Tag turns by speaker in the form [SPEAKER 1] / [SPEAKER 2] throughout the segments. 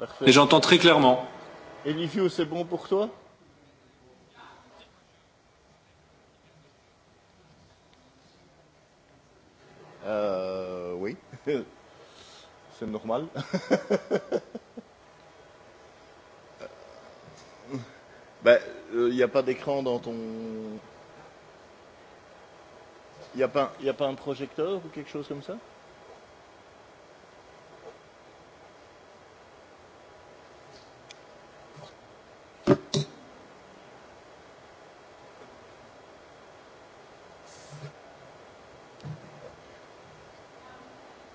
[SPEAKER 1] Parfait.
[SPEAKER 2] Et j'entends très clairement.
[SPEAKER 1] Et Liviu, c'est bon pour toi euh, Oui, c'est normal. Il n'y euh, ben, euh, a pas d'écran dans ton... Il n'y a, a pas un projecteur ou quelque chose comme ça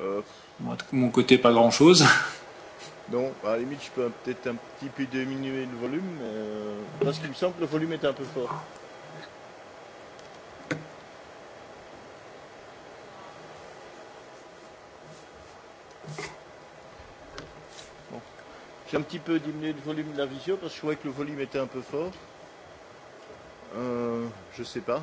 [SPEAKER 1] Euh...
[SPEAKER 2] Moi, de mon côté, pas grand chose.
[SPEAKER 1] Non, à la limite, je peux peut-être un petit peu diminuer le volume, mais euh... parce qu'il me semble que le volume était un peu fort. Bon. J'ai un petit peu diminué le volume de la visio parce que je voyais que le volume était un peu fort. Euh, je sais pas.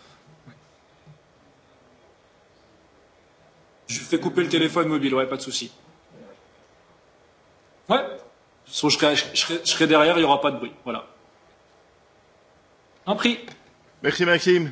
[SPEAKER 2] Je fais couper le téléphone mobile, ouais, pas de souci. Ouais. So, je, serai, je, serai, je serai derrière, il n'y aura pas de bruit. Voilà.
[SPEAKER 1] Un prix. Merci Maxime.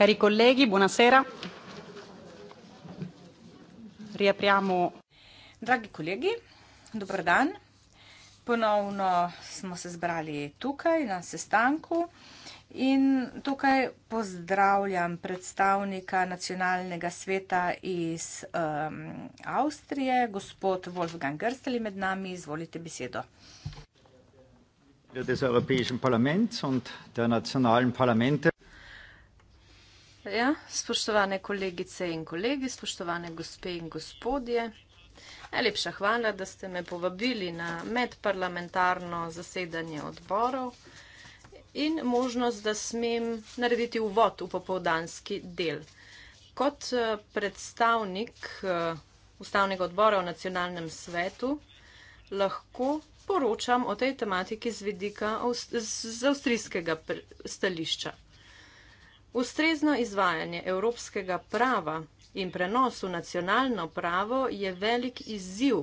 [SPEAKER 3] cari colleghi, buonasera. Riapriamo. Dragi colleghi, dobro dan. Ponovno smo se zbrali tukaj na sestanku in tukaj pozdravljam predstavnika nacionalnega sveta iz um, Avstrije, gospod Wolfgang Grstel med nami, izvolite besedo.
[SPEAKER 2] Des Europäischen Parlaments und der nationalen
[SPEAKER 4] Parlamente.
[SPEAKER 5] Ja, spoštovane kolegice in kolegi, spoštovane gospe in gospodje, najlepša hvala, da ste me povabili na medparlamentarno zasedanje odborov in možnost, da smem narediti uvod v popovdanski del. Kot eh, predstavnik eh, ustavnega odbora v nacionalnem svetu lahko poročam o tej tematiki z vidika z avstrijskega stališča. Ustrezno izvajanje evropskega prava in prenos v nacionalno pravo je velik izziv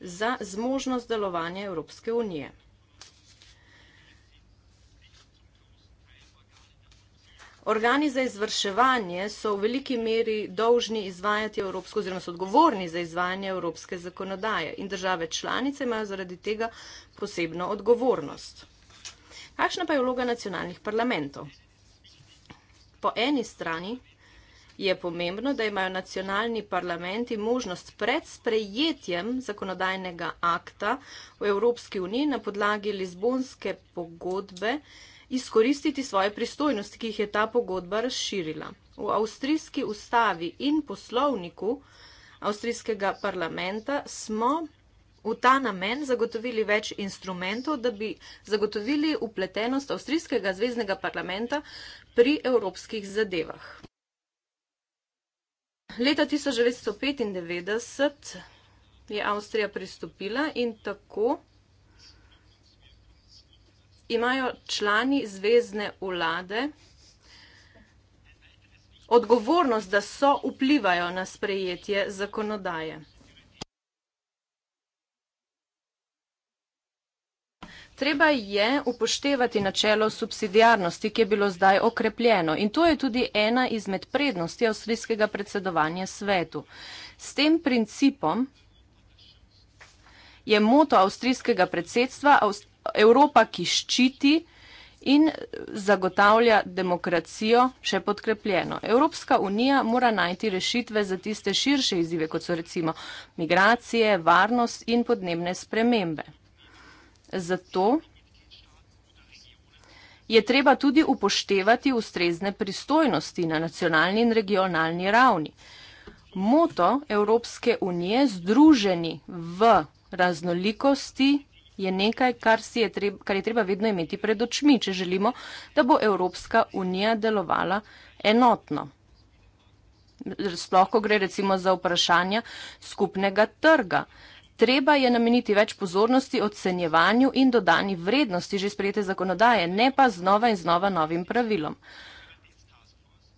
[SPEAKER 5] za zmožnost delovanja Evropske unije. Organi za izvrševanje so v veliki meri dolžni izvajati evropsko oziroma so odgovorni za izvajanje evropske zakonodaje in države članice imajo zaradi tega posebno odgovornost. Kakšna pa je vloga nacionalnih parlamentov? Po eni strani je pomembno, da imajo nacionalni parlamenti možnost pred sprejetjem zakonodajnega akta v Evropski uniji na podlagi Lizbonske pogodbe izkoristiti svoje pristojnosti, ki jih je ta pogodba razširila. V avstrijski ustavi in poslovniku avstrijskega parlamenta smo v ta namen zagotovili več instrumentov, da bi zagotovili upletenost avstrijskega zvezdnega parlamenta pri evropskih zadevah. Leta 1995 je Avstrija pristopila in tako imajo člani zvezdne vlade odgovornost, da so vplivajo na sprejetje zakonodaje. Treba je upoštevati načelo subsidijarnosti, ki je bilo zdaj okrepljeno in to je tudi ena izmed prednosti avstrijskega predsedovanja svetu. S tem principom je moto avstrijskega predsedstva Evropa, ki ščiti in zagotavlja demokracijo še podkrepljeno. Evropska unija mora najti rešitve za tiste širše izzive, kot so recimo migracije, varnost in podnebne spremembe. Zato je treba tudi upoštevati ustrezne pristojnosti na nacionalni in regionalni ravni. Moto Evropske unije združeni v raznolikosti je nekaj, kar, je treba, kar je treba vedno imeti pred očmi, če želimo, da bo Evropska unija delovala enotno. Sploh, ko gre recimo za vprašanja skupnega trga. Treba je nameniti več pozornosti ocenjevanju in dodani vrednosti že sprejete zakonodaje, ne pa znova in znova novim pravilom.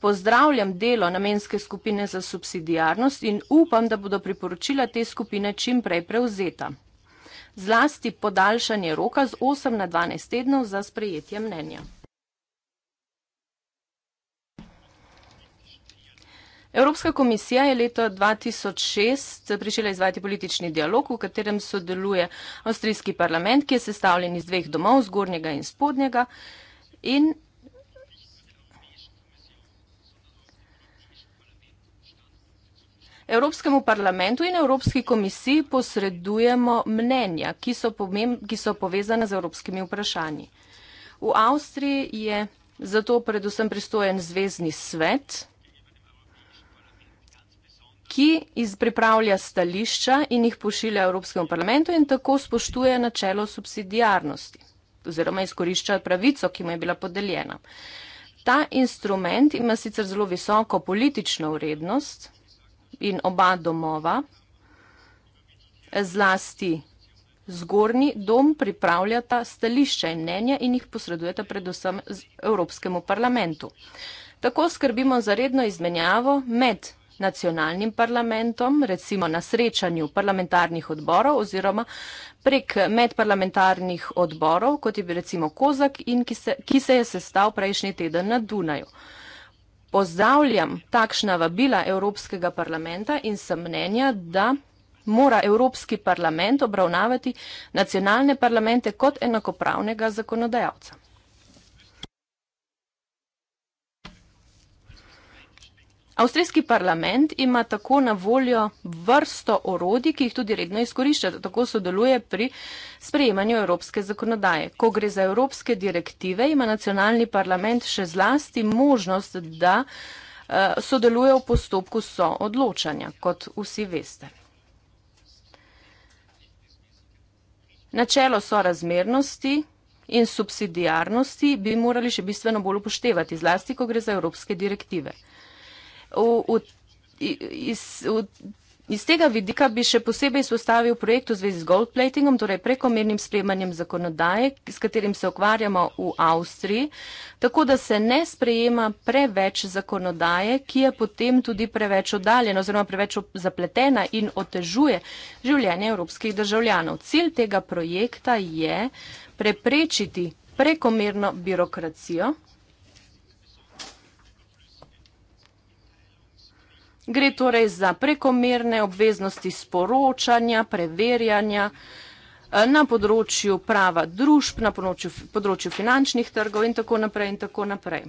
[SPEAKER 5] Pozdravljam delo namenske skupine za subsidijarnost in upam, da bodo priporočila te skupine čim prej prevzeta. Zlasti podaljšanje roka z 8 na 12 tednov za sprejetje mnenja. Evropska komisija je leta 2006 prišla izvajati politični dialog, v katerem sodeluje avstrijski parlament, ki je sestavljen iz dveh domov, zgornjega in spodnjega. In Evropskemu parlamentu in Evropski komisiji posredujemo mnenja, ki so, pomemb, ki so povezane z evropskimi vprašanji. V Avstriji je zato predvsem pristojen Zvezdni svet, ki izpripravlja stališča in jih pošilja Evropskemu parlamentu in tako spoštuje načelo subsidijarnosti oziroma izkorišča pravico, ki mu je bila podeljena. Ta instrument ima sicer zelo visoko politično vrednost in oba domova, zlasti zgornji dom, pripravljata stališča in mnenja in jih posredujeta predvsem Evropskemu parlamentu. Tako skrbimo za redno izmenjavo med nacionalnim parlamentom, recimo na srečanju parlamentarnih odborov oziroma prek medparlamentarnih odborov, kot je bil recimo Kozak in ki se, ki se je sestal prejšnji teden na Dunaju. Pozdravljam takšna vabila Evropskega parlamenta in sem mnenja, da mora Evropski parlament obravnavati nacionalne parlamente kot enakopravnega zakonodajalca. Avstrijski parlament ima tako na voljo vrsto orodij, ki jih tudi redno izkorišča, tako sodeluje pri sprejemanju evropske zakonodaje. Ko gre za evropske direktive, ima nacionalni parlament še zlasti možnost, da eh, sodeluje v postopku soodločanja, kot vsi veste. Načelo sorazmernosti in subsidijarnosti bi morali še bistveno bolj upoštevati, zlasti, ko gre za evropske direktive v, v, iz, v, iz tega vidika bi še posebej izpostavil projekt v zvezi z goldplatingom, torej prekomernim sprejemanjem zakonodaje, s katerim se ukvarjamo v Avstriji, tako da se ne sprejema preveč zakonodaje, ki je potem tudi preveč oddaljena oziroma preveč zapletena in otežuje življenje evropskih državljanov. Cilj tega projekta je preprečiti prekomerno birokracijo, Gre torej za prekomerne obveznosti sporočanja, preverjanja eh, na področju prava družb, na področju, področju finančnih trgov in tako naprej in tako naprej.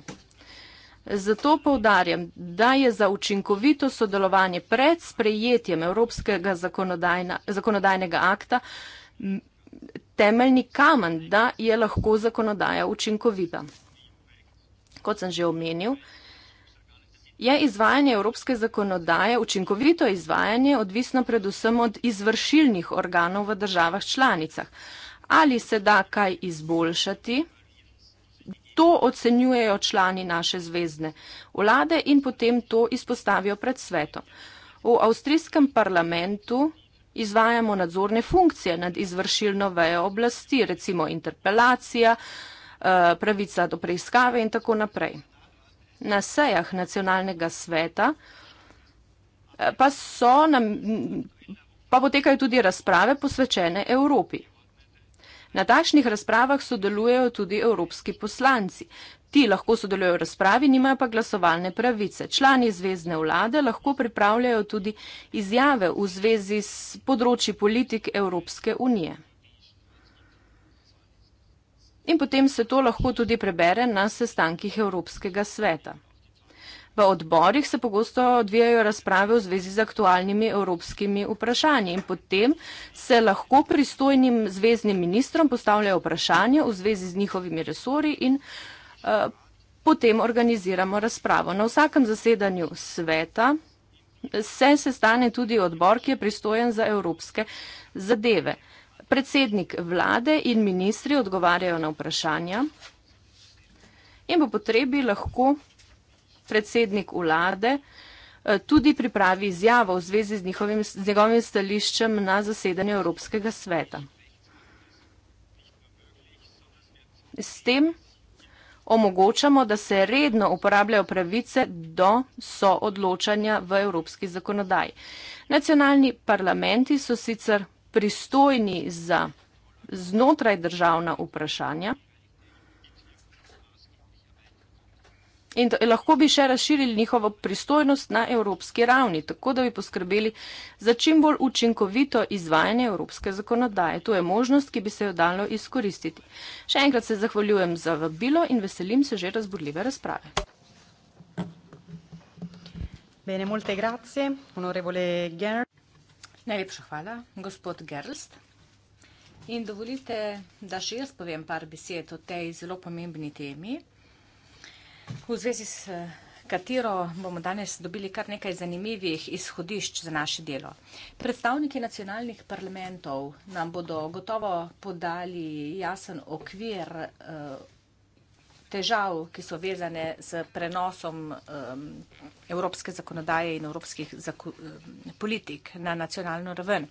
[SPEAKER 5] Zato povdarjam, da je za učinkovito sodelovanje pred sprejetjem Evropskega zakonodajnega akta temeljni kamen, da je lahko zakonodaja učinkovita. Kot sem že omenil, je izvajanje evropske zakonodaje, učinkovito izvajanje, odvisno predvsem od izvršilnih organov v državah članicah. Ali se da kaj izboljšati? To ocenjujejo člani naše zvezdne vlade in potem to izpostavijo pred svetom. V avstrijskem parlamentu izvajamo nadzorne funkcije nad izvršilno vejo oblasti, recimo interpelacija, eh, pravica do preiskave in tako naprej na sejah nacionalnega sveta, pa, na, pa potekajo tudi razprave posvečene Evropi. Na takšnih razpravah sodelujejo tudi evropski poslanci. Ti lahko sodelujejo v razpravi, nimajo pa glasovalne pravice. Člani zvezdne vlade lahko pripravljajo tudi izjave v zvezi s področji politik Evropske unije in potem se to lahko tudi prebere na sestankih Evropskega sveta. V odborih se pogosto odvijajo razprave v zvezi z aktualnimi evropskimi vprašanji in potem se lahko pristojnim zvezdnim ministrom postavljajo vprašanja v zvezi z njihovimi resori in uh, potem organiziramo razpravo. Na vsakem zasedanju sveta se sestane tudi odbor, ki je pristojen za evropske zadeve. Uh, predsednik vlade in ministri odgovarjajo na vprašanja in po potrebi lahko predsednik vlade eh, tudi pripravi izjavo v zvezi z, njihovim, z njegovim stališčem na zasedanju Evropskega sveta. S tem omogočamo, da se redno uporabljajo pravice do soodločanja v evropski zakonodaji. Nacionalni parlamenti so sicer pristojni za znotraj državna vprašanja. In to, lahko bi še razširili njihovo pristojnost na evropski ravni, tako da bi poskrbeli za čim bolj učinkovito izvajanje evropske zakonodaje. To je možnost, ki bi se jo dalo izkoristiti. Še enkrat se zahvaljujem za vabilo in veselim se že razburljive
[SPEAKER 3] razprave. Bene, molte grazie, onorevole Gern. Najlepša hvala, gospod Gerlst. In dovolite, da še jaz povem par besed o tej zelo pomembni temi, v zvezi s katero bomo danes dobili kar nekaj zanimivih izhodišč za naše delo. Predstavniki nacionalnih parlamentov nam bodo gotovo podali jasen okvir. Uh, težav, ki so vezane z prenosom um, evropske zakonodaje in evropskih zaku, um, politik na nacionalno raven.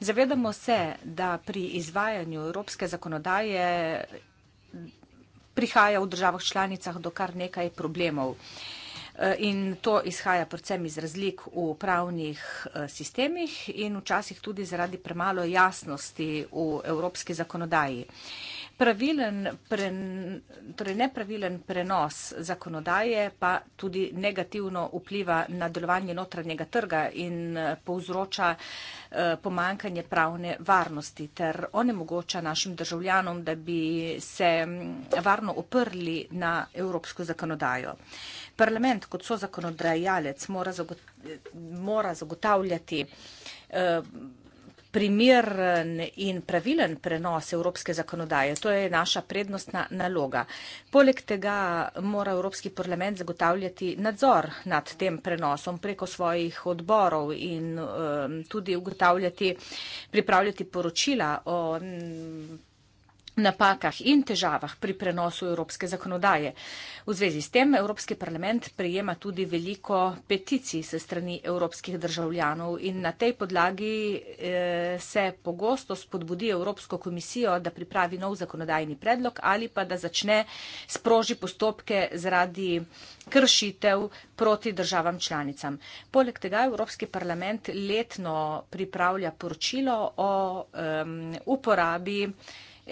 [SPEAKER 3] Zavedamo se, da pri izvajanju evropske zakonodaje prihaja v državah članicah do kar nekaj problemov. Uh, in to izhaja predvsem iz razlik v pravnih uh, sistemih in včasih tudi zaradi premalo jasnosti v evropski zakonodaji pravilen, pre, torej nepravilen prenos zakonodaje pa tudi negativno vpliva na delovanje notranjega trga in eh, povzroča eh, pomankanje pravne varnosti ter onemogoča našim državljanom, da bi se mm, varno oprli na evropsko zakonodajo. Parlament kot so zakonodajalec mora, zagot mora zagotavljati eh, primeren in pravilen prenos evropske zakonodaje. To je naša prednostna naloga. Poleg tega mora Evropski parlament zagotavljati nadzor nad tem prenosom preko svojih odborov in um, tudi ugotavljati, pripravljati poročila o um, napakah in težavah pri prenosu evropske zakonodaje. V zvezi s tem Evropski parlament prejema tudi veliko peticij se strani evropskih državljanov in na tej podlagi eh, se pogosto spodbudi Evropsko komisijo, da pripravi nov zakonodajni predlog ali pa da začne sproži postopke zaradi kršitev proti državam članicam. Poleg tega Evropski parlament letno pripravlja poročilo o um, uporabi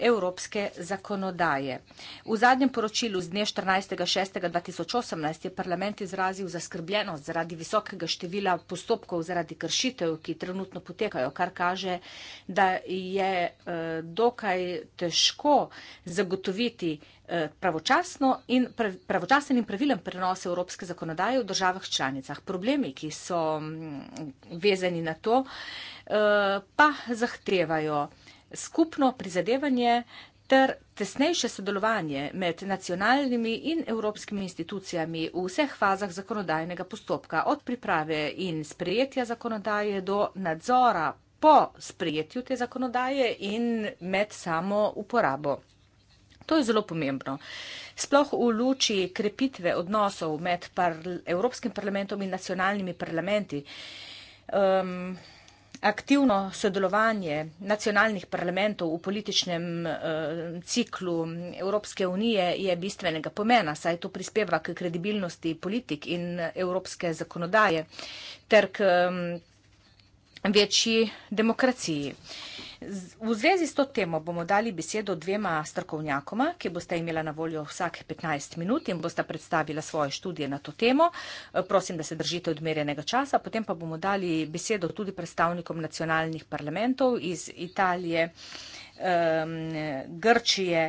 [SPEAKER 3] evropske zakonodaje. V zadnjem poročilu z dne 14.6.2018 je parlament izrazil zaskrbljenost zaradi visokega števila postopkov zaradi kršitev, ki trenutno potekajo, kar kaže, da je eh, dokaj težko zagotoviti eh, In pravočasen in pravilen prenos evropske zakonodaje v državah članicah. Problemi, ki so mm, vezani na to, eh, pa zahtevajo skupno prizadevanje ter tesnejše sodelovanje med nacionalnimi in evropskimi institucijami v vseh fazah zakonodajnega postopka, od priprave in sprejetja zakonodaje do nadzora po sprejetju te zakonodaje in med samo uporabo. To je zelo pomembno. Sploh v luči krepitve odnosov med par Evropskim parlamentom in nacionalnimi parlamenti. Um, aktivno sodelovanje nacionalnih parlamentov v političnem eh, ciklu Evropske unije je bistvenega pomena, saj to prispeva k kredibilnosti politik in evropske zakonodaje ter k eh, večji demokraciji. Eh, V zvezi s to temo bomo dali besedo dvema strokovnjakoma, ki boste imela na voljo vsak 15 minut in boste predstavila svoje študije na to temo. Eh, prosim, da se držite odmerjenega časa. Potem pa bomo dali besedo tudi predstavnikom nacionalnih parlamentov iz Italije, ehm, Grčije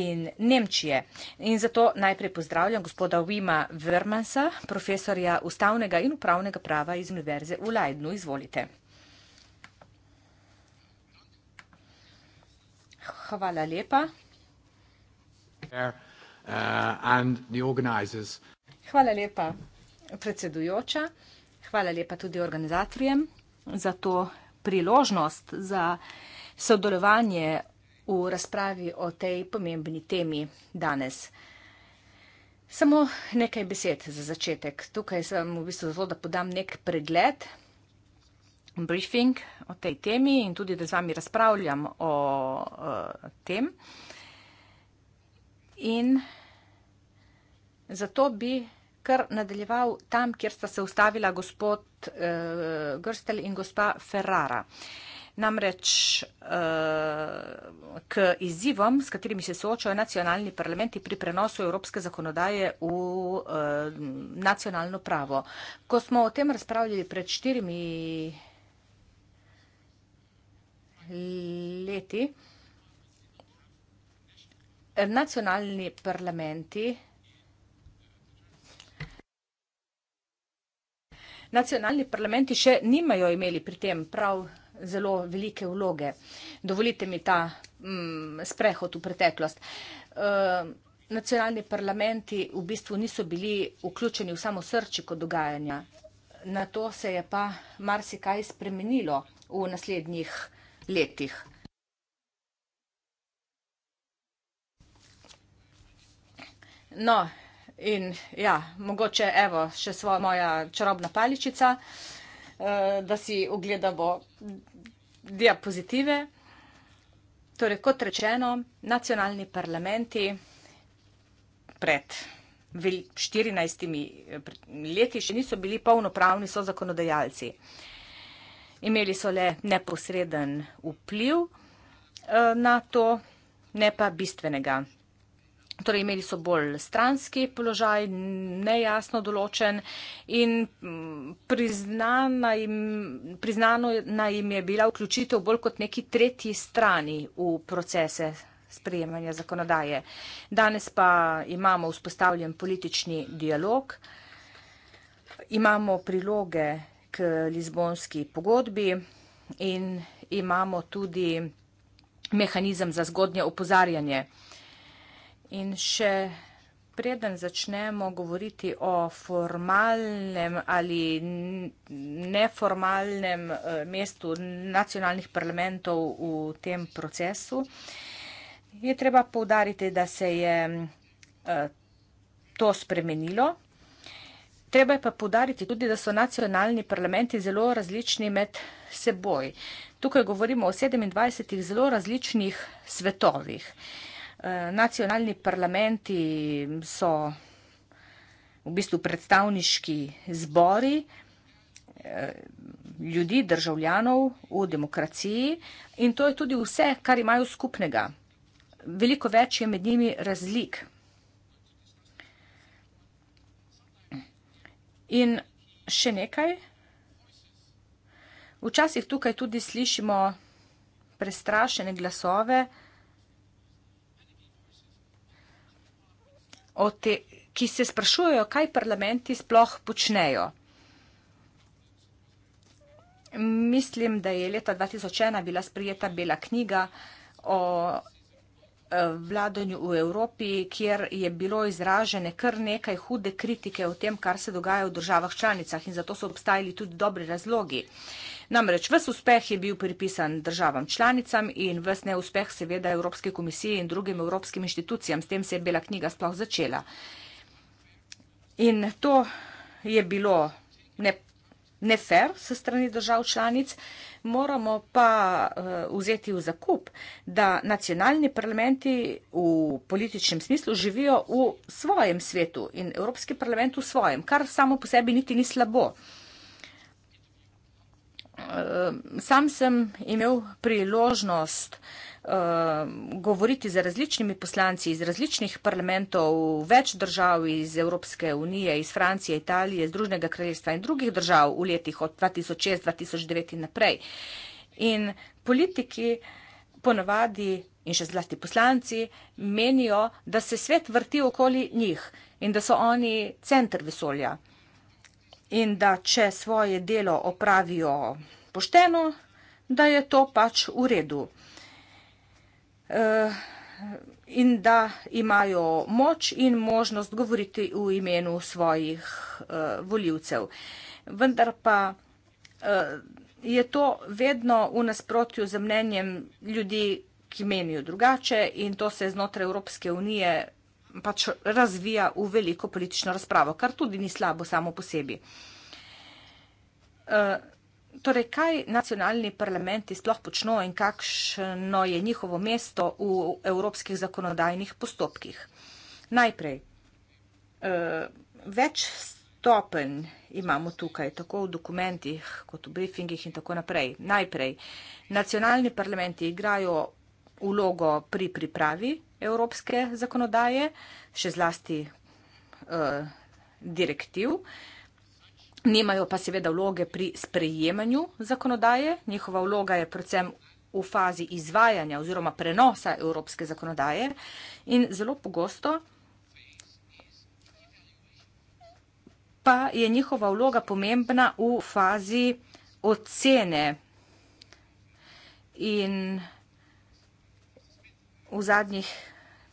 [SPEAKER 3] in Nemčije. In zato najprej pozdravljam gospoda Vima Vermansa, profesorja ustavnega in upravnega prava iz Univerze v Leidnu. Izvolite. Hvala lepa. Uh, Hvala lepa, predsedujoča. Hvala lepa tudi organizatorjem za to priložnost za sodelovanje v razpravi o tej pomembni temi danes. Samo nekaj besed za začetek. Tukaj sem v bistvu zato, da podam nek pregled briefing o tej temi in tudi, da z vami razpravljam o uh, tem. In zato bi kar nadaljeval tam, kjer sta se ustavila gospod uh, Grstel in gospa Ferrara. Namreč uh, k izzivom, s katerimi se soočajo nacionalni parlamenti pri prenosu evropske zakonodaje v uh, nacionalno pravo. Ko smo o tem razpravljali pred štirimi leti nacionalni parlamenti Nacionalni parlamenti še nimajo imeli pri tem prav zelo velike vloge. Dovolite mi ta mm, sprehod v preteklost. E, nacionalni parlamenti v bistvu niso bili vključeni v samo srčiko dogajanja. Na to se je pa marsikaj spremenilo v naslednjih letih letih. No, in ja, mogoče evo, še svoja moja čarobna paličica, eh, da si ogledamo diapozitive. Torej, kot rečeno, nacionalni parlamenti pred 14 eh, leti še niso bili polnopravni sozakonodajalci imeli so le neposreden vpliv eh, na to, ne pa bistvenega. Torej, imeli so bolj stranski položaj, nejasno določen in mm, priznano naj jim je bila vključitev bolj kot neki tretji strani v procese sprejemanja zakonodaje. Danes pa imamo vzpostavljen politični dialog, imamo priloge k Lizbonski pogodbi in imamo tudi mehanizem za zgodnje upozarjanje. In še preden začnemo govoriti o formalnem ali neformalnem eh, mestu nacionalnih parlamentov v tem procesu, je treba povdariti, da se je eh, to spremenilo. Treba je pa podariti tudi, da so nacionalni parlamenti zelo različni med seboj. Tukaj govorimo o 27 zelo različnih svetovih. Eh, nacionalni parlamenti so v bistvu predstavniški zbori eh, ljudi, državljanov v demokraciji in to je tudi vse, kar imajo skupnega. Veliko več je med njimi razlik. In še nekaj. Včasih tukaj tudi slišimo prestrašene glasove, te, ki se sprašujejo, kaj parlamenti sploh počnejo. Mislim, da je leta 2001 bila sprijeta bela knjiga o Eh, vladanju v Evropi, kjer je bilo izražene kar nekaj hude kritike o tem, kar se dogaja v državah članicah in zato so obstajali tudi dobri razlogi. Namreč, ves uspeh je bil pripisan državam članicam in ves neuspeh seveda Evropske komisije in drugim evropskim inštitucijam. S tem se je bela knjiga sploh začela. In to je bilo ne nefer se strani držav članic, moramo pa eh, vzeti v zakup, da nacionalni parlamenti v političnem smislu živijo v svojem svetu in Evropski parlament v svojem, kar samo po sebi niti ni slabo. Eh, sam sem imel priložnost Eh, govoriti z različnimi poslanci iz različnih parlamentov, več držav iz Evropske unije, iz Francije, Italije, Združnega kraljestva in drugih držav v letih od 2006-2009 in naprej. In politiki ponovadi in še zlasti poslanci menijo, da se svet vrti okoli njih in da so oni center vesolja. In da če svoje delo opravijo pošteno, da je to pač v redu. Eh, in da imajo moč in možnost govoriti v imenu svojih eh, voljivcev. Vendar pa eh, je to vedno v nasprotju z mnenjem ljudi, ki menijo drugače in to se znotraj Evropske unije pač razvija v veliko politično razpravo, kar tudi ni slabo samo po sebi. Torej, kaj nacionalni parlamenti sploh počno in kakšno je njihovo mesto v evropskih zakonodajnih postopkih? Najprej, eh, več stopenj imamo tukaj, tako v dokumentih kot v briefingih in tako naprej. Najprej, nacionalni parlamenti igrajo vlogo pri pripravi evropske zakonodaje, še zlasti eh, direktiv nimajo pa seveda vloge pri sprejemanju zakonodaje, njihova vloga je predvsem v fazi izvajanja oziroma prenosa evropske zakonodaje in zelo pogosto pa je njihova vloga pomembna v fazi ocene in v zadnjih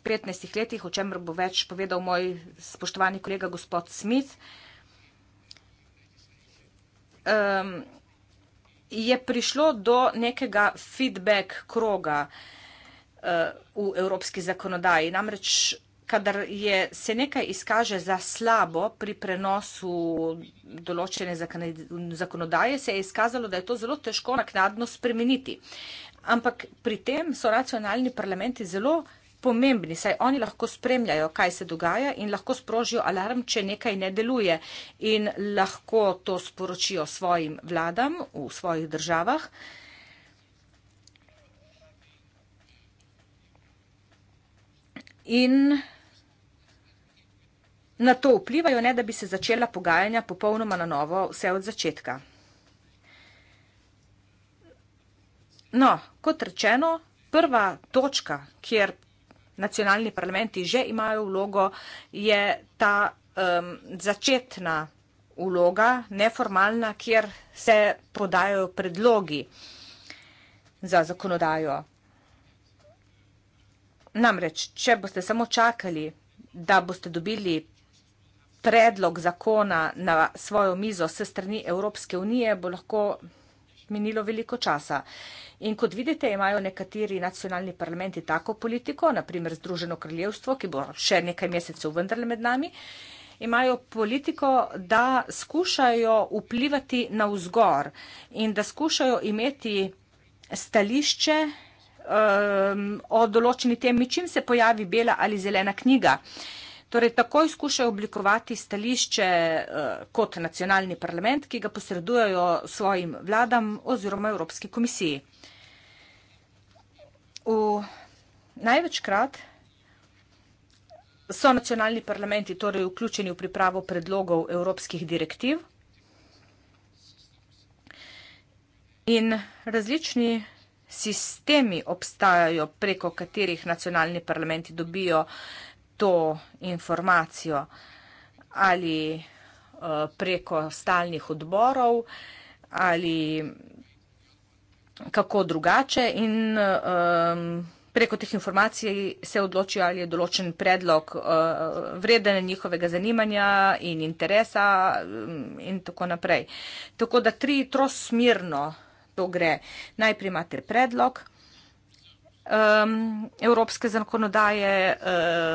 [SPEAKER 3] 15 letih, o čemer bo več povedal moj spoštovani kolega gospod Smith, um, je prišlo do nekega feedback kroga uh, v evropski zakonodaji. Namreč, kadar je, se nekaj izkaže za slabo pri prenosu določene zakonodaje, se je izkazalo, da je to zelo težko naknadno spremeniti. Ampak pri tem so nacionalni parlamenti zelo pomembni, saj oni lahko spremljajo, kaj se dogaja in lahko sprožijo alarm, če nekaj ne deluje in lahko to sporočijo svojim vladam v svojih državah. In na to vplivajo, ne da bi se začela pogajanja popolnoma na novo, vse od začetka. No, kot rečeno, prva točka, kjer nacionalni parlamenti že imajo vlogo, je ta um, začetna vloga, neformalna, kjer se podajo predlogi za zakonodajo. Namreč, če boste samo čakali, da boste dobili predlog zakona na svojo mizo s strani Evropske unije, bo lahko minilo veliko časa. In kot vidite, imajo nekateri nacionalni parlamenti tako politiko, naprimer Združeno kraljevstvo, ki bo še nekaj mesecev vendarle med nami, imajo politiko, da skušajo vplivati na vzgor in da skušajo imeti stališče um, o določeni temi, čim se pojavi bela ali zelena knjiga. Uh, torej takoj skušajo oblikovati stališče eh, kot nacionalni parlament, ki ga posredujejo svojim vladam oziroma Evropski komisiji. V največkrat so nacionalni parlamenti torej vključeni v pripravo predlogov evropskih direktiv in različni sistemi obstajajo, preko katerih nacionalni parlamenti dobijo predlogov, to informacijo ali eh, preko stalnih odborov ali kako drugače in preko teh informacij se odločijo, ali je določen predlog eh, vreden njihovega zanimanja in interesa in tako naprej. Tako da tri trosmirno to gre. Najprej imate predlog, um, evropske zakonodaje,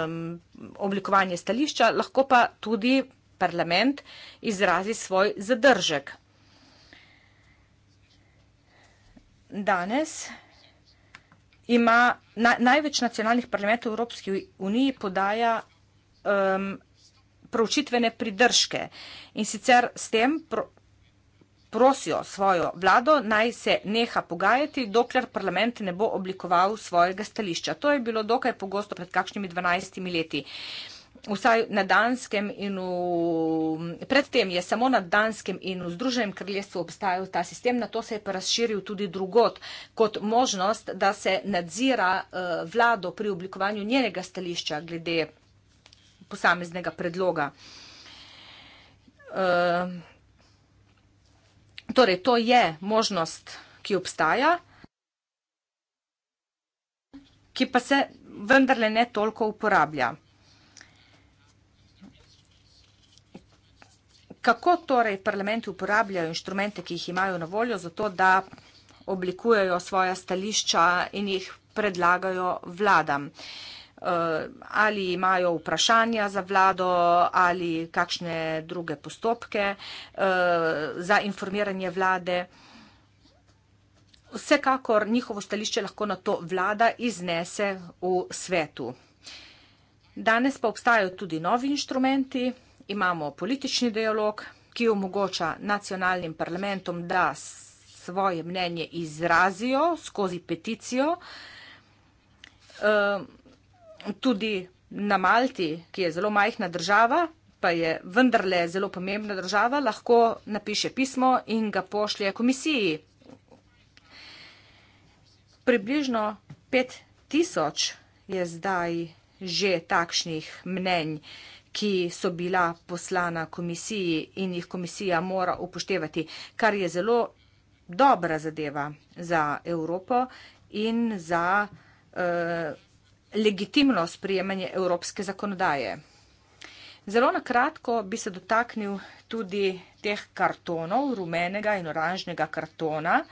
[SPEAKER 3] um, oblikovanje stališča, lahko pa tudi parlament izrazi svoj zadržek. Danes ima na, največ nacionalnih parlamentov v Evropski uniji podaja um, proučitvene pridržke in sicer s tem pro, prosijo svojo vlado, naj se neha pogajati, dokler parlament ne bo oblikoval svojega stališča. To je bilo dokaj pogosto pred kakšnimi 12 leti. Vsaj na Danskem in v... predtem je samo na Danskem in v Združenem kraljestvu obstajal ta sistem, na to se je pa razširil tudi drugot kot možnost, da se nadzira eh, vlado pri oblikovanju njenega stališča glede posameznega predloga. Eh, Torej, to je možnost, ki obstaja, ki pa se vendarle ne toliko uporablja. Kako torej parlamenti uporabljajo inštrumente, ki jih imajo na voljo, zato da oblikujejo svoja stališča in jih predlagajo vladam? Eh, ali imajo vprašanja za vlado ali kakšne druge postopke eh, za informiranje vlade. Vsekakor njihovo stališče lahko na to vlada iznese v svetu. Danes pa obstajajo tudi novi inštrumenti. Imamo politični dialog, ki omogoča nacionalnim parlamentom, da svoje mnenje izrazijo skozi peticijo. Eh, tudi na Malti, ki je zelo majhna država, pa je vendarle zelo pomembna država, lahko napiše pismo in ga pošlje komisiji. Približno 5000 je zdaj že takšnih mnenj, ki so bila poslana komisiji in jih komisija mora upoštevati, kar je zelo dobra zadeva za Evropo in za uh, legitimno sprijemanje evropske zakonodaje. Zelo na kratko bi se dotaknil tudi teh kartonov, rumenega in oranžnega kartona.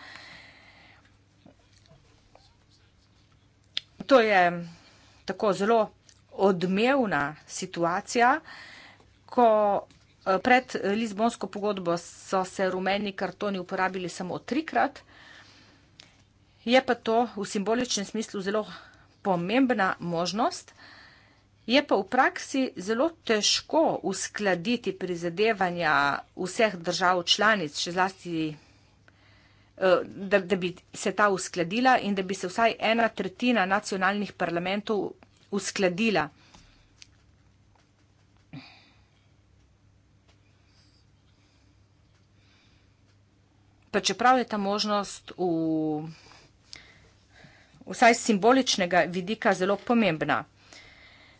[SPEAKER 3] To je tako zelo odmevna situacija, ko eh, pred Lizbonsko pogodbo so se rumeni kartoni uporabili samo trikrat. Je pa to v simboličnem smislu zelo pomembna možnost, je pa v praksi zelo težko uskladiti prizadevanja vseh držav članic, še zlasti, eh, da, da bi se ta uskladila in da bi se vsaj ena tretjina nacionalnih parlamentov uskladila. Pa čeprav je ta možnost v vsaj simboličnega vidika zelo pomembna.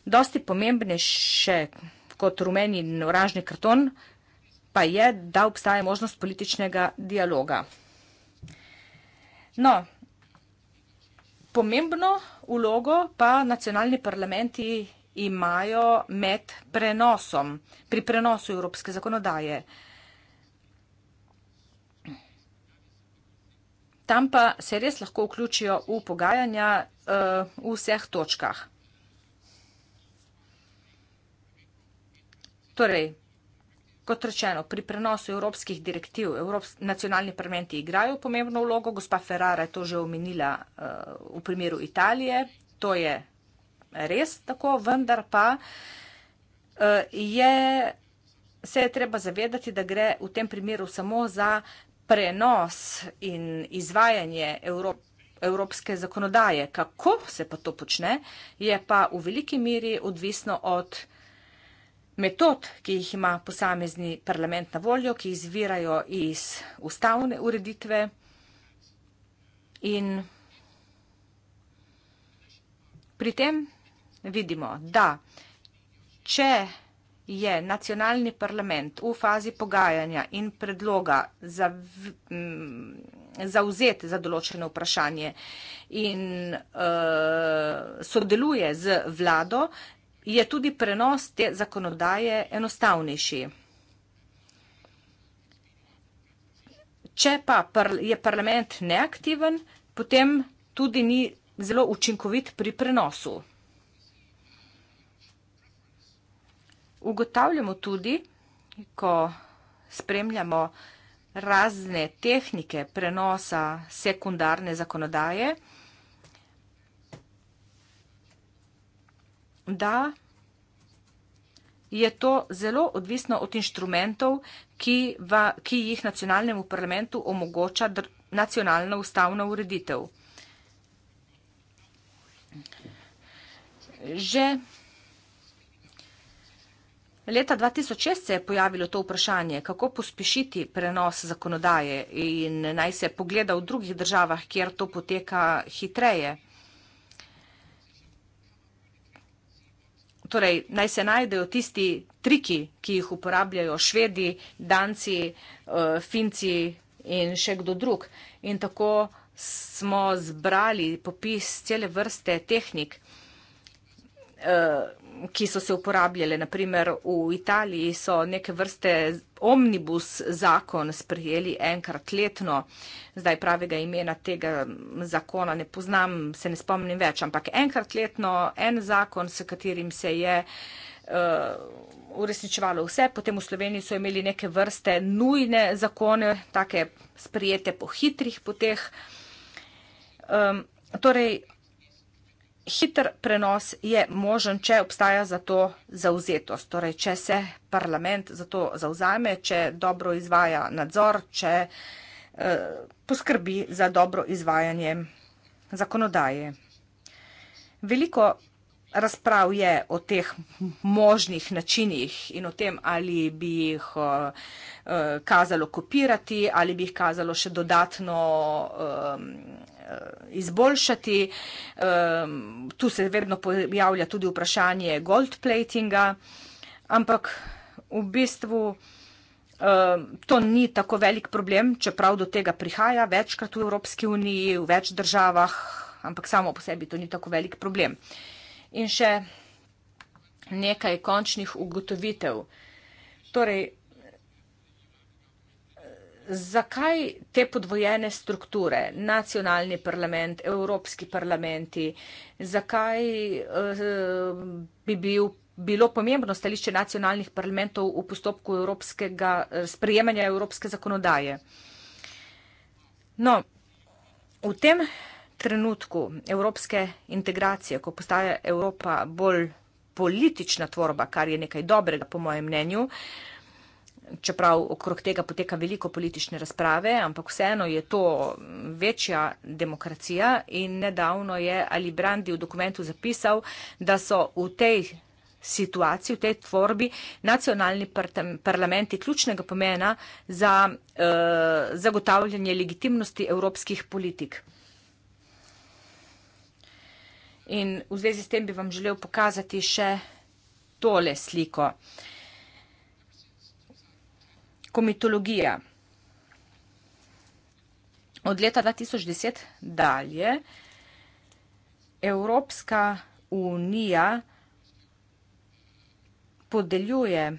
[SPEAKER 3] Dosti pomembnejše kot rumeni in oranžni karton pa je, da obstaja možnost političnega dialoga. No, pomembno ulogo pa nacionalni parlamenti imajo med prenosom, pri prenosu evropske zakonodaje. tam pa se res lahko vključijo v pogajanja eh, v vseh točkah. Torej, kot rečeno, pri prenosu evropskih direktiv nacionalni parlamenti igrajo pomembno vlogo. Gospa Ferrara je to že omenila eh, v primeru Italije. To je res tako, vendar pa eh, je, se je treba zavedati, da gre v tem primeru samo za prenos in izvajanje Evrope. Evropske zakonodaje, kako se pa to počne, je pa v veliki meri odvisno od metod, ki jih ima posamezni parlament na voljo, ki izvirajo iz ustavne ureditve in pri tem vidimo, da če je nacionalni parlament v fazi pogajanja in predloga za, mm, zauzet za določeno vprašanje in uh, sodeluje z vlado, je tudi prenos te zakonodaje enostavnejši. Če pa je parlament neaktiven, potem tudi ni zelo učinkovit pri prenosu. ugotavljamo tudi, ko spremljamo razne tehnike prenosa sekundarne zakonodaje, da je to zelo odvisno od inštrumentov, ki, v, ki jih nacionalnemu parlamentu omogoča dr, nacionalna ustavna ureditev. Že Leta 2006 se je pojavilo to vprašanje, kako pospešiti prenos zakonodaje in naj se pogleda v drugih državah, kjer to poteka hitreje. Torej, naj se najdejo tisti triki, ki jih uporabljajo švedi, danci, eh, finci in še kdo drug. In tako smo zbrali popis cele vrste tehnik. Eh, ki so se uporabljale. Naprimer v Italiji so neke vrste omnibus zakon sprejeli enkrat letno. Zdaj pravega imena tega zakona ne poznam, se ne spomnim več, ampak enkrat letno en zakon, s katerim se je. Uh, uresničevalo vse, potem v Sloveniji so imeli neke vrste nujne zakone, take sprijete po hitrih poteh. Um, torej, hiter prenos je možen, če obstaja za to zauzetost. Torej, če se parlament za to zauzame, če dobro izvaja nadzor, če eh, poskrbi za dobro izvajanje zakonodaje. Veliko razprav je o teh možnih načinih in o tem, ali bi jih eh, eh, kazalo kopirati, ali bi jih kazalo še dodatno Eh, izboljšati. Tu se vedno pojavlja tudi vprašanje gold platinga, ampak v bistvu to ni tako velik problem, čeprav do tega prihaja večkrat v Evropski uniji, v več državah, ampak samo po sebi to ni tako velik problem. In še nekaj končnih ugotovitev. Torej, zakaj te podvojene strukture, nacionalni parlament, evropski parlamenti, zakaj eh, bi bil, bilo pomembno stališče nacionalnih parlamentov v postopku evropskega, eh, sprejemanja evropske zakonodaje. No, v tem trenutku evropske integracije, ko postaja Evropa bolj politična tvorba, kar je nekaj dobrega po mojem mnenju, čeprav okrog tega poteka veliko politične razprave, ampak vseeno je to večja demokracija in nedavno je Ali Brandi v dokumentu zapisal, da so v tej situaciji, v tej tvorbi nacionalni parlamenti ključnega pomena za eh, zagotavljanje legitimnosti evropskih politik. In v zvezi s tem bi vam želel pokazati še tole sliko. Uh, komitologija. Od leta 2010 dalje Evropska unija podeljuje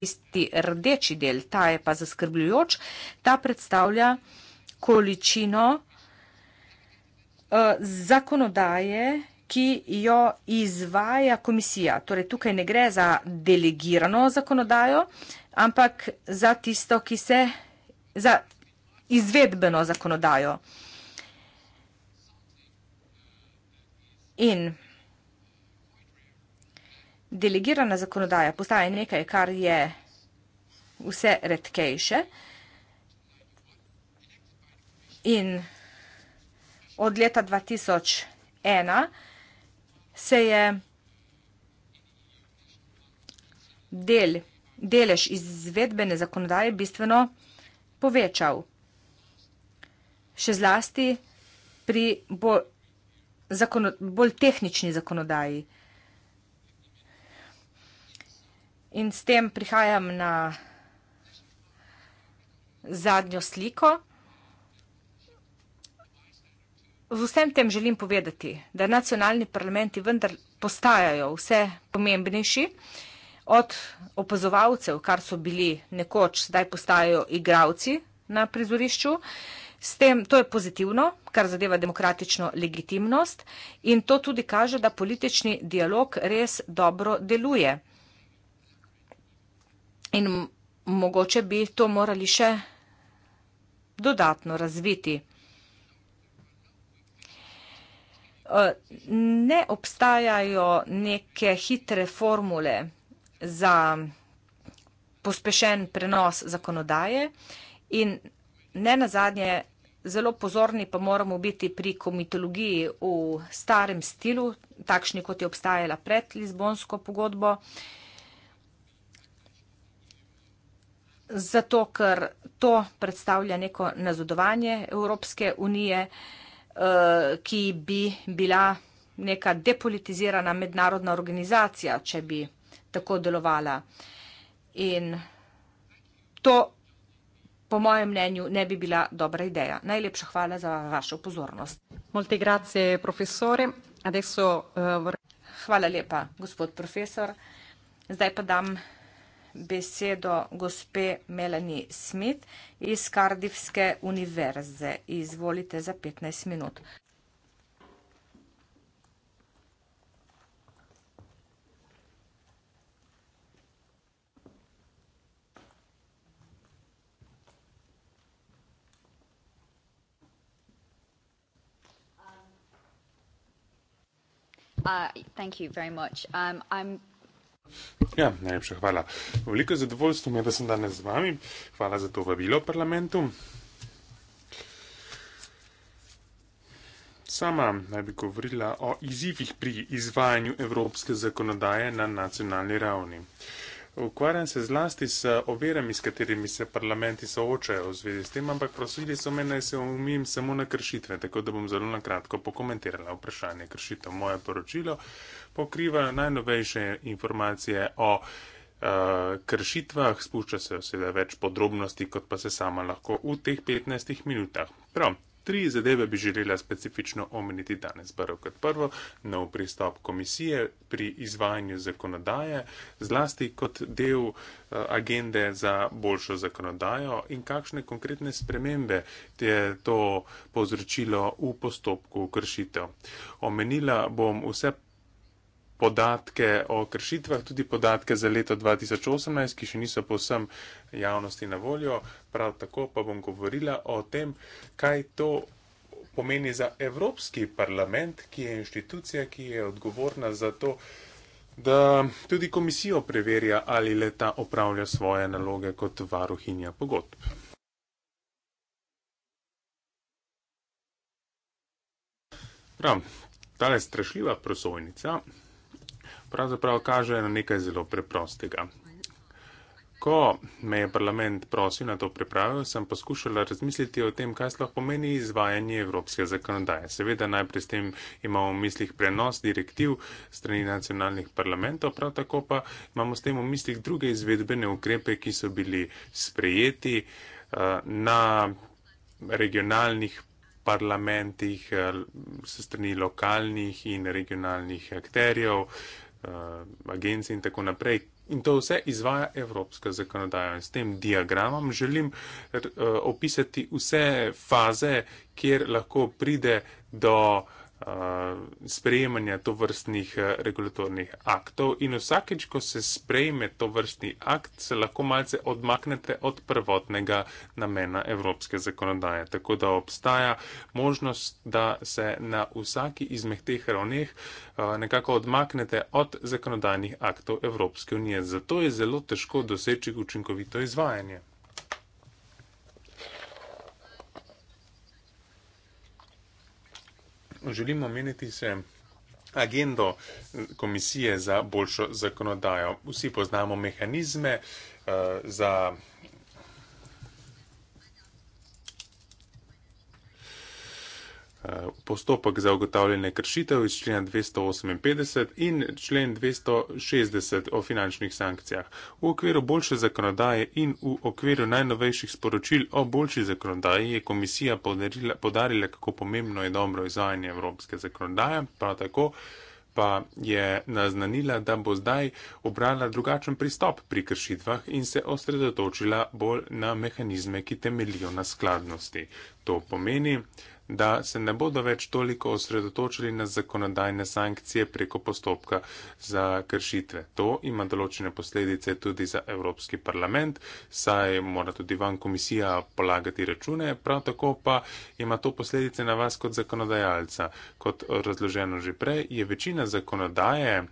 [SPEAKER 3] tisti rdeči del, ta je pa zaskrbljujoč, ta predstavlja količino eh, zakonodaje, ki jo izvaja komisija. Torej, tukaj ne gre za delegirano zakonodajo, ampak za tisto, ki se za izvedbeno zakonodajo. In delegirana zakonodaja postaja nekaj, kar je vse redkejše. In od leta 2001 se je del, delež izvedbene zakonodaje bistveno povečal. Še zlasti pri bolj, zakon, bolj tehnični zakonodaji. In s tem prihajam na zadnjo sliko. Z vsem tem želim povedati, da nacionalni parlamenti vendar postajajo vse pomembnejši od opazovalcev, kar so bili nekoč, zdaj postajajo igravci na prizorišču. S tem to je pozitivno, kar zadeva demokratično legitimnost in to tudi kaže, da politični dialog res dobro deluje. In mogoče bi to morali še dodatno razviti. ne obstajajo neke hitre formule za pospešen prenos zakonodaje in ne nazadnje zelo pozorni pa moramo biti pri komitologiji v starem stilu, takšni kot je obstajala pred Lizbonsko pogodbo. Zato, ker to predstavlja neko nazadovanje Evropske unije. Eh, ki bi bila neka depolitizirana mednarodna organizacija, če bi tako delovala. In to, po mojem mnenju, ne bi bila dobra ideja. Najlepša hvala za vašo pozornost. Eh, hvala lepa, gospod profesor. Zdaj pa dam besedo gospe Melanie Smith iz Kardivske univerze. Izvolite za 15 minut.
[SPEAKER 6] Uh, thank you very much. Um, I'm
[SPEAKER 7] Ja, najlepša hvala. Veliko zadovoljstvo mi je, da sem danes z vami. Hvala za to vabilo v parlamentu. Sama naj bi govorila o izzivih pri izvajanju evropske zakonodaje na nacionalni ravni. Uh, Ukvarjam se zlasti s overami, s katerimi se parlamenti soočajo v zvezi s tem, ampak prosili so me, da se omim samo na kršitve, tako da bom zelo na kratko pokomentirala vprašanje kršitev. Moje poročilo pokriva najnovejše informacije o eh, kršitvah, spušča se vseda več podrobnosti, kot pa se sama lahko v teh 15 minutah. Prav, Tri zadeve bi želela specifično omeniti danes. Prvo kot prvo, nov pristop komisije pri izvajanju zakonodaje, zlasti kot del eh, agende za boljšo zakonodajo in kakšne konkretne spremembe te je to povzročilo v postopku kršitev. Omenila bom vse podatke o kršitvah, tudi podatke za leto 2018, ki še niso povsem javnosti na voljo. Prav tako pa bom govorila o tem, kaj to pomeni za Evropski parlament, ki je inštitucija, ki je odgovorna za to, da tudi komisijo preverja, ali leta opravlja svoje naloge kot varuhinja pogodb. Prav, ta je strašljiva prosojnica, pravzaprav kaže na nekaj zelo preprostega. Ko me je parlament prosil na to pripravil, sem poskušala razmisliti o tem, kaj sploh pomeni izvajanje evropske zakonodaje. Seveda najprej s tem imamo v mislih prenos direktiv strani nacionalnih parlamentov, prav tako pa imamo s tem v mislih druge izvedbene ukrepe, ki so bili sprejeti eh, na regionalnih parlamentih, eh, s strani lokalnih in regionalnih akterjev, Eh, agencij in tako naprej. In to vse izvaja evropska zakonodaja. In s tem diagramom želim eh, opisati vse faze, kjer lahko pride do uh, Eh, sprejemanja to vrstnih eh, regulatornih aktov in vsakeč, ko se sprejme to vrstni akt, se lahko malce odmaknete od prvotnega namena evropske zakonodaje. Tako da obstaja možnost, da se na vsaki izmeh teh ravneh eh, nekako odmaknete od zakonodajnih aktov Evropske unije. Zato je zelo težko doseči učinkovito izvajanje. želim omeniti se agendo komisije za boljšo zakonodajo. Vsi poznamo mehanizme uh, za postopek za ugotavljanje kršitev iz člena 258 in člen 260 o finančnih sankcijah. V okviru boljše zakonodaje in v okviru najnovejših sporočil o boljši zakonodaji je komisija podarila, podarila kako pomembno je dobro izvajanje evropske zakonodaje, prav tako pa je naznanila, da bo zdaj obrala drugačen pristop pri kršitvah in se osredotočila bolj na mehanizme, ki temeljijo na skladnosti. To pomeni, da se ne bodo več toliko osredotočili na zakonodajne sankcije preko postopka za kršitve. To ima določene posledice tudi za Evropski parlament, saj mora tudi van komisija polagati račune, prav tako pa ima to posledice na vas kot zakonodajalca. Kot razloženo že prej, je večina zakonodaje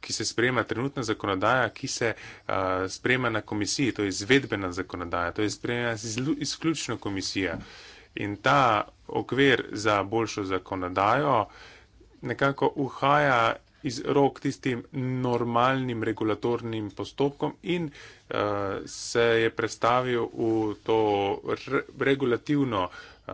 [SPEAKER 7] ki se sprejema trenutna zakonodaja, ki se uh, sprejema na komisiji, to je izvedbena zakonodaja, to je sprejema izlu, izključno komisija. Uh, In ta okvir za boljšo zakonodajo nekako uhaja iz rok tistim normalnim regulatornim postopkom in uh, se je predstavil v to re regulativno uh,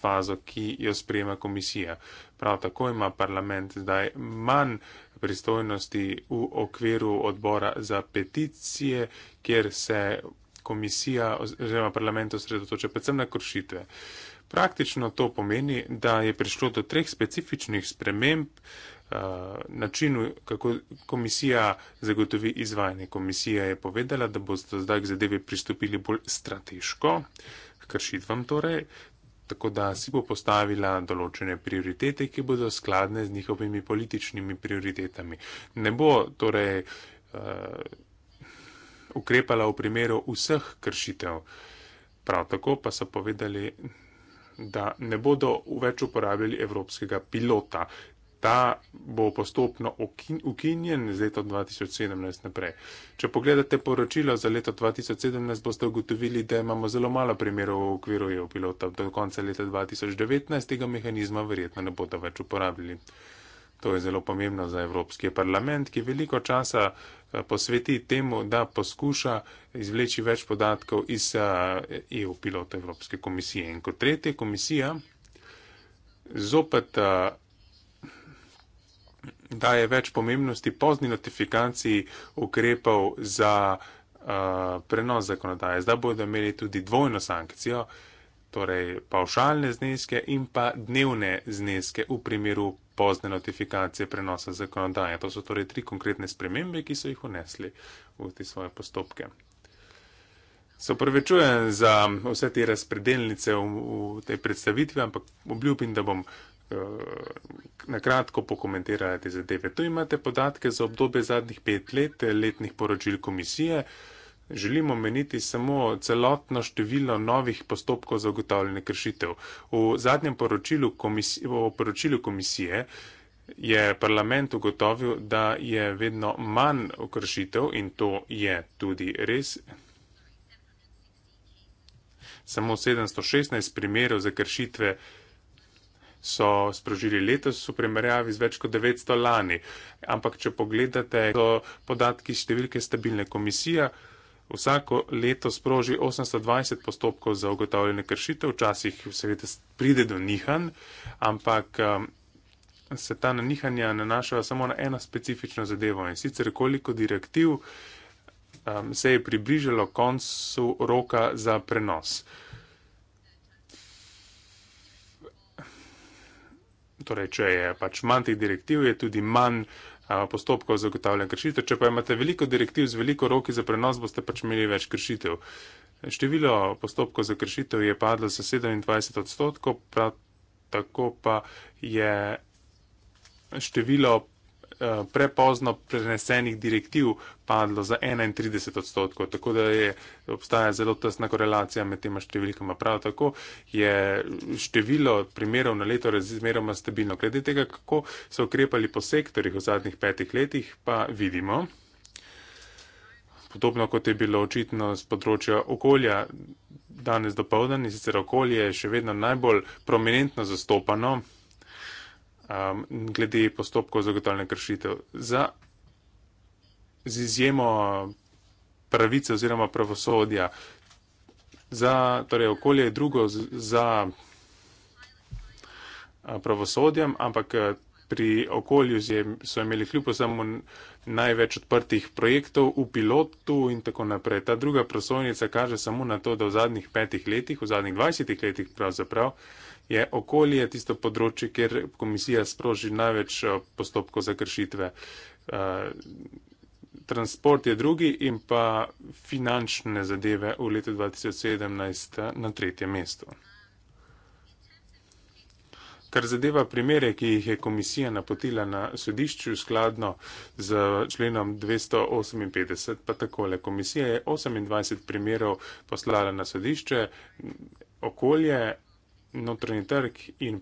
[SPEAKER 7] fazo, ki jo sprejema komisija. Prav tako ima parlament zdaj manj pristojnosti v okviru odbora za peticije, kjer se komisija oziroma parlament osredotoča predvsem na kršitve. Praktično to pomeni, da je prišlo do treh specifičnih sprememb eh, načinu, kako komisija zagotovi izvajanje. Komisija je povedala, da boste zdaj k zadevi pristopili bolj strateško, k kršitvam torej, tako da si bo postavila določene prioritete, ki bodo skladne z njihovimi političnimi prioritetami. Ne bo torej. Uh, ukrepala v primeru vseh kršitev. Prav tako pa so povedali, da ne bodo več uporabljali evropskega pilota. Ta bo postopno ukinjen z leto 2017 naprej. Če pogledate poročilo za leto 2017, boste ugotovili, da imamo zelo malo primerov v okviru EU pilota. Do konca leta 2019 tega mehanizma verjetno ne bodo več uporabljali. To je zelo pomembno za Evropski parlament, ki veliko časa eh, posveti temu, da poskuša izvleči več podatkov iz EU eh, e pilota Evropske komisije. In kot tretje, komisija zopet eh, daje več pomembnosti pozni notifikaciji ukrepov za uh, prenos zakonodaje. Zdaj bodo imeli tudi dvojno sankcijo, uh, torej paušalne zneske in pa dnevne zneske v primeru pozne notifikacije prenosa zakonodaje. To so torej tri konkretne spremembe, ki so jih unesli v te svoje postopke. Se upravičujem za vse te razpredelnice v, v tej predstavitvi, ampak obljubim, da bom eh, na kratko pokomentirajte zadeve. Tu imate podatke za obdobje zadnjih pet let letnih poročil komisije. Želim omeniti samo celotno število novih postopkov za ugotavljanje kršitev. V zadnjem poročilu komisije, v poročilu komisije je parlament ugotovil, da je vedno manj kršitev in to je tudi res. Samo 716 primerov za kršitve so sprožili letos v primerjavi z več kot 900 lani. Ampak, če pogledate, so podatki številke stabilne komisije vsako leto sproži 820 postopkov za ugotavljanje kršitev, včasih seveda pride do nihanj, ampak um, se ta nihanja nanašajo samo na eno specifično zadevo in sicer koliko direktiv um, se je približalo koncu roka za prenos. Torej, če je pač manj teh direktiv, je tudi manj uh, postopkov za ugotavljanje kršitev. Če pa imate veliko direktiv z veliko roki za prenos, boste pač imeli več kršitev. Število postopkov za kršitev je padlo za 27 odstotkov, prav tako pa je število Eh, prepozno prenesenih direktiv padlo za 31 odstotkov, tako da je, obstaja zelo tesna korelacija med tema številkama. Prav tako je število primerov na leto razmeroma stabilno. Glede tega, kako so ukrepali po sektorjih v zadnjih petih letih, pa vidimo. Podobno kot je bilo očitno z področja okolja danes dopovdan, in sicer okolje je še vedno najbolj prominentno zastopano um, glede postopkov zagotavljanja kršitev. Za z izjemo pravice oziroma pravosodja, za torej, okolje je drugo z, za pravosodjem, ampak pri okolju so imeli kljub samo največ odprtih projektov v pilotu in tako naprej. Ta druga prosojnica kaže samo na to, da v zadnjih petih letih, v zadnjih dvajsetih letih pravzaprav, prav, je okolje tisto področje, kjer komisija sproži največ eh, postopkov za kršitve. Eh, transport je drugi in pa finančne zadeve v letu 2017 eh, na tretjem mestu. Kar zadeva primere, ki jih je komisija napotila na sodišču skladno z členom 258, pa takole. Komisija je 28 primerov poslala na sodišče, okolje, notranji trg in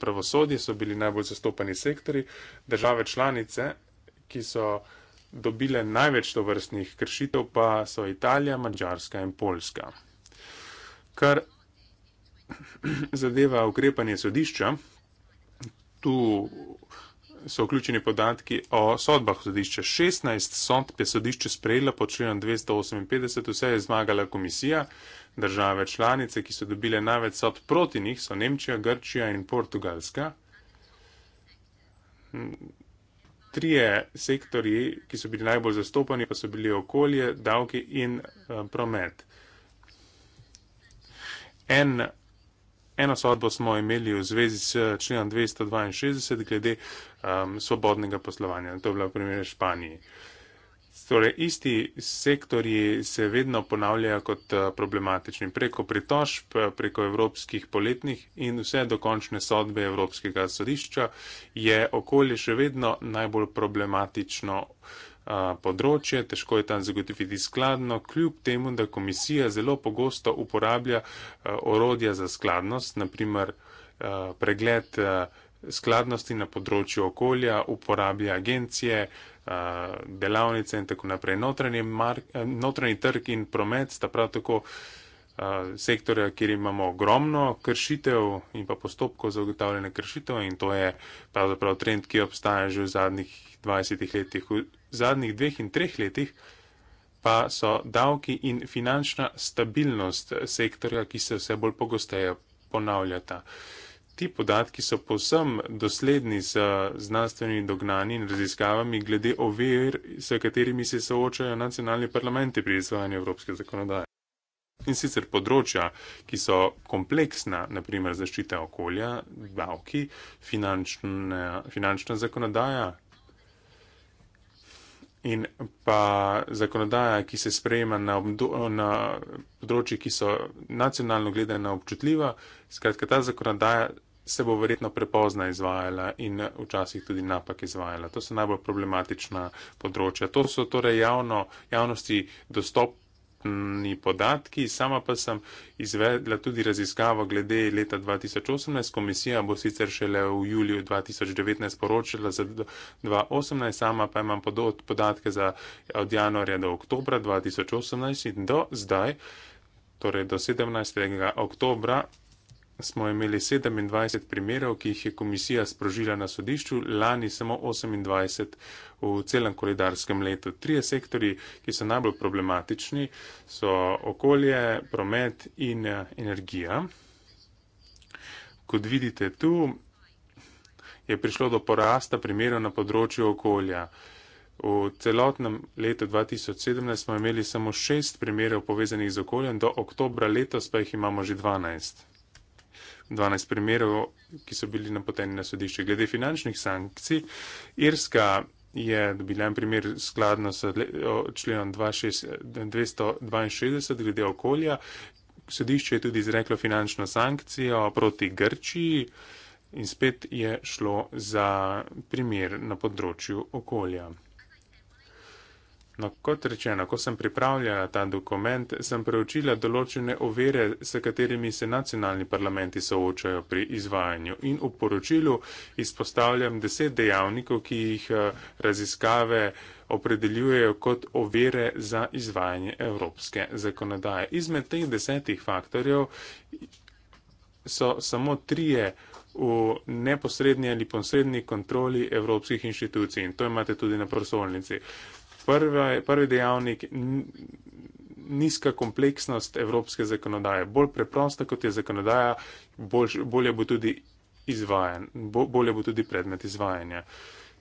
[SPEAKER 7] pravosodje so bili najbolj zastopani sektori. Države članice, ki so dobile največ tovrstnih kršitev, pa so Italija, Mačarska in Poljska. Kar zadeva ukrepanje sodišča, tu so vključeni podatki o sodbah sodišča. 16 sodb je sodišče sprejela pod členom 258, vse je zmagala komisija. Države članice, ki so dobile največ sod proti njih, so Nemčija, Grčija in Portugalska. Hm, trije sektori, ki so bili najbolj zastopani, pa so bili okolje, davki in eh, promet. En, eno sodbo smo imeli v zvezi s členom 262 glede um, svobodnega poslovanja, to je bila v primeru Španije. Torej, isti sektorji se vedno ponavljajo kot eh, problematični preko pritožb, eh, preko evropskih poletnih in vse dokončne sodbe Evropskega sodišča je okolje še vedno najbolj problematično eh, področje, težko je tam zagotoviti skladno, kljub temu, da komisija zelo pogosto uporablja orodja za skladnost, naprimer pregled skladnosti na področju okolja, uporabi agencije, eh, delavnice in tako naprej. Notranji, mar, eh, notranji trg in promet sta prav tako eh, sektorja, kjer imamo ogromno kršitev in pa postopkov za ugotavljanje kršitev in to je pravzaprav trend, ki obstaja že v zadnjih 20 letih. V zadnjih dveh in treh letih pa so davki in finančna stabilnost sektorja, ki se vse bolj pogosteje ponavljata. Uh, ti podatki so posem dosledni z znanstvenimi dognani in raziskavami glede ovir, s katerimi se soočajo nacionalni parlamenti pri izvajanju evropske zakonodaje. In sicer področja, ki so kompleksna, naprimer zaščita okolja, davki, finančna, finančna zakonodaja. In pa zakonodaja, ki se sprejema na, na področjih, ki so nacionalno gledana občutljiva, skratka ta zakonodaja se bo verjetno prepozna izvajala in včasih tudi napak izvajala. To so najbolj problematična področja. To so torej javno, javnosti dostop. Podatki. Sama pa sem izvedla tudi raziskavo glede leta 2018. Komisija bo sicer šele v juliju 2019 poročila za 2018, sama pa imam podatke za od januarja do oktobra 2018 in do zdaj, torej do 17. oktobra smo imeli 27 primerov, ki jih je komisija sprožila na sodišču, lani samo 28 v celem koledarskem letu. Trije sektori, ki so najbolj problematični, so okolje, promet in energija. Kot vidite tu, je prišlo do porasta primerov na področju okolja. V celotnem letu 2017 smo imeli samo šest primerov povezanih z okoljem, do oktobra letos pa jih imamo že 12. 12 primerov, ki so bili napoteni na sodišče. Glede finančnih sankcij, Irska je dobila en primer skladno s členom 262 glede okolja. Sodišče je tudi izreklo finančno sankcijo proti Grčiji in spet je šlo za primer na področju okolja. No, kot rečeno, ko sem pripravljala ta dokument, sem preučila določene ovire, s katerimi se nacionalni parlamenti soočajo pri izvajanju. In v poročilu izpostavljam deset dejavnikov, ki jih eh, raziskave opredeljujejo kot ovire za izvajanje evropske zakonodaje. Izmed teh desetih faktorjev so samo trije v neposrednji ali posrednji kontroli evropskih inštitucij in to imate tudi na prosolnici prvi, prvi dejavnik nizka kompleksnost evropske zakonodaje. Bolj preprosta kot je zakonodaja, bolj, bolje, bo tudi izvajen, bolje bo tudi predmet izvajanja.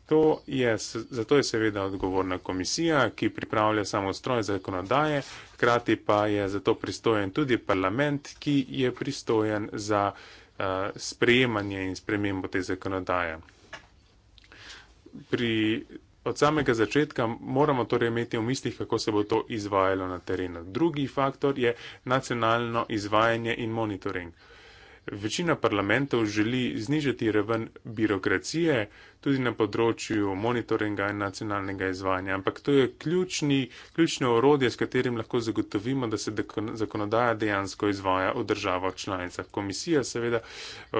[SPEAKER 7] To je, zato je seveda odgovorna komisija, ki pripravlja samo stroj zakonodaje, hkrati pa je zato pristojen tudi parlament, ki je pristojen za uh, sprejemanje in spremembo te zakonodaje. Pri od samega začetka moramo torej imeti v mislih, kako se bo to izvajalo na terenu. Drugi faktor je nacionalno izvajanje in monitoring. Večina parlamentov želi znižati raven birokracije tudi na področju monitoringa in nacionalnega izvanja, ampak to je ključni, ključno orodje, s katerim lahko zagotovimo, da se zakonodaja dejansko izvaja v državah članicah. Komisija seveda eh,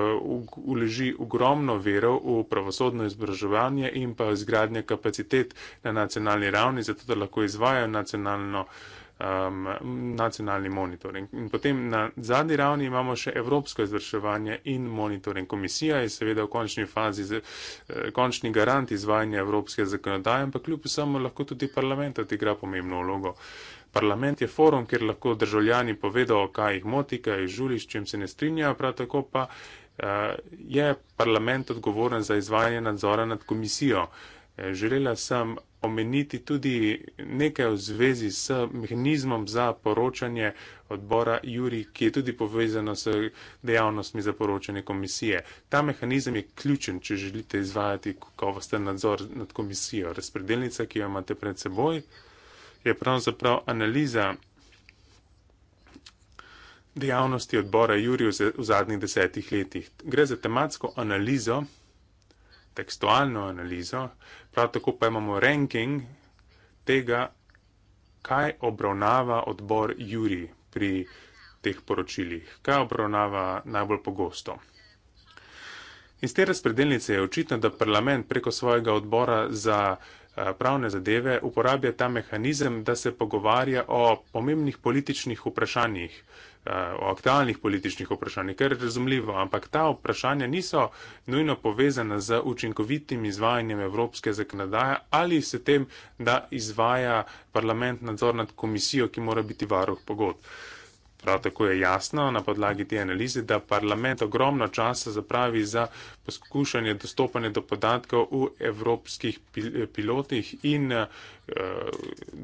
[SPEAKER 7] uleži ogromno vero v pravosodno izobraževanje in pa izgradnje kapacitet na nacionalni ravni, zato da lahko izvajo nacionalno um, nacionalni monitoring. In potem na zadnji ravni imamo še evropsko izvrševanje in monitoring. Komisija je seveda v končni fazi z, eh, končni garant izvajanja evropske zakonodaje, ampak kljub vsemu lahko tudi parlament odigra pomembno vlogo. Parlament je forum, kjer lahko državljani povedo, kaj jih moti, kaj jih žuli, s čim se ne strinjajo, prav tako pa uh, je parlament odgovoren za izvajanje nadzora nad komisijo. Uh, Eh, želela sem omeniti tudi nekaj v zvezi s mehanizmom za poročanje odbora Juri, ki je tudi povezano s dejavnostmi za poročanje komisije. Ta mehanizem je ključen, če želite izvajati kakovosten nadzor nad komisijo. Razpredelnica, ki jo imate pred seboj, je pravzaprav analiza dejavnosti odbora Juri v zadnjih desetih letih. Gre za tematsko analizo, tekstualno analizo, Prav tako pa imamo ranking tega, kaj obravnava odbor Juri pri teh poročilih, kaj obravnava najbolj pogosto. Iz te razpredelnice je očitno, da parlament preko svojega odbora za Eh, pravne zadeve, uporablja ta mehanizem, da se pogovarja o pomembnih političnih vprašanjih, eh, o aktualnih političnih vprašanjih, kar je razumljivo, ampak ta vprašanja niso nujno povezana z učinkovitim izvajanjem evropske zakonodaje ali se tem, da izvaja parlament nadzor nad komisijo, ki mora biti varuh pogodb. Prav tako je jasno na podlagi te analize, da parlament ogromno časa zapravi za poskušanje dostopanja do podatkov v evropskih pil pilotih in uh,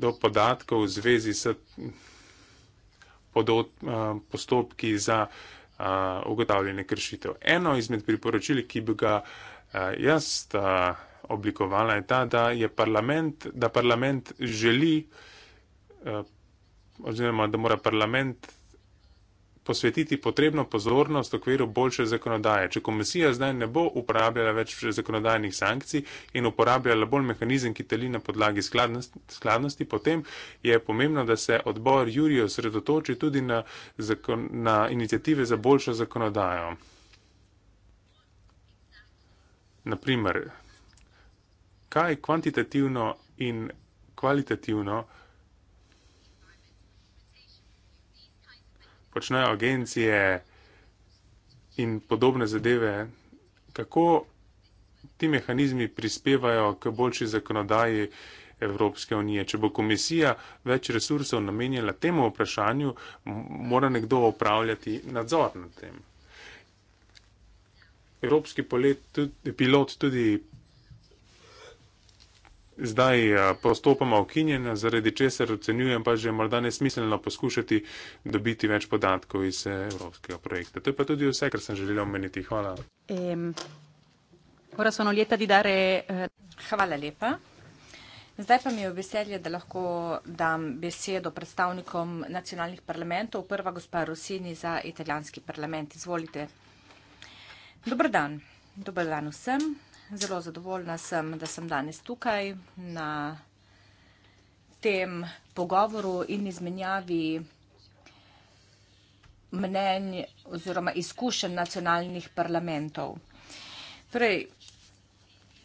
[SPEAKER 7] do podatkov v zvezi s podot, uh, postopki za uh, ugotavljanje kršitev. Eno izmed priporočil, ki bi ga uh, jaz uh, oblikovala, je ta, da, je parlament, da parlament želi uh, oziroma da mora parlament posvetiti potrebno pozornost v okviru boljše zakonodaje. Če komisija zdaj ne bo uporabljala več zakonodajnih sankcij in uporabljala bolj mehanizem, ki teli na podlagi skladnosti, skladnosti, potem je pomembno, da se odbor Jurijo sredotoči tudi na, zakon, na inicijative za boljšo zakonodajo. Naprimer, kaj kvantitativno in kvalitativno počnejo agencije in podobne zadeve, kako ti mehanizmi prispevajo k boljši zakonodaji Evropske unije. Če bo komisija več resursov namenjala temu vprašanju, mora nekdo upravljati nadzor nad tem. Evropski polet, tudi, pilot tudi zdaj eh, postopoma okinjena, zaradi česar ocenjujem pa že morda nesmiselno poskušati dobiti več podatkov iz eh, evropskega projekta. To je pa tudi vse, kar sem želela omeniti. Hvala.
[SPEAKER 3] Um, ora sono lieta di dare... Eh, Hvala lepa. Zdaj pa mi je veselje, da lahko dam besedo predstavnikom nacionalnih parlamentov. Prva gospa Rosini za italijanski parlament. Izvolite. Dobrodan. Dobrodan vsem zelo zadovoljna sem, da sem danes tukaj na tem pogovoru in izmenjavi mnenj oziroma izkušenj nacionalnih parlamentov. Torej,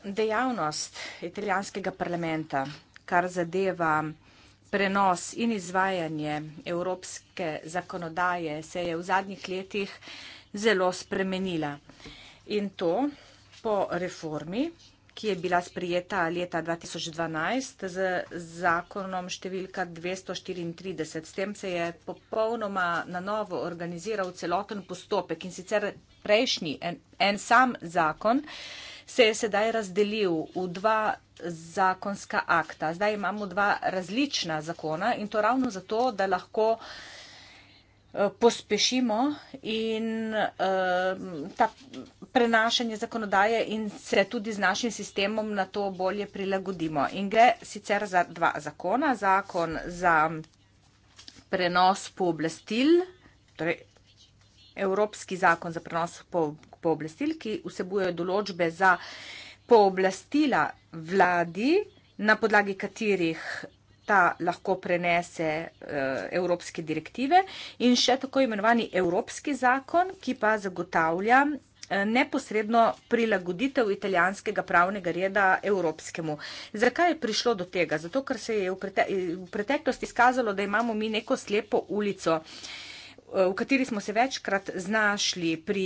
[SPEAKER 3] dejavnost italijanskega parlamenta, kar zadeva prenos in izvajanje evropske zakonodaje, se je v zadnjih letih zelo spremenila. In to po reformi, ki je bila sprijeta leta 2012 z zakonom številka 234. S tem se je popolnoma na novo organiziral celoten postopek in sicer prejšnji en, en sam zakon se je sedaj razdelil v dva zakonska akta. Zdaj imamo dva različna zakona in to ravno zato, da lahko Eh, pospešimo in eh, ta prenašanje zakonodaje in se tudi z našim sistemom na to bolje prilagodimo. In gre sicer za dva zakona. Zakon za prenos pooblastil, torej Evropski zakon za prenos pooblastil, ki vsebuje določbe za pooblastila vladi, na podlagi katerih ta lahko prenese eh, evropske direktive in še tako imenovani evropski zakon, ki pa zagotavlja eh, neposredno prilagoditev italijanskega pravnega reda evropskemu. Zakaj je prišlo do tega? Zato, ker se je v preteklosti izkazalo, da imamo mi neko slepo ulico. Uh, v kateri smo se večkrat znašli pri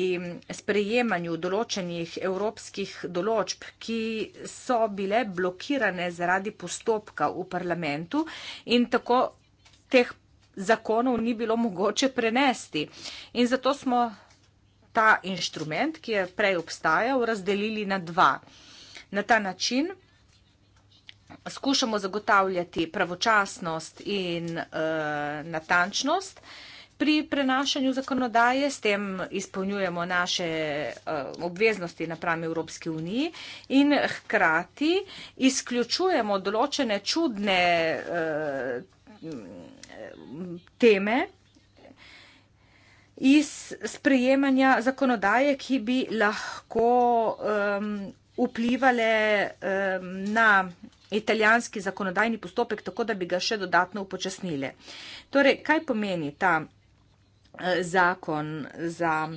[SPEAKER 3] sprejemanju določenih evropskih določb, ki so bile blokirane zaradi postopka v parlamentu in tako teh zakonov ni bilo mogoče prenesti. In zato smo ta inštrument, ki je prej obstajal, razdelili na dva. Na ta način skušamo zagotavljati pravočasnost in e, natančnost pri prenašanju zakonodaje, s tem izpolnjujemo naše eh, obveznosti napram Evropski uniji in hkrati izključujemo določene čudne eh, teme iz sprejemanja zakonodaje, ki bi lahko vplivale na italijanski zakonodajni postopek, tako da bi ga še dodatno upočasnile. Torej, kaj pomeni ta zakonodaj? Eh, zakon za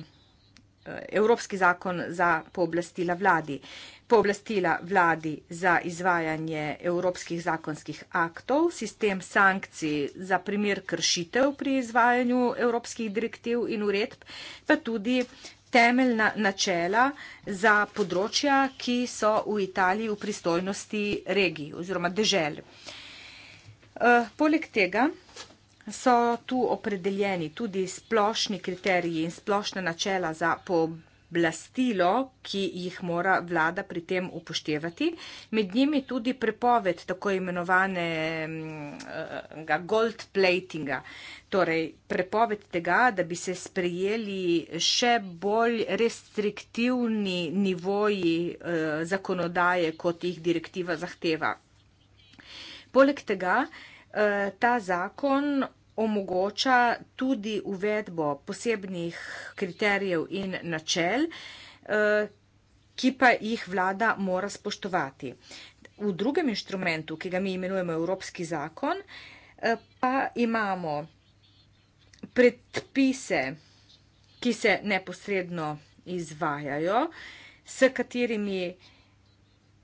[SPEAKER 3] eh, evropski zakon za pooblastila vladi. Pooblastila vladi za izvajanje evropskih zakonskih aktov, sistem sankcij za primer kršitev pri izvajanju evropskih direktiv in uredb, pa tudi temeljna načela za področja, ki so v Italiji v pristojnosti regij oziroma dežel. Eh, poleg tega so tu opredeljeni tudi splošni kriteriji in splošna načela za pooblastilo, ki jih mora vlada pri tem upoštevati. Med njimi tudi prepoved tako imenovanega gold platinga, torej prepoved tega, da bi se sprejeli še bolj restriktivni nivoji eh, zakonodaje, kot jih direktiva zahteva. Poleg tega ta zakon omogoča tudi uvedbo posebnih kriterijev in načel, eh, ki pa jih vlada mora spoštovati. V drugem inštrumentu, ki ga mi imenujemo Evropski zakon, eh, pa imamo predpise, ki se neposredno izvajajo, s katerimi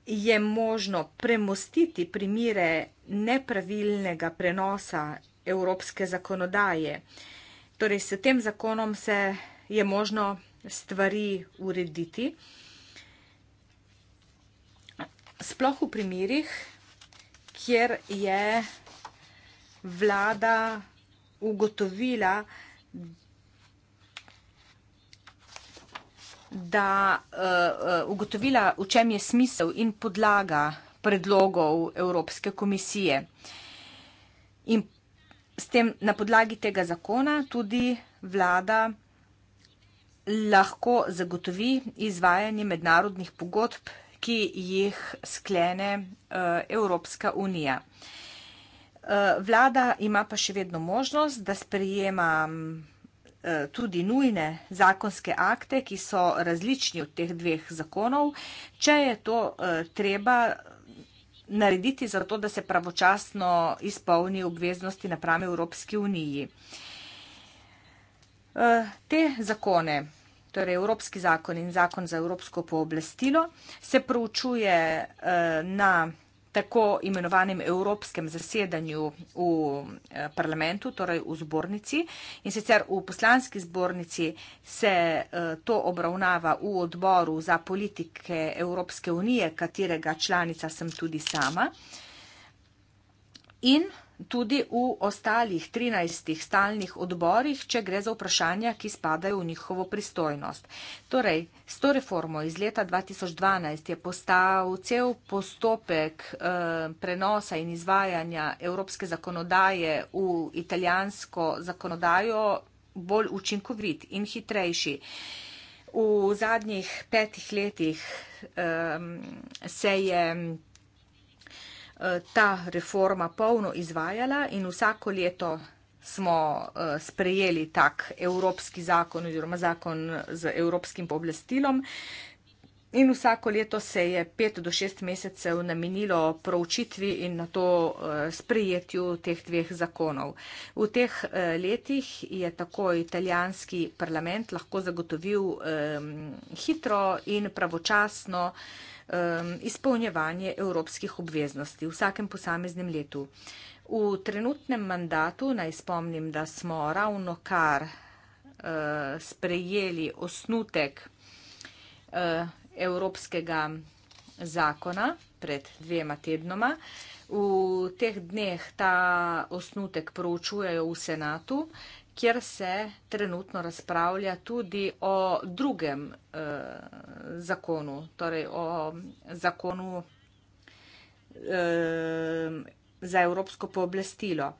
[SPEAKER 3] je možno premostiti primire nepravilnega prenosa evropske zakonodaje. Torej, s tem zakonom se je možno stvari urediti. Sploh v primerih, kjer je vlada ugotovila, da uh, ugotovila, v čem je smisel in podlaga predlogov Evropske komisije. In s tem na podlagi tega zakona tudi vlada lahko zagotovi izvajanje mednarodnih pogodb, ki jih sklene eh, Evropska unija. Eh, vlada ima pa še vedno možnost, da sprejema eh, tudi nujne zakonske akte, ki so različni od teh dveh zakonov, če je to treba narediti za to, da se pravočasno izpolni obveznosti naprave Evropski uniji. Eh, te zakone, torej Evropski zakon in zakon za Evropsko pooblastilo, se proučuje eh, na tako imenovanem evropskem zasedanju v eh, parlamentu, torej v zbornici. In sicer v poslanski zbornici se eh, to obravnava v odboru za politike Evropske unije, katerega članica sem tudi sama. In tudi v ostalih 13 stalnih odborih, če gre za vprašanja, ki spadajo v njihovo pristojnost. Torej, s to reformo iz leta 2012 je postal cel postopek eh, prenosa in izvajanja evropske zakonodaje v italijansko zakonodajo bolj učinkovit in hitrejši. V zadnjih petih letih um, se je Eh, ta reforma polno izvajala in vsako leto smo eh, sprejeli tak evropski zakon oziroma zakon z evropskim pooblastilom. In vsako leto se je pet do šest mesecev namenilo proučitvi in na to eh, sprejetju teh dveh zakonov. V teh letih je tako italijanski parlament lahko zagotovil hitro in pravočasno Um, izpolnjevanje evropskih obveznosti v vsakem posameznem letu. V trenutnem mandatu, naj spomnim, da smo ravno kar uh, sprejeli osnutek uh, evropskega zakona pred dvema tednoma. V teh dneh ta osnutek proučujejo v senatu kjer se trenutno razpravlja tudi o drugem eh, zakonu, torej o zakonu eh, za evropsko pooblastilo,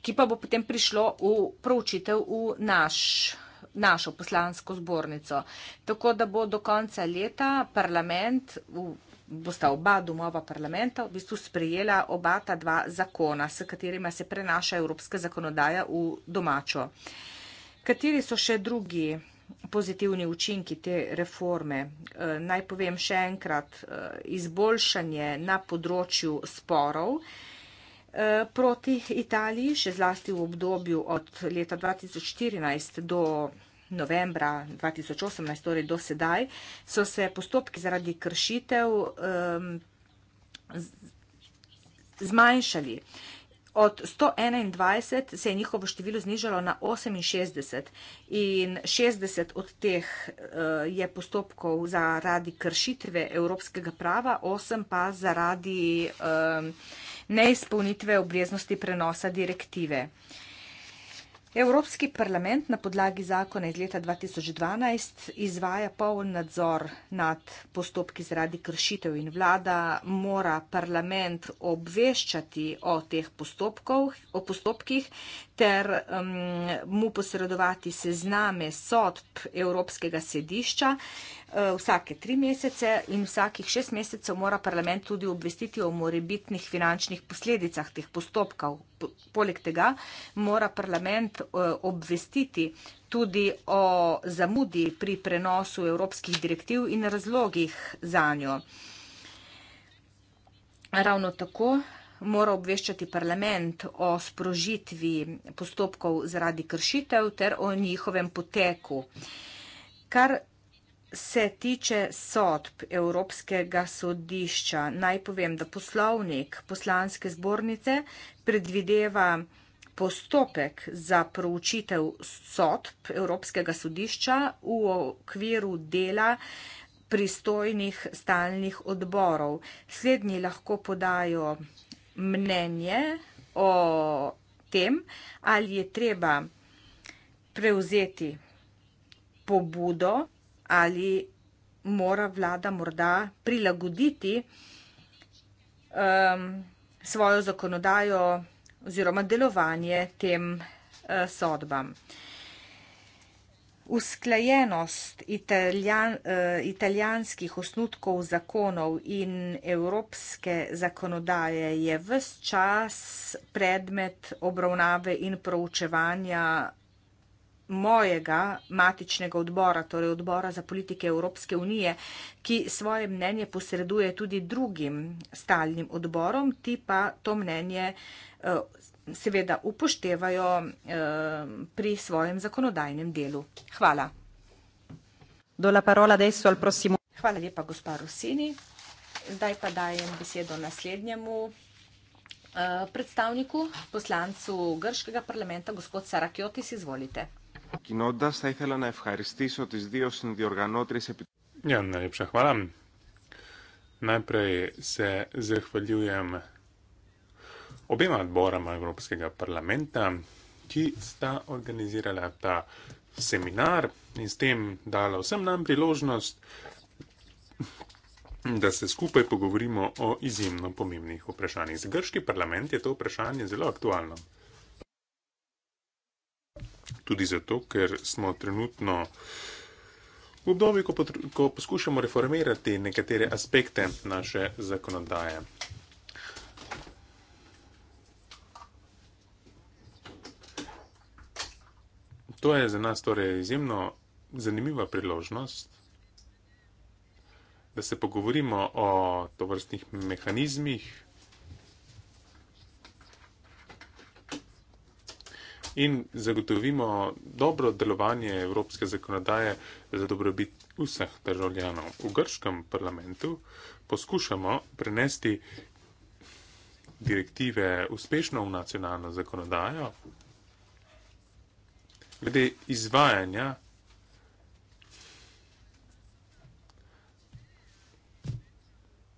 [SPEAKER 3] ki pa bo potem prišlo v proučitev v naš, našo poslansko zbornico. Tako da bo do konca leta parlament v bosta oba domova parlamenta v bistvu sprejela oba ta dva zakona, s katerima se prenaša evropska zakonodaja v domačo. Kateri so še drugi pozitivni učinki te reforme? Eh, naj povem še enkrat, eh, izboljšanje na področju sporov eh, proti Italiji, še zlasti v obdobju od leta 2014 do 2014 novembra 2018, torej do sedaj, so se postopki zaradi kršitev um, zmanjšali. Od 121 se je njihovo število znižalo na 68 in 60 od teh e, je postopkov zaradi kršitve evropskega prava, 8 pa zaradi neizpolnitve obveznosti prenosa direktive. Evropski parlament na podlagi zakona iz leta 2012 izvaja poln nadzor nad postopki zaradi kršitev in vlada mora parlament obveščati o teh o postopkih ter um, mu posredovati sezname sodb Evropskega sedišča. Uh, Eh, vsake tri mesece in vsakih šest mesecev mora parlament tudi obvestiti o morebitnih finančnih posledicah teh postopkov. Poleg tega mora parlament eh, obvestiti tudi o zamudi pri prenosu evropskih direktiv in razlogih za njo. Ravno tako mora obveščati parlament o sprožitvi postopkov zaradi kršitev ter o njihovem poteku. Kar se tiče sodb Evropskega sodišča, naj povem, da poslovnik poslanske zbornice predvideva postopek za proučitev sodb Evropskega sodišča v okviru dela pristojnih stalnih odborov. Slednji lahko podajo mnenje o tem, ali je treba prevzeti pobudo ali mora vlada morda prilagoditi um, svojo zakonodajo oziroma delovanje tem uh, sodbam. Usklajenost italijan, uh, italijanskih osnutkov zakonov in evropske zakonodaje je v čas predmet obravnave in proučevanja mojega matičnega odbora, torej odbora za politike Evropske unije, ki svoje mnenje posreduje tudi drugim stalnim odborom, ti pa to mnenje eh, seveda upoštevajo eh, pri svojem zakonodajnem delu. Hvala. Hvala lepa, gospa Rosini. Zdaj pa dajem besedo naslednjemu eh, predstavniku, poslancu Grškega parlamenta, gospod Sarakjotis, izvolite.
[SPEAKER 4] Κοινώντα, θα ήθελα να
[SPEAKER 7] ευχαριστήσω τι δύο συνδιοργανώτριε επιτροπέ. Για να λείψα χαρά. Νάπρεϊ σε ζευχολιούιαμ. Οπίμα μπόραμα Ευρωπαϊκά Παρλαμέντα και στα οργανιζήρελα τα σεμινάρ. Στην τάλα, σε μια πριλόγνωστη da se skupaj pogovorimo o izjemno pomembnih vprašanjih. Za grški parlament je to vprašanje zelo aktualno tudi zato, ker smo trenutno v obdobju, ko, ko poskušamo reformirati nekatere aspekte naše zakonodaje. To je za nas torej izjemno zanimiva priložnost, da se pogovorimo o tovrstnih mehanizmih, in zagotovimo dobro delovanje evropske zakonodaje za dobrobit vseh državljanov. V grškem parlamentu poskušamo prenesti direktive uspešno v nacionalno zakonodajo glede izvajanja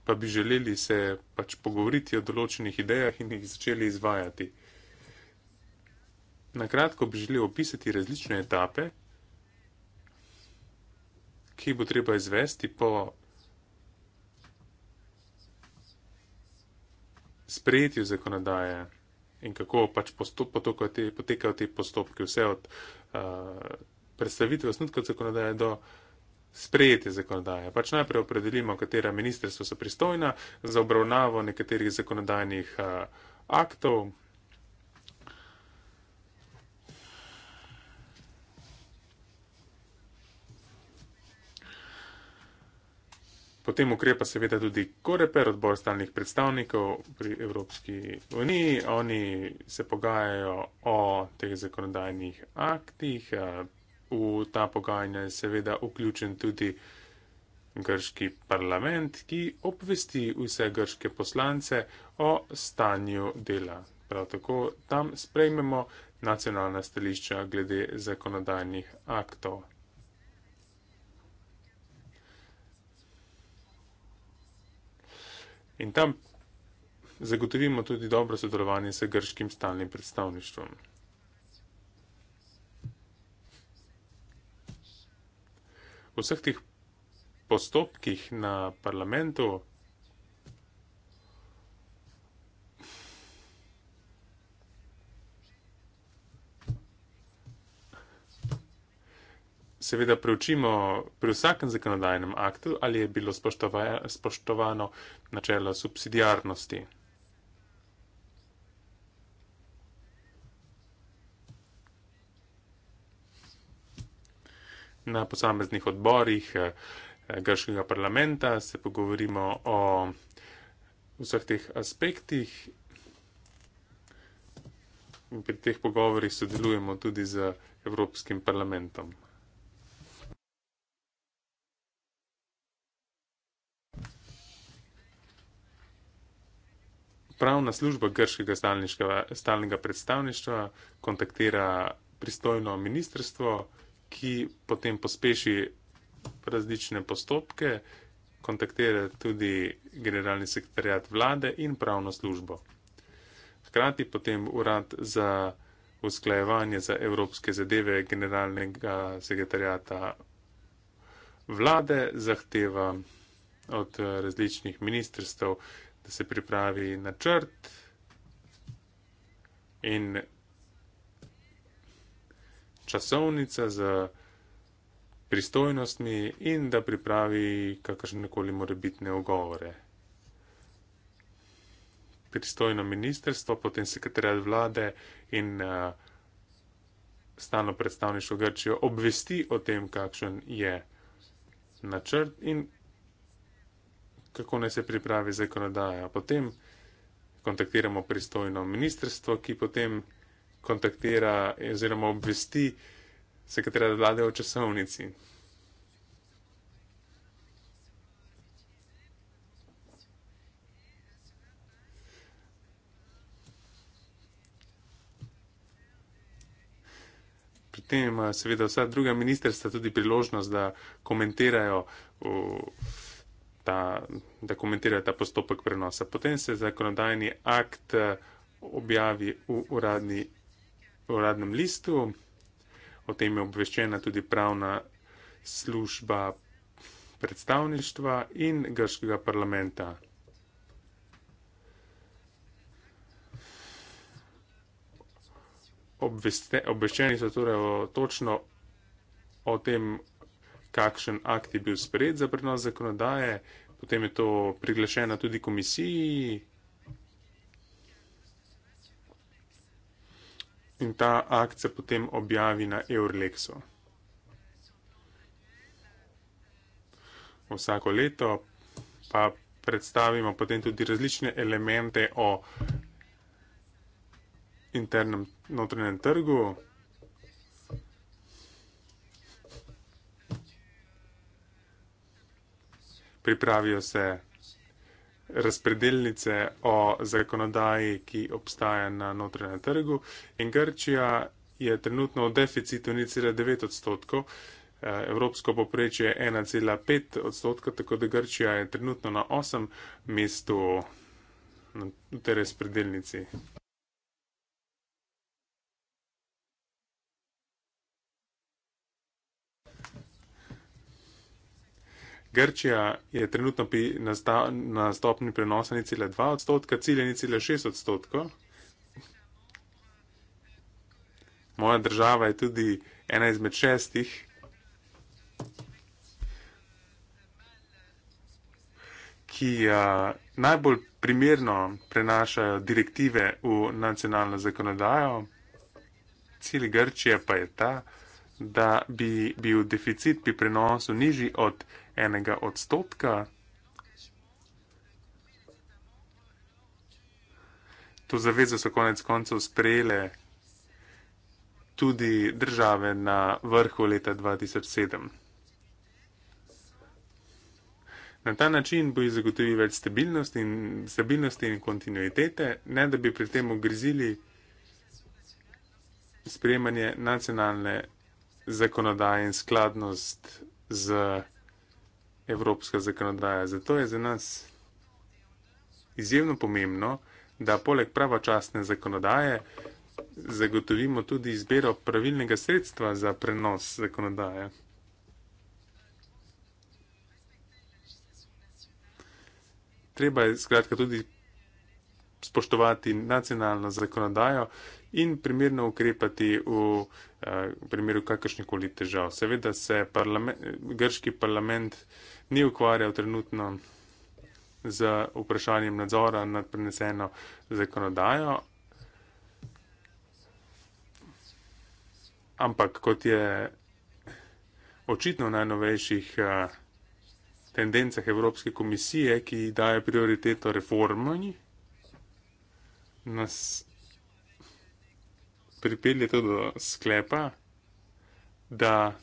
[SPEAKER 7] pa bi želeli se pač pogovoriti o določenih idejah in jih začeli izvajati. Na kratko bi želel opisati različne etape, ki bo treba izvesti po sprejetju zakonodaje in kako pač postop, potoko, te, potekajo te postopke, vse od uh, predstavitve osnutka zakonodaje do sprejetja zakonodaje. Pač najprej opredelimo, katera ministrstva so pristojna za obravnavo nekaterih zakonodajnih uh, aktov, Potem ukrepa seveda tudi Koreper, odbor stalnih predstavnikov pri Evropski uniji. Oni se pogajajo o teh zakonodajnih aktih. V ta pogajanja je seveda vključen tudi grški parlament, ki obvesti vse grške poslance o stanju dela. Prav tako tam sprejmemo nacionalna stališča glede zakonodajnih aktov. in tam zagotovimo tudi dobro sodelovanje s grškim stalnim predstavništvom. V vseh teh postopkih na parlamentu seveda preučimo pri vsakem zakonodajnem aktu, ali je bilo spoštova, spoštovano načelo subsidijarnosti. Na posameznih odborih eh, grškega parlamenta se pogovorimo o vseh teh aspektih. Pri teh pogovorih sodelujemo tudi z Evropskim parlamentom. pravna služba grškega stalnega predstavništva kontaktira pristojno ministrstvo, ki potem pospeši različne postopke, kontaktira tudi generalni sekretarjat vlade in pravno službo. Hkrati potem urad za usklajevanje za evropske zadeve generalnega sekretarjata vlade zahteva od eh, različnih ministrstv, da se pripravi načrt in časovnica z pristojnostmi in da pripravi kakršne koli morebitne ogovore. Pristojno ministrstvo, potem sekretariat vlade in uh, eh, stano predstavništvo Grčijo obvesti o tem, kakšen je načrt in kako naj se pripravi zakonodaja. Potem kontaktiramo pristojno ministrstvo, ki potem kontaktira oziroma obvesti sekretarja vlade o časovnici. V tem seveda vsa druga ministrstva tudi priložnost, da komentirajo uh, ta, da komentira ta postopek prenosa. Potem se zakonodajni akt eh, objavi v uradni, uradnem listu, o tem je obveščena tudi pravna služba predstavništva in grškega parlamenta. Obveste, obveščeni so torej o, točno o tem kakšen akt je bil sprejet za prenos zakonodaje, potem je to priglašeno tudi komisiji. In ta akt se potem objavi na Eurlexu. Vsako leto pa predstavimo potem tudi različne elemente o internem notranjem trgu. pripravijo se razpredelnice o zakonodaji, ki obstaja na notranjem trgu. In Grčija je trenutno v deficitu 0,9 odstotkov, eh, evropsko poprečje je 1,5 odstotka, tako da Grčija je trenutno na osem mestu v tej razpredelnici. Grčija je trenutno na stopni prenosa ni cele 2 odstotka, cilje ni cele 6 odstotkov. Moja država je tudi ena izmed šestih. ki uh, najbolj primerno prenašajo direktive v nacionalno zakonodajo. Cilj Grčije pa je ta, da bi bil deficit pri prenosu nižji od enega odstotka. To zavezo so konec koncev sprejele tudi države na vrhu leta 2007. Na ta način bo jih zagotovil več stabilnosti in, stabilnosti in kontinuitete, ne da bi pri tem ogrizili sprejemanje nacionalne zakonodaje in skladnost z evropsko zakonodajo. Zato je za nas izjemno pomembno, da poleg pravočasne zakonodaje zagotovimo tudi izbiro pravilnega sredstva za prenos zakonodaje. Treba je skratka tudi spoštovati nacionalno zakonodajo, in primerno ukrepati v eh, primeru kakršnekoli težav. Seveda se parlament, grški parlament ni ukvarjal trenutno z vprašanjem nadzora nad preneseno zakonodajo. Ampak kot je očitno v najnovejših eh, tendencah Evropske komisije, ki daje prioriteto reformanji, nas pripelje to do sklepa, da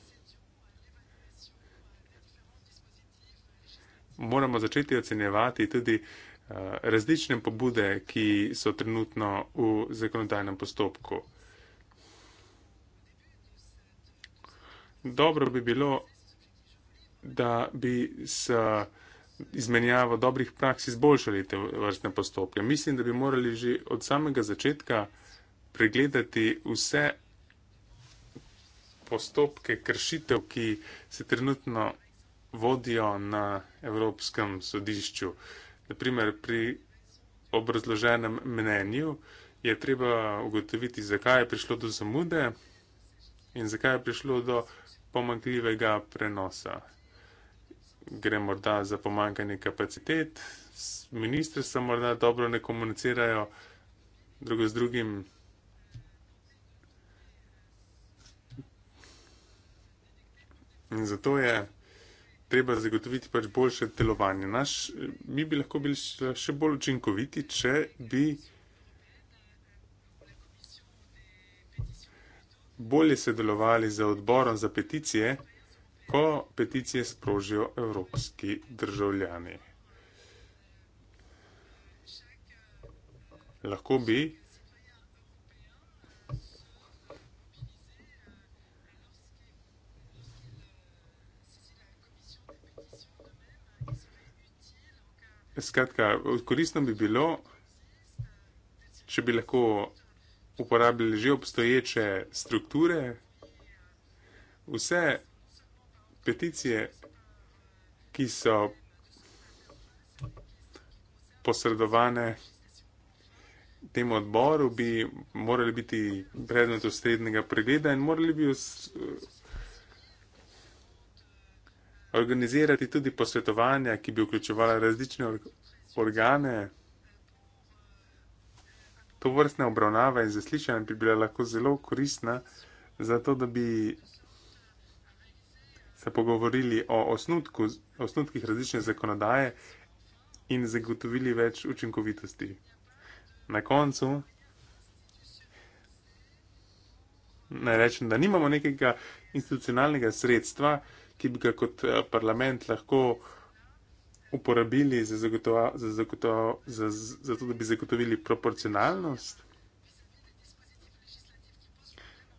[SPEAKER 7] moramo začeti ocenjevati tudi eh, različne pobude, ki so trenutno v zakonodajnem postopku. Dobro bi bilo, da bi s eh, izmenjavo dobrih praks izboljšali te vrstne postopke. Mislim, da bi morali že od samega začetka pregledati vse postopke kršitev, ki se trenutno vodijo na Evropskem sodišču. Naprimer, pri obrazloženem mnenju je treba ugotoviti, zakaj je prišlo do zamude in zakaj je prišlo do pomankljivega prenosa. Gre morda za pomankanje kapacitet, ministrstva morda dobro ne komunicirajo drugo z drugim. In zato je treba zagotoviti pač boljše delovanje. Naš, mi bi lahko bili še bolj učinkoviti, če bi bolje sodelovali z odborom za peticije, ko peticije sprožijo evropski državljani. Lahko bi Skratka, koristno bi bilo, če bi lahko uporabljali že obstoječe strukture, vse peticije, ki so posredovane temu odboru, bi morali biti predmet ustrednega pregleda in morali bi organizirati tudi posvetovanja, ki bi vključevala različne organe. To vrstna obravnava in zaslišanje bi bila lahko zelo koristna za to, da bi se pogovorili o osnutku, osnutkih različne zakonodaje in zagotovili več učinkovitosti. Na koncu naj rečem, da nimamo nekega institucionalnega sredstva, ki bi ga kot eh, parlament lahko uporabili za, zagotova, za, zagotova, za, za to, da bi zagotovili proporcionalnost,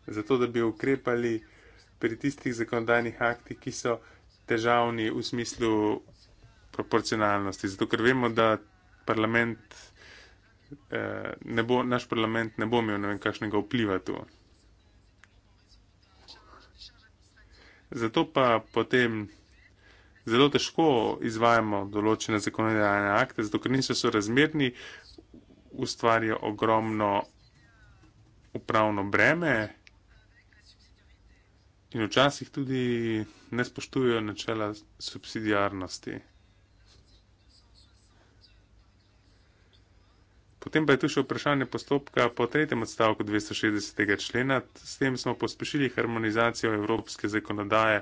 [SPEAKER 7] za to, da bi ukrepali pri tistih zakonodajnih aktih, ki so težavni v smislu proporcionalnosti. Zato, ker vemo, da parlament, eh, ne bo, naš parlament ne bo imel ne vem kakšnega vpliva tu. Zato pa potem zelo težko izvajamo določene zakonodajne akte, zato ker niso sorazmerni, ustvarijo ogromno upravno breme in včasih tudi ne spoštujejo načela subsidijarnosti. Potem pa je tu še vprašanje postopka po tretjem odstavku 260. člena. S tem smo pospešili harmonizacijo evropske zakonodaje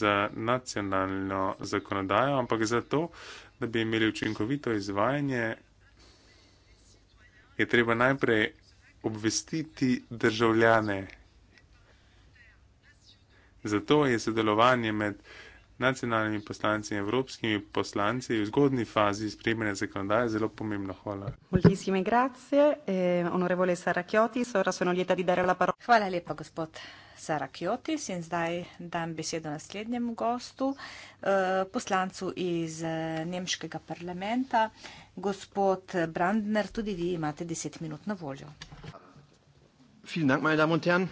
[SPEAKER 7] za nacionalno zakonodajo, ampak zato, da bi imeli učinkovito izvajanje, je treba najprej obvestiti državljane. Zato je sodelovanje med uh, nacionalnimi poslanci in evropskimi poslanci v zgodni fazi sprejemanja zakonodaje zelo pomembno. Hvala.
[SPEAKER 3] Eh, Hvala lepa, gospod Sara Kjotis. In zdaj dam besedo naslednjemu gostu, eh, poslancu iz eh, nemškega parlamenta. Gospod Brandner, tudi vi imate deset minut na voljo.
[SPEAKER 1] Vielen Dank, meine Damen und Herren.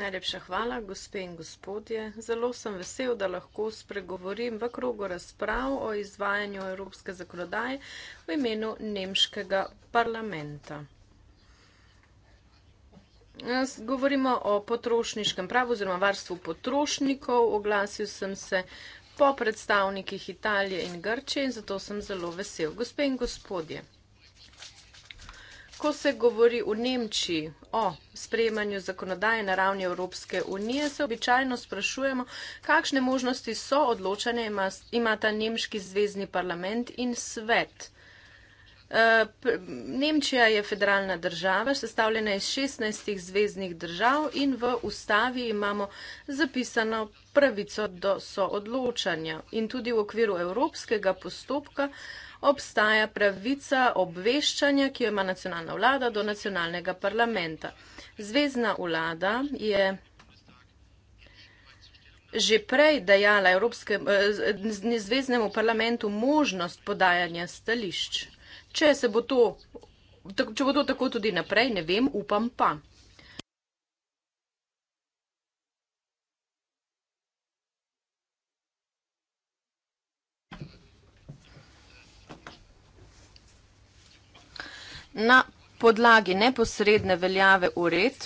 [SPEAKER 5] Najlepša hvala, gospe in gospodje. Zelo sem vesel, da lahko spregovorim v krogu razprav o izvajanju evropske zakonodaje v imenu Nemškega parlamenta. Govorimo o potrošniškem pravu oziroma varstvu potrošnikov. Oglasil sem se po predstavnikih Italije in Grče in zato sem zelo vesel. Gospe in gospodje ko se govori v Nemčiji o sprejemanju zakonodaje na ravni Evropske unije, se običajno sprašujemo, kakšne možnosti so odločanja imata nemški zvezdni parlament in svet. Eh, Nemčija je federalna država, sestavljena iz 16 zvezdnih držav in v ustavi imamo zapisano pravico do soodločanja. In tudi v okviru evropskega postopka obstaja pravica obveščanja, ki jo ima nacionalna vlada do nacionalnega parlamenta. Zvezdna vlada je. Že prej dajala Evropskem eh, zvezdnemu parlamentu možnost podajanja stališč. Če, bo to, če bo to tako tudi naprej, ne vem, upam pa. Na podlagi neposredne veljave uredb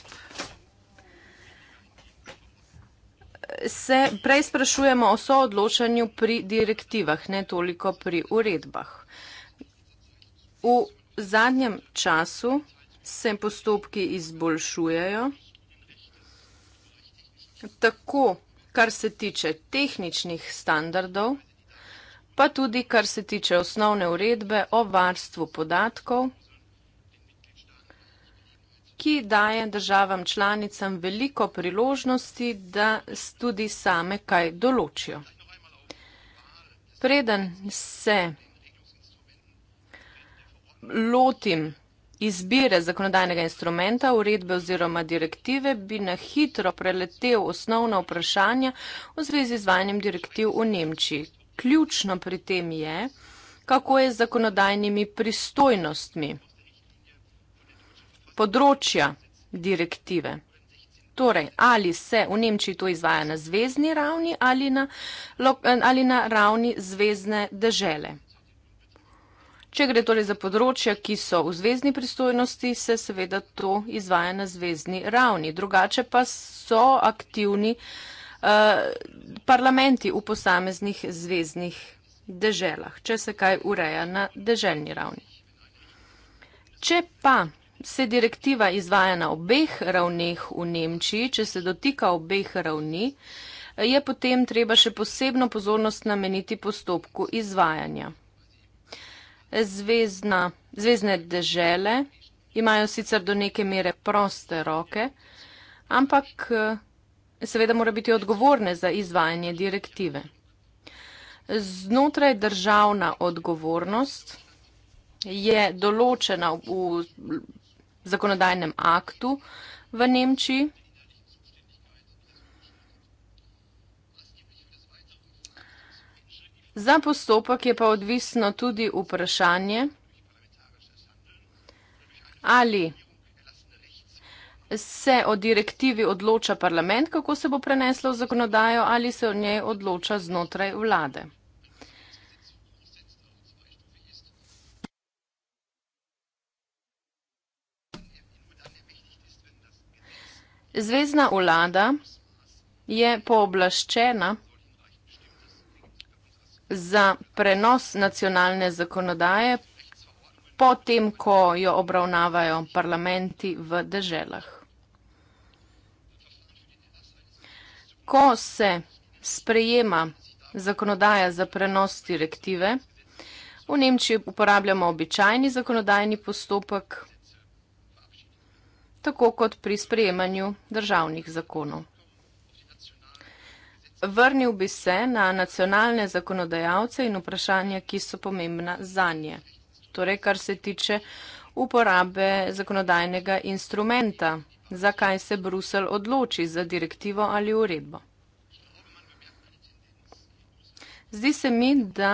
[SPEAKER 5] se prej sprašujemo o soodločanju pri direktivah, ne toliko pri uredbah. V zadnjem času se postopki izboljšujejo, tako kar se tiče tehničnih standardov, pa tudi kar se tiče osnovne uredbe o varstvu podatkov, ki daje državam članicam veliko priložnosti, da tudi same kaj določijo. Preden se lotim izbire zakonodajnega instrumenta, uredbe oziroma direktive, bi na hitro preletel osnovna vprašanja v zvezi z izvajanjem direktiv v Nemčiji. Ključno pri tem je, kako je z zakonodajnimi pristojnostmi področja direktive. Torej, ali se v Nemčiji to izvaja na zvezdni ravni ali na, ali na ravni zvezdne države. Če gre torej za področja, ki so v zvezdni pristojnosti, se seveda to izvaja na zvezdni ravni. Drugače pa so aktivni uh, parlamenti v posameznih zvezdnih deželah, če se kaj ureja na deželjni ravni. Če pa se direktiva izvaja na obeh ravneh v Nemčiji, če se dotika obeh ravni, je potem treba še posebno pozornost nameniti postopku izvajanja zvezdna, zvezdne dežele imajo sicer do neke mere proste roke, ampak eh, seveda mora biti odgovorne za izvajanje direktive. Znotraj državna odgovornost je določena v zakonodajnem aktu v Nemčiji, Za postopek je pa odvisno tudi vprašanje, ali se o direktivi odloča parlament, kako se bo preneslo v zakonodajo, ali se o njej odloča znotraj vlade. Zvezna vlada je pooblaščena za prenos nacionalne zakonodaje potem, ko jo obravnavajo parlamenti v državah. Ko se sprejema zakonodaja za prenos direktive, v Nemčiji uporabljamo običajni zakonodajni postopek, tako kot pri sprejemanju državnih zakonov. Vrnil bi se na nacionalne zakonodajalce in vprašanja, ki so pomembna za nje. Torej, kar se tiče uporabe zakonodajnega instrumenta, zakaj se Brusel odloči za direktivo ali uredbo. Zdi se mi, da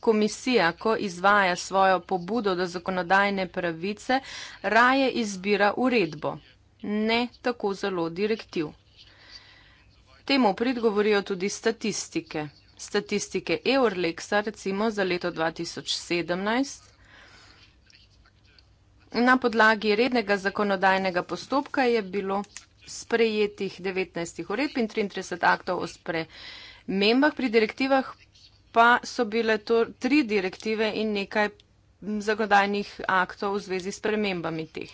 [SPEAKER 5] komisija, ko izvaja svojo pobudo do zakonodajne pravice, raje izbira uredbo, ne tako zelo direktiv. Temu prid govorijo tudi statistike. Statistike Eurlexa recimo za leto 2017 na podlagi rednega zakonodajnega postopka je bilo sprejetih 19 uredb in 33 aktov o spremembah. Pri direktivah pa so bile to tri direktive in nekaj zagodajnih aktov v zvezi s premembami teh.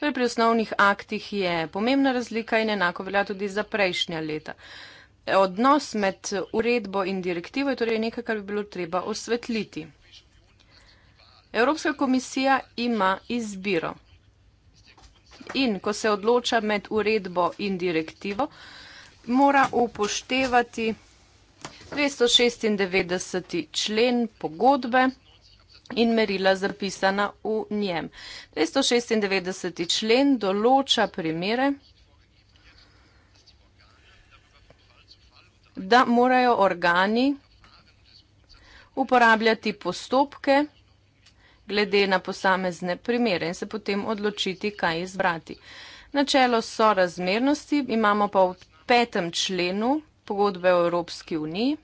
[SPEAKER 5] Torej pri osnovnih aktih je pomembna razlika in enako velja tudi za prejšnja leta. Odnos med uredbo in direktivo je torej nekaj, kar bi bilo treba osvetliti. Evropska komisija ima izbiro. In ko se odloča med uredbo in direktivo, mora upoštevati 296. člen pogodbe in merila zapisana v njem. 296. člen določa primere, da morajo organi uporabljati postopke glede na posamezne primere in se potem odločiti, kaj izbrati. Načelo sorazmernosti imamo pa v petem členu pogodbe o Evropski uniji.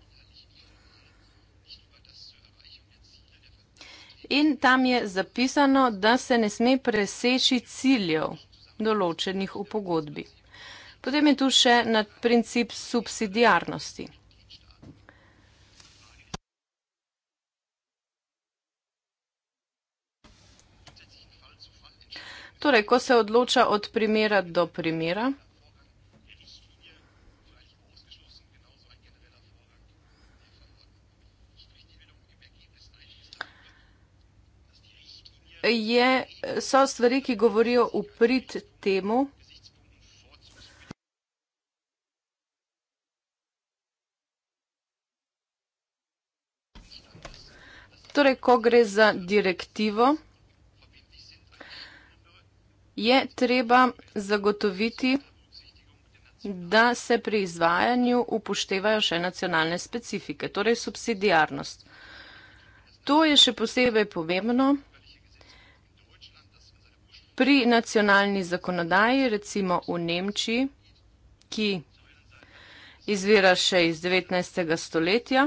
[SPEAKER 5] in tam je zapisano, da se ne sme preseči ciljev, določenih v pogodbi. Potem je tu še nad princip subsidijarnosti. Torej, ko se odloča od primera do primera, je, so stvari, ki govorijo v prid temu. Torej, ko gre za direktivo, je treba zagotoviti, da se pri izvajanju upoštevajo še nacionalne specifike, torej subsidijarnost. To je še posebej pomembno pri nacionalni zakonodaji, recimo v Nemčiji, ki izvira še iz 19. stoletja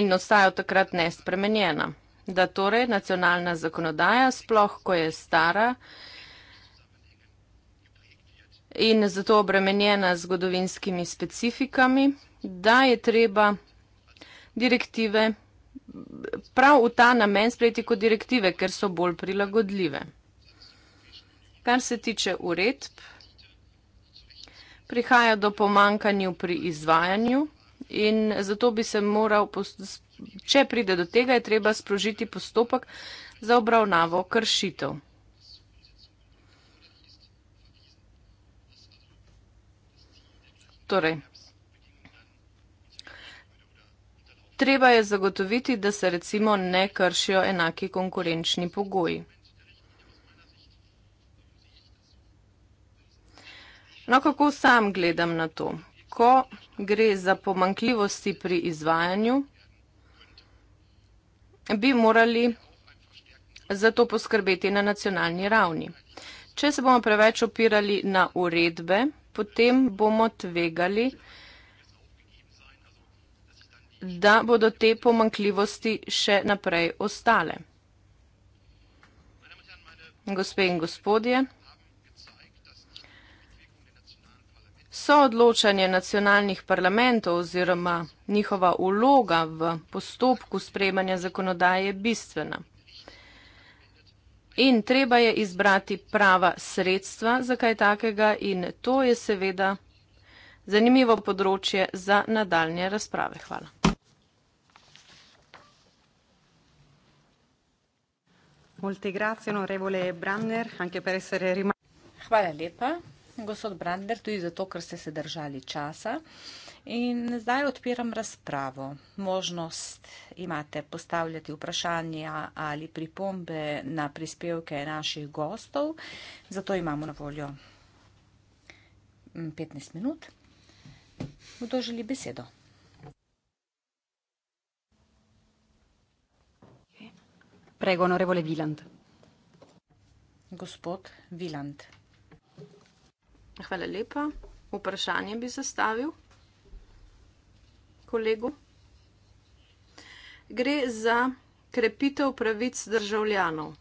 [SPEAKER 5] in ostaja od takrat nespremenjena. Da torej nacionalna zakonodaja, sploh ko je stara in zato obremenjena z zgodovinskimi specifikami, da je treba direktive prav v ta namen sprejeti kot direktive, ker so bolj prilagodljive. Kar se tiče uredb, prihaja do pomankanju pri izvajanju in zato bi se moral, če pride do tega, je treba sprožiti postopek za obravnavo kršitev. Torej, Treba je zagotoviti, da se recimo ne kršijo enaki konkurenčni pogoji. No, kako sam gledam na to? Ko gre za pomankljivosti pri izvajanju, bi morali za to poskrbeti na nacionalni ravni. Če se bomo preveč opirali na uredbe, potem bomo tvegali, da bomo tvegali, da bodo te pomankljivosti še naprej ostale. Gospe in gospodje, soodločanje nacionalnih parlamentov oziroma njihova uloga v postopku spremanja zakonodaje je bistvena. In treba je izbrati prava sredstva za kaj takega in to je seveda zanimivo področje za nadaljne razprave. Hvala.
[SPEAKER 3] Hvala lepa, gospod Brander, tudi zato, ker ste se držali časa. In zdaj odpiram razpravo. Možnost imate postavljati vprašanja ali pripombe na prispevke naših gostov. Zato imamo na voljo 15 mm, minut. Kdo želi besedo? Prego, onorevole Viland.
[SPEAKER 5] Gospod Viland. Hvala lepa. Vprašanje bi zastavil kolegu. Gre za krepitev pravic državljanov.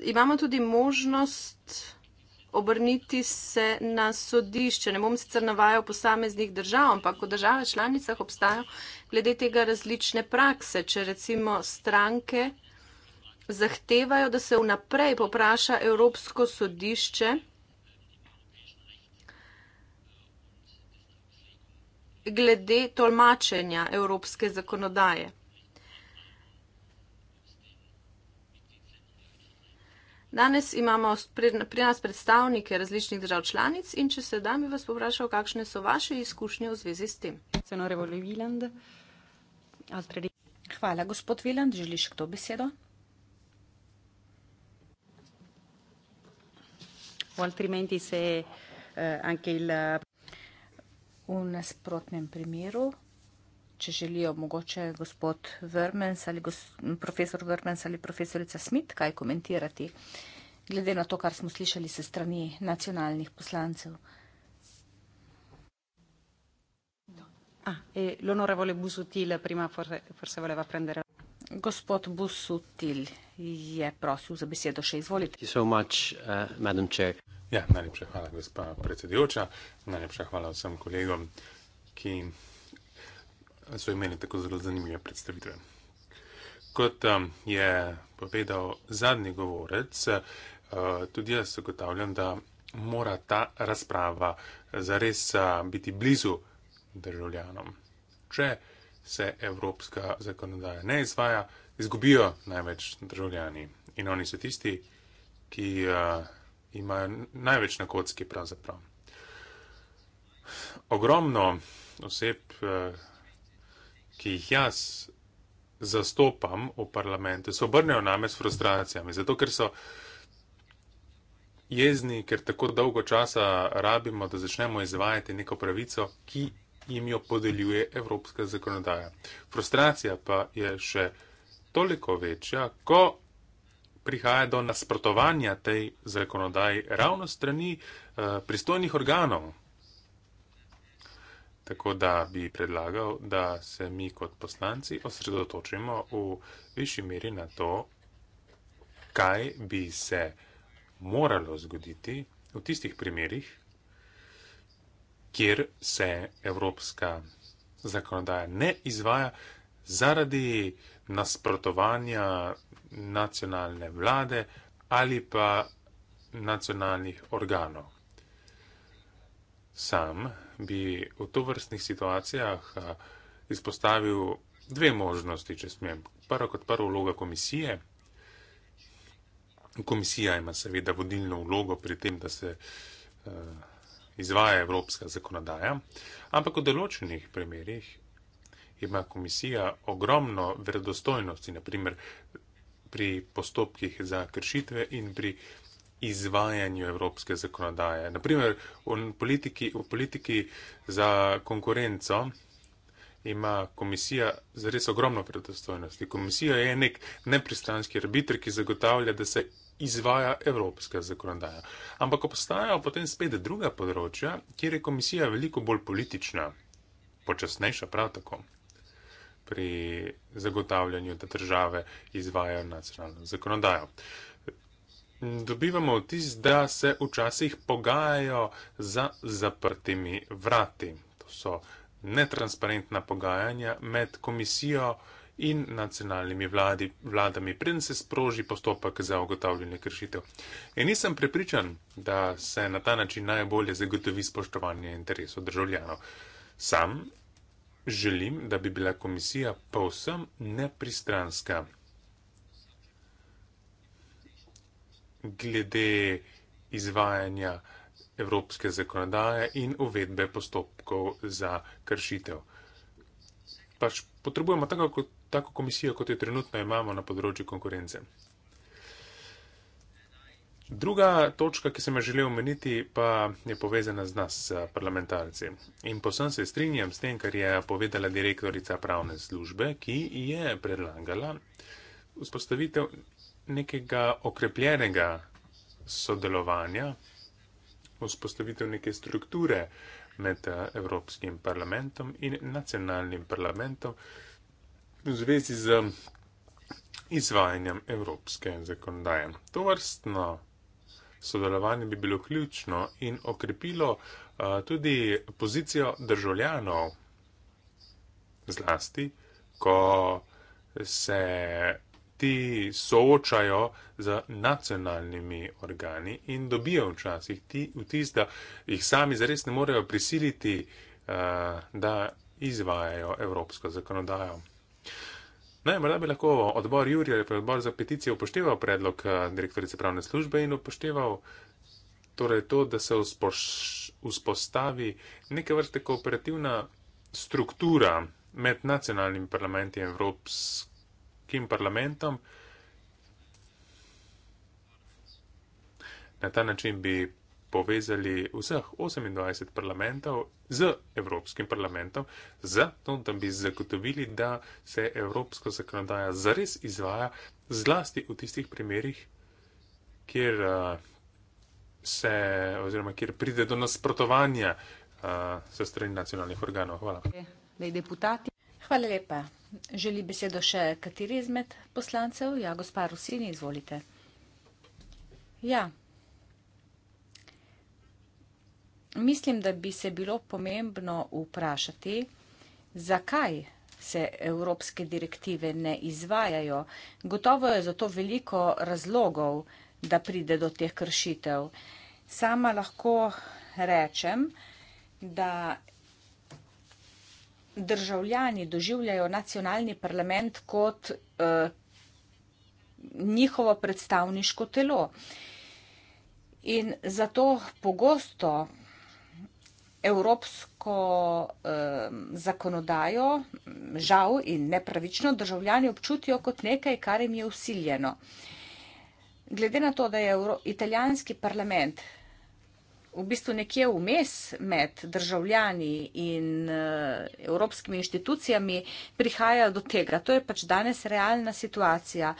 [SPEAKER 5] Imamo tudi možnost obrniti se na sodišče. Ne bom sicer navajal posameznih držav, ampak v državah članicah obstajajo glede tega različne prakse. Če recimo stranke zahtevajo, da se vnaprej popraša Evropsko sodišče, glede tolmačenja evropske zakonodaje. Danes imamo pri nas predstavnike različnih držav članic in če se da, bi vas
[SPEAKER 3] povprašal, kakšne so vaše izkušnje v zvezi s tem. Hvala, gospod Viland. Želiš kdo besedo? Eh, v nasprotnem primeru če želijo mogoče gospod Vrmens ali gos, profesor Vrmens ali profesorica Smit kaj komentirati, glede na to, kar smo slišali se strani nacionalnih poslancev. Ah, e gospod Busutil je prosil za besedo
[SPEAKER 7] še izvolite.
[SPEAKER 4] So much, uh, madam chair.
[SPEAKER 7] Ja, najlepša hvala, gospa predsedujoča. Najlepša hvala vsem kolegom, ki so imeli tako zelo zanimive predstavitve. Kot um, je povedal zadnji govorec, uh, tudi jaz zagotavljam, da mora ta razprava zares uh, biti blizu državljanom. Če se evropska zakonodaja ne izvaja, izgubijo največ državljani in oni so tisti, ki uh, imajo največ na kocki pravzaprav. Ogromno oseb ki jih jaz zastopam v parlamentu, se obrnejo name s frustracijami, zato ker so jezni, ker tako dolgo časa rabimo, da začnemo izvajati neko pravico, ki jim jo podeljuje evropska zakonodaja. Frustracija pa je še toliko večja, ko prihaja do nasprotovanja tej zakonodaji ravno strani uh, pristojnih organov, Tako da bi predlagal, da se mi kot poslanci osredotočimo v višji meri na to, kaj bi se moralo zgoditi v tistih primerih, kjer se evropska zakonodaja ne izvaja zaradi nasprotovanja nacionalne vlade ali pa nacionalnih organov. Sam bi v to vrstnih situacijah izpostavil dve možnosti, če smem. Prva kot prva vloga komisije. Komisija ima seveda vodilno vlogo pri tem, da se izvaja evropska zakonodaja, ampak v določenih primerjih ima komisija ogromno verodostojnosti, naprimer pri postopkih za kršitve in pri izvajanju evropske zakonodaje. Naprimer, v politiki, v politiki za konkurenco ima komisija zares ogromno predostojnosti. Komisija je nek nepristranski arbitr, ki zagotavlja, da se izvaja evropska zakonodaja. Ampak obstajajo potem spet druga področja, kjer je komisija veliko bolj politična, počasnejša prav tako pri zagotavljanju, da države izvajajo nacionalno zakonodajo. Uh, dobivamo vtis, da se včasih pogajajo za zaprtimi vrati. To so netransparentna pogajanja med komisijo in nacionalnimi vladi, vladami, preden se sproži postopek za ugotavljanje kršitev. In nisem prepričan, da se na ta način najbolje zagotovi spoštovanje interesov državljanov. Sam želim, da bi bila komisija povsem nepristranska glede izvajanja evropske zakonodaje in uvedbe postopkov za kršitev. Pač potrebujemo tako, tako komisijo, kot jo trenutno imamo na področju konkurence. Druga točka, ki sem jo želel omeniti, pa je povezana z nas, parlamentarci. In posem se strinjam s tem, kar je povedala direktorica pravne službe, ki je predlagala vzpostavitev nekega okrepljenega sodelovanja, vzpostavitev neke strukture med eh, Evropskim parlamentom in nacionalnim parlamentom v zvezi z izvajanjem evropske zakonodaje. To vrstno sodelovanje bi bilo ključno in okrepilo eh, tudi pozicijo državljanov zlasti, ko se ti soočajo z nacionalnimi organi in dobijo včasih ti vtis, da jih sami zares ne morejo prisiliti, eh, da izvajajo evropsko zakonodajo. Naj, morda bi lahko odbor Jurija ali pa odbor za peticije upošteval predlog eh, direktorice pravne službe in upošteval torej to, da se vzpostavi neke vrste kooperativna struktura med nacionalnimi parlamenti in evropskimi tem parlamentom. Na ta način bi povezali vseh 28 parlamentov z Evropskim parlamentom, zato da bi zagotovili, da se evropska zakonodaja zares izvaja, zlasti v tistih primerjih, kjer, eh, se, oziroma, kjer pride do nasprotovanja eh, se strani nacionalnih organov. Hvala.
[SPEAKER 3] Le deputati. Hvala lepa. Želi besedo še kateri izmed poslancev? Ja, gospa Rusini, izvolite. Ja. Mislim, da bi se bilo pomembno vprašati, zakaj se evropske direktive ne izvajajo. Gotovo je zato veliko razlogov, da pride do teh kršitev. Sama lahko rečem, da državljani doživljajo nacionalni parlament kot eh, njihovo predstavniško telo. In zato pogosto evropsko eh, zakonodajo, žal in nepravično, državljani občutijo kot nekaj, kar jim je usiljeno. Glede na to, da je Evro italijanski parlament v bistvu nekje vmes med državljani in eh, evropskimi inštitucijami prihaja do tega. To je pač danes realna situacija.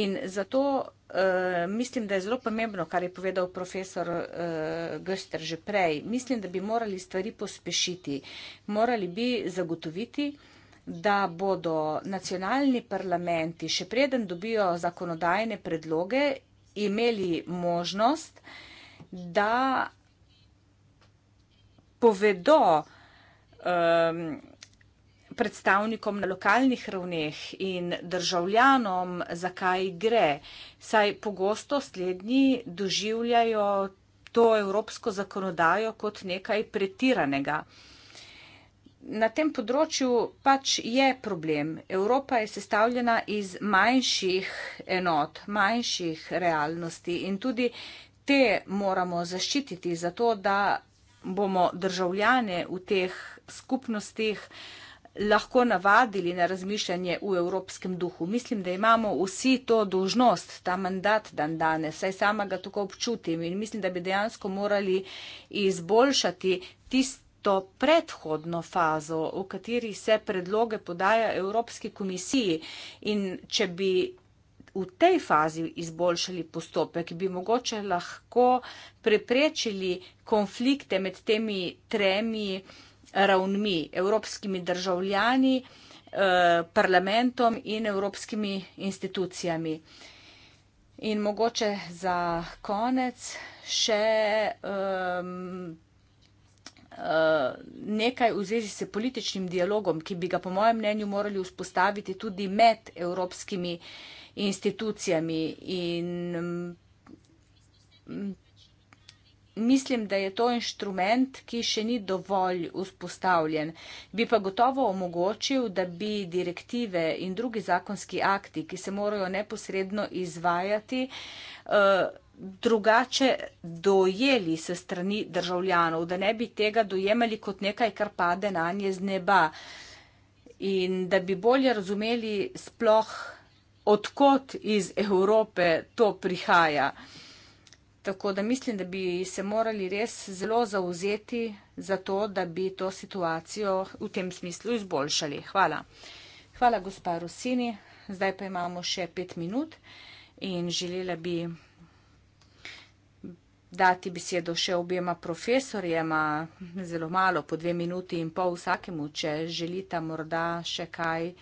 [SPEAKER 3] In zato eh, mislim, da je zelo pomembno, kar je povedal profesor eh, Göster že prej. Mislim, da bi morali stvari pospešiti. Morali bi zagotoviti da bodo nacionalni parlamenti, še preden dobijo zakonodajne predloge, imeli možnost, da povedo um, predstavnikom na lokalnih ravneh in državljanom, zakaj gre. Saj pogosto slednji doživljajo to evropsko zakonodajo kot nekaj pretiranega. Na tem področju pač je problem. Evropa je sestavljena iz manjših enot, manjših realnosti in tudi te moramo zaščititi, zato da bomo državljane v teh skupnostih lahko navadili na razmišljanje v evropskem duhu. Mislim, da imamo vsi to dožnost, ta mandat dan danes, saj sama ga tako občutim in mislim, da bi dejansko morali izboljšati tisto predhodno fazo, v kateri se predloge podaja Evropski komisiji in če bi v tej fazi izboljšali postopek, bi mogoče lahko preprečili konflikte med temi tremi ravnmi, evropskimi državljani, eh, parlamentom in evropskimi institucijami. In mogoče za konec še um, nekaj v zvezi s političnim dialogom, ki bi ga po mojem mnenju morali vzpostaviti tudi med evropskimi institucijami institucijami. In mm, mislim, da je to inštrument, ki še ni dovolj vzpostavljen. Bi pa gotovo omogočil, da bi direktive in drugi zakonski akti, ki se morajo neposredno izvajati, eh, drugače dojeli se strani državljanov, da ne bi tega dojemali kot nekaj, kar pade na nje z neba in da bi bolje razumeli sploh odkot iz Evrope to prihaja. Tako da mislim, da bi se morali res zelo zauzeti za to, da bi to situacijo v tem smislu izboljšali. Hvala. Hvala, gospa Rosini. Zdaj pa imamo še pet minut in želela bi dati besedo še objema profesorjema, zelo malo, po dve minuti in pol vsakemu, če želita morda še kaj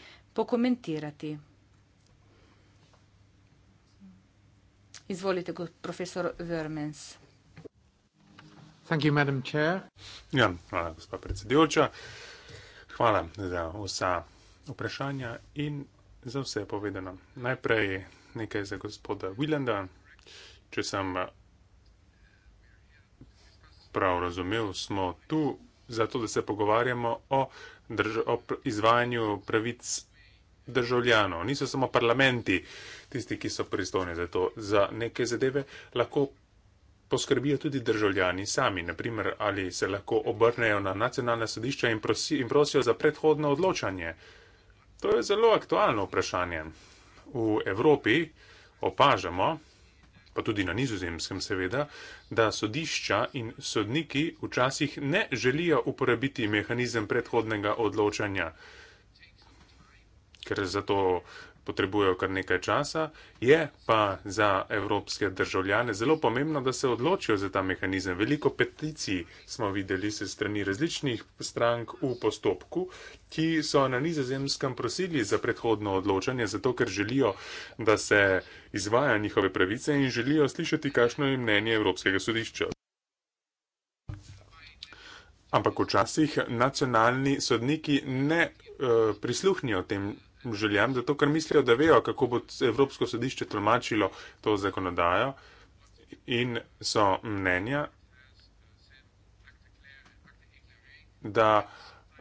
[SPEAKER 3] pokomentirati. Izvolite, profesor Vermens.
[SPEAKER 7] Ja, hvala, gospod predsedujoča. Hvala za vsa vprašanja in za vse povedano. Najprej nekaj za gospoda Willenda. Če sem eh, prav razumel, smo tu zato, da se pogovarjamo o, o izvajanju pravic državljanov. Niso samo parlamenti, uh, tisti, ki so pristojni za to, za neke zadeve, lahko poskrbijo tudi državljani sami, naprimer, ali se lahko obrnejo na nacionalna sodišča in, prosi, in prosijo za predhodno odločanje. To je zelo aktualno vprašanje. V Evropi opažamo, pa tudi na nizozemskem seveda, da sodišča in sodniki včasih ne želijo uporabiti mehanizem predhodnega odločanja, ker za to potrebujejo kar nekaj časa, je pa za evropske državljane zelo pomembno, da se odločijo za ta mehanizem. Veliko peticij smo videli se strani različnih strank v postopku, ki so na nizozemskem prosili za predhodno odločanje, zato ker želijo, da se izvaja njihove pravice in želijo slišati, kakšno je mnenje Evropskega sodišča. Ampak včasih nacionalni sodniki ne uh, prisluhnijo tem željam, zato ker mislijo, da vejo, kako bo Evropsko sodišče tlmačilo to zakonodajo in so mnenja, da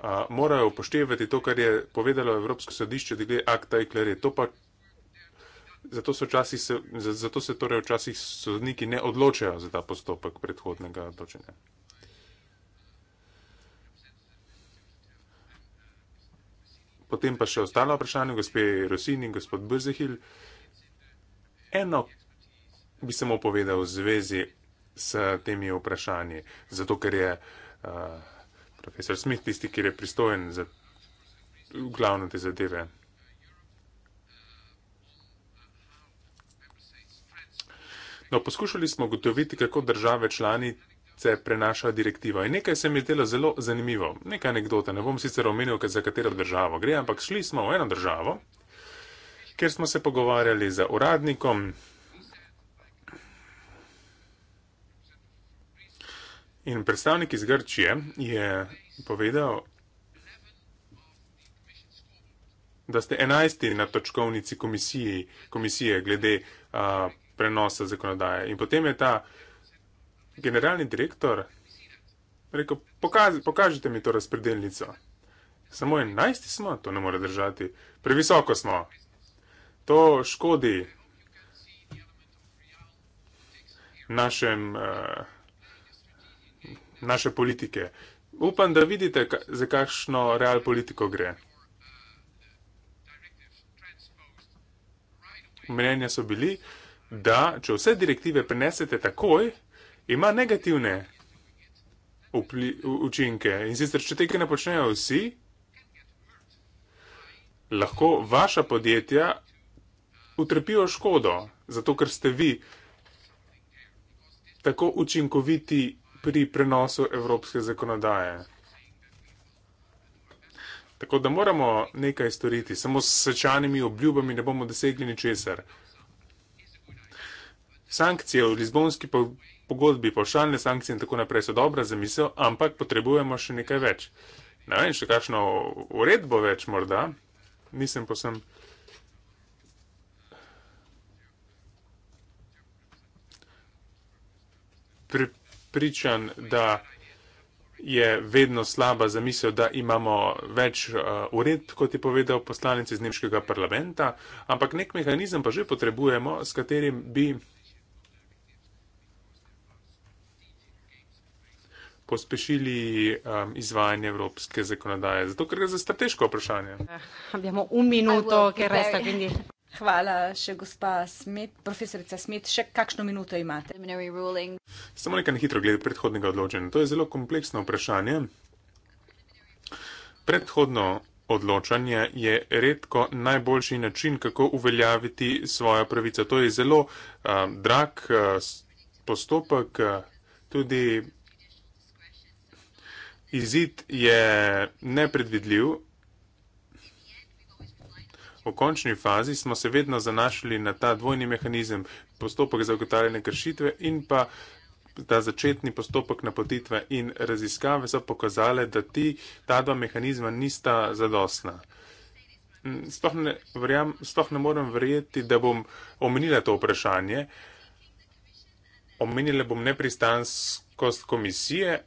[SPEAKER 7] a, morajo upoštevati to, kar je povedalo Evropsko sodišče, da gre akta i klere. To pa, zato se, včasih, se, zato se torej včasih sodniki ne odločajo za ta postopek predhodnega odločanja. Potem pa še ostalo vprašanje, gospe Rosin in gospod Brzehil. Eno bi samo povedal v zvezi s temi vprašanji, zato ker je uh, profesor Smith tisti, ki je pristojen za glavno te zadeve. No, poskušali smo ugotoviti, kako države članice se prenaša direktiva. In nekaj se mi je zdelo zelo zanimivo, nekaj anekdota, ne bom sicer omenil, za katero državo gre, ampak šli smo v eno državo, kjer smo se pogovarjali z uradnikom. In predstavnik iz Grčije je povedal, da ste enajsti na točkovnici komisije, komisije glede a, prenosa zakonodaje. In potem je ta generalni direktor rekel, pokaz, pokažite mi to razpredeljnico. Samo enajsti smo, to ne more držati. Previsoko smo. To škodi našem, uh, naše politike. Upam, da vidite, ka za kakšno real politiko gre. Mnenja so bili, da če vse direktive prenesete takoj, ima negativne upli, učinke. In sicer, če tega ne počnejo vsi, lahko vaša podjetja utrpijo škodo, zato ker ste vi tako učinkoviti pri prenosu evropske zakonodaje. Tako da moramo nekaj storiti, samo s sečanimi obljubami ne bomo dosegli ničesar. Sankcije v Lizbonski pogodbi, pošaljne sankcije in tako naprej so dobra za misel, ampak potrebujemo še nekaj več. Ne vem, še kakšno uredbo več morda, nisem posem. Pričan, da je vedno slaba zamisel, da imamo več uh, uredb, kot je povedal poslanec iz Nemškega parlamenta, ampak nek mehanizem pa že potrebujemo, s katerim bi pospešili um, izvajanje evropske zakonodaje? Zato, ker gre za strateško vprašanje. Eh,
[SPEAKER 3] Hvala še gospa Smet, profesorica Smet, še kakšno minuto imate?
[SPEAKER 7] Samo nekaj na hitro glede predhodnega odločanja. To je zelo kompleksno vprašanje. Predhodno odločanje je redko najboljši način, kako uveljaviti svojo pravico. To je zelo uh, drag uh, postopek, uh, tudi Izid je nepredvidljiv. V končni fazi smo se vedno zanašali na ta dvojni mehanizem, postopek za ugotavljanje kršitve in pa ta začetni postopek napotitve in raziskave so pokazale, da ti, ta dva mehanizma nista zadostna. Mm, sploh ne, verjam, sploh ne morem verjeti, da bom omenila to vprašanje. Omenila bom nepristanskost komisije,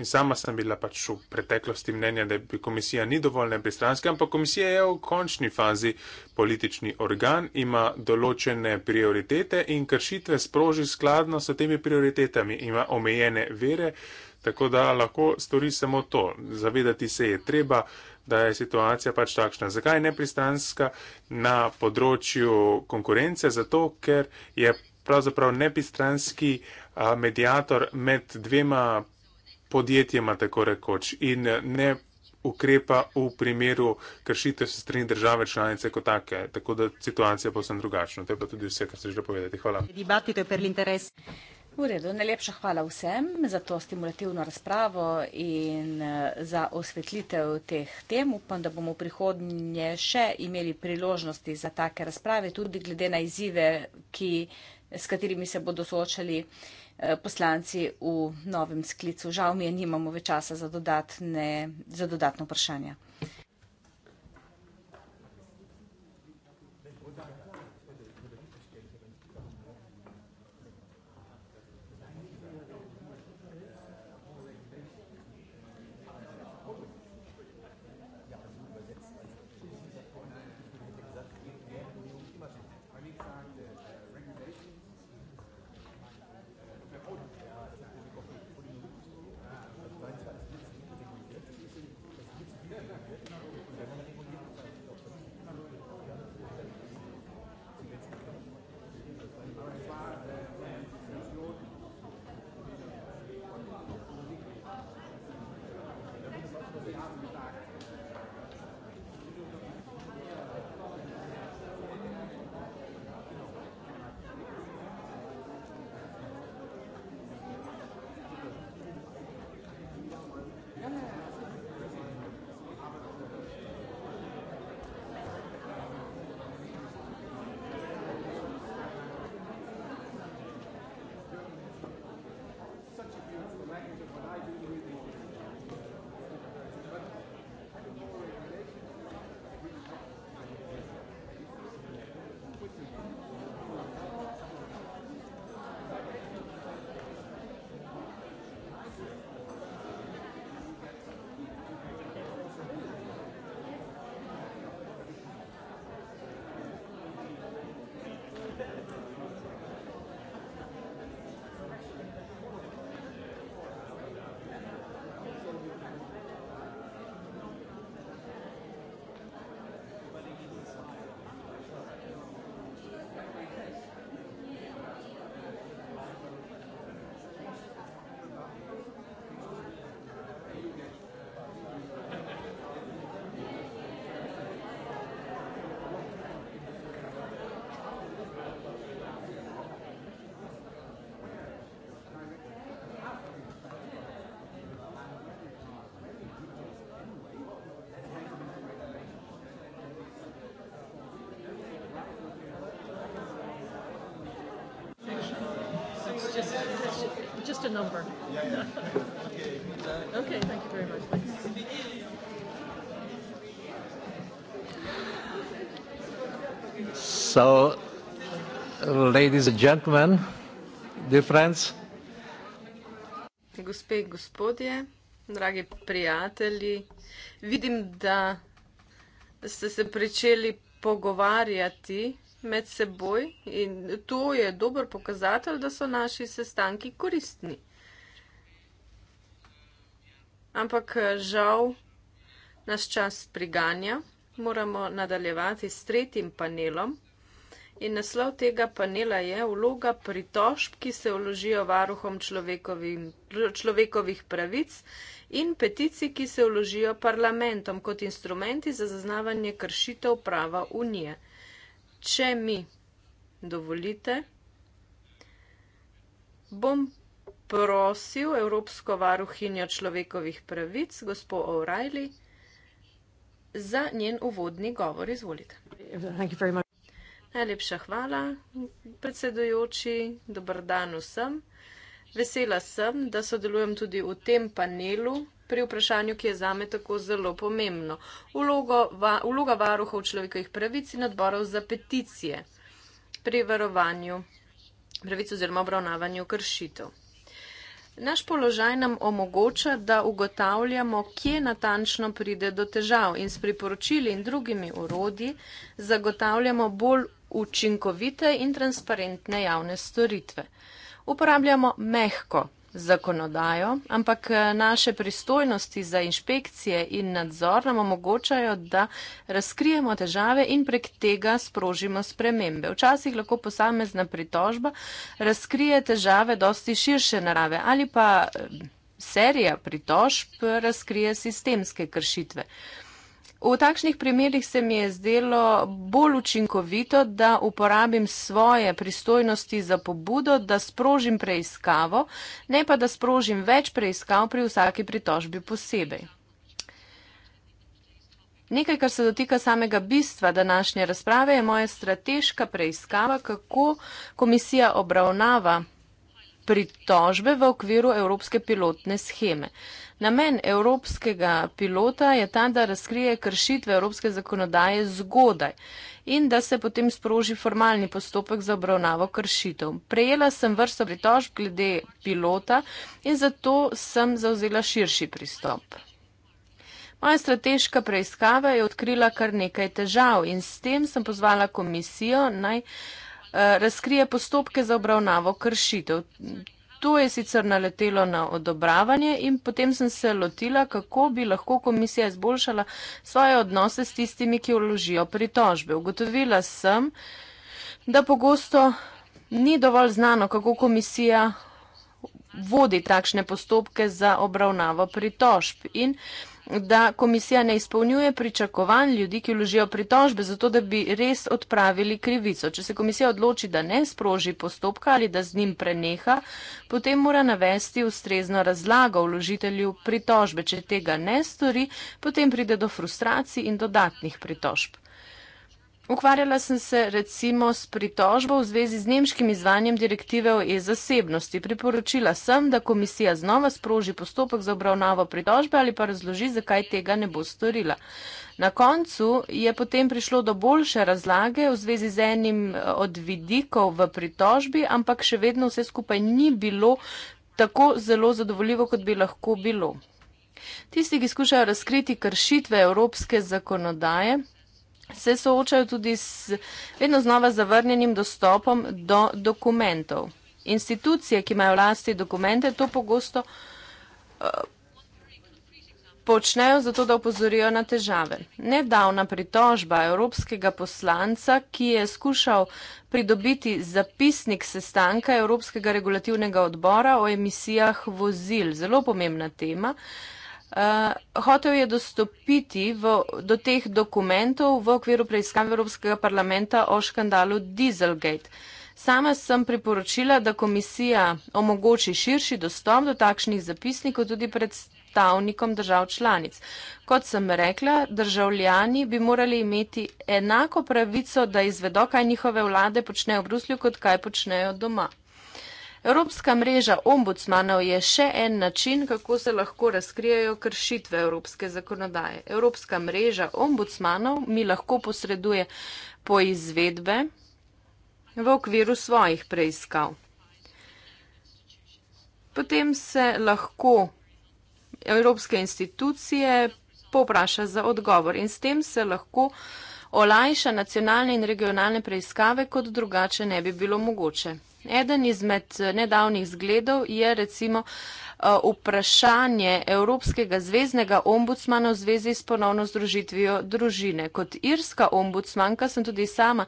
[SPEAKER 7] In sama sem bila pač v preteklosti mnenja, da bi komisija ni dovolj nepristranska, ampak komisija je v končni fazi politični organ, ima določene prioritete in kršitve sproži skladno s temi prioritetami, ima omejene vere, tako da lahko stori samo to. Zavedati se je treba, da je situacija pač takšna. Zakaj je nepristranska na področju konkurence? Zato, ker je pravzaprav nepistranski medijator med dvema podjetjema, tako rekoč, in e, ne ukrepa v primeru kršitev se strani države članice kot take. Tako da situacija bo sem drugačna. To je pa tudi vse, kar se želi povedati. Hvala.
[SPEAKER 3] V redu, najlepša hvala vsem za to stimulativno razpravo in e, za osvetlitev teh tem. Upam, da bomo v prihodnje še imeli priložnosti za take razprave, tudi glede na izzive, ki s katerimi se bodo soočali eh, poslanci v novem sklicu. Žal mi je, nimamo več časa za, dodatne, za dodatno vprašanje.
[SPEAKER 6] a number. Yeah, yeah. okay.
[SPEAKER 4] okay, thank you very much. Thanks. So, ladies and gentlemen, dear friends.
[SPEAKER 5] Gospe in gospodje, dragi prijatelji, vidim, da ste se pričeli pogovarjati med seboj in to je dober pokazatelj, da so naši sestanki koristni. Ampak eh, žal nas čas priganja, moramo nadaljevati s tretjim panelom. In naslov tega panela je vloga pritožb, ki se vložijo varuhom človekovih pravic in peticij, ki se vložijo parlamentom kot instrumenti za zaznavanje kršitev prava unije. Če mi dovolite, bom prosil Evropsko varuhinjo človekovih pravic, gospo O'Reilly, za njen uvodni govor. Izvolite. Najlepša hvala, predsedujoči. Dobr dan vsem. Vesela sem, da sodelujem tudi v tem panelu, pri vprašanju, ki je zame tako zelo pomembno. Ulogo, va, uloga varuhov človekovih pravic in odborov za peticije pri varovanju pravic oziroma obravnavanju kršitev. Naš položaj nam omogoča, da ugotavljamo, kje natančno pride do težav in s priporočili in drugimi urodji zagotavljamo bolj učinkovite in transparentne javne storitve. Uporabljamo mehko zakonodajo, ampak eh, naše pristojnosti za inšpekcije in nadzor nam omogočajo, da razkrijemo težave in prek tega sprožimo spremembe. Včasih lahko posamezna pritožba razkrije težave dosti širše narave ali pa eh, serija pritožb razkrije sistemske kršitve. V takšnih primerjih se mi je zdelo bolj učinkovito, da uporabim svoje pristojnosti za pobudo, da sprožim preiskavo, ne pa da sprožim več preiskav pri vsaki pritožbi posebej. Nekaj, kar se dotika samega bistva današnje razprave, je moja strateška preiskava, kako komisija obravnava pritožbe v okviru Evropske pilotne scheme. Namen Evropskega pilota je ta, da razkrije kršitve Evropske zakonodaje zgodaj in da se potem sproži formalni postopek za obravnavo kršitev. Prejela sem vrsto pritožb glede pilota in zato sem zauzela širši pristop. Moja strateška preiskava je odkrila kar nekaj težav in s tem sem pozvala komisijo naj. Eh, razkrije postopke za obravnavo kršitev. To je sicer naletelo na odobravanje in potem sem se lotila, kako bi lahko komisija izboljšala svoje odnose s tistimi, ki vložijo pritožbe. Ugotovila sem, da pogosto ni dovolj znano, kako komisija vodi takšne postopke za obravnavo pritožb in da komisija ne izpolnjuje pričakovanj ljudi, ki vložijo pritožbe, zato da bi res odpravili krivico. Če se komisija odloči, da ne sproži postopka ali da z njim preneha, potem mora navesti ustrezno razlago vložitelju pritožbe. Če tega ne stori, potem pride do frustracij in dodatnih pritožb. Ukvarjala sem se recimo s pritožbo v zvezi z nemškim izvanjem direktive o e-zasebnosti. Priporočila sem, da komisija znova sproži postopek za obravnavo pritožbe ali pa razloži, zakaj tega ne bo storila. Na koncu je potem prišlo do boljše razlage v zvezi z enim eh, od vidikov v pritožbi, ampak še vedno vse skupaj ni bilo tako zelo zadovoljivo, kot bi lahko bilo. Tisti, ki skušajo razkriti kršitve evropske zakonodaje, se soočajo tudi s vedno znova zavrnjenim dostopom do dokumentov. Institucije, ki imajo vlasti dokumente, to pogosto eh, počnejo zato, da upozorijo na težave. Nedavna pritožba evropskega poslanca, ki je skušal pridobiti zapisnik sestanka Evropskega regulativnega odbora o emisijah vozil, zelo pomembna tema, Uh, hotel je dostopiti v, do teh dokumentov v okviru preiskave Evropskega parlamenta o škandalu Dieselgate. Sama sem priporočila, da komisija omogoči širši dostop do takšnih zapisnikov tudi predstavnikom držav članic. Kot sem rekla, državljani bi morali imeti enako pravico, da izvedo, kaj njihove vlade počnejo v Bruslju, kot kaj počnejo doma. Evropska mreža ombudsmanov je še en način, kako se lahko razkrijajo kršitve evropske zakonodaje. Evropska mreža ombudsmanov mi lahko posreduje po izvedbe v okviru svojih preiskav. Potem se lahko evropske institucije povpraša za odgovor in s tem se lahko olajša nacionalne in regionalne preiskave, kot drugače ne bi bilo mogoče. Eden izmed eh, nedavnih zgledov je recimo Eh, vprašanje Evropskega zvezdnega ombudsmana v zvezi s ponovno združitvijo družine. Kot irska ombudsmanka sem tudi sama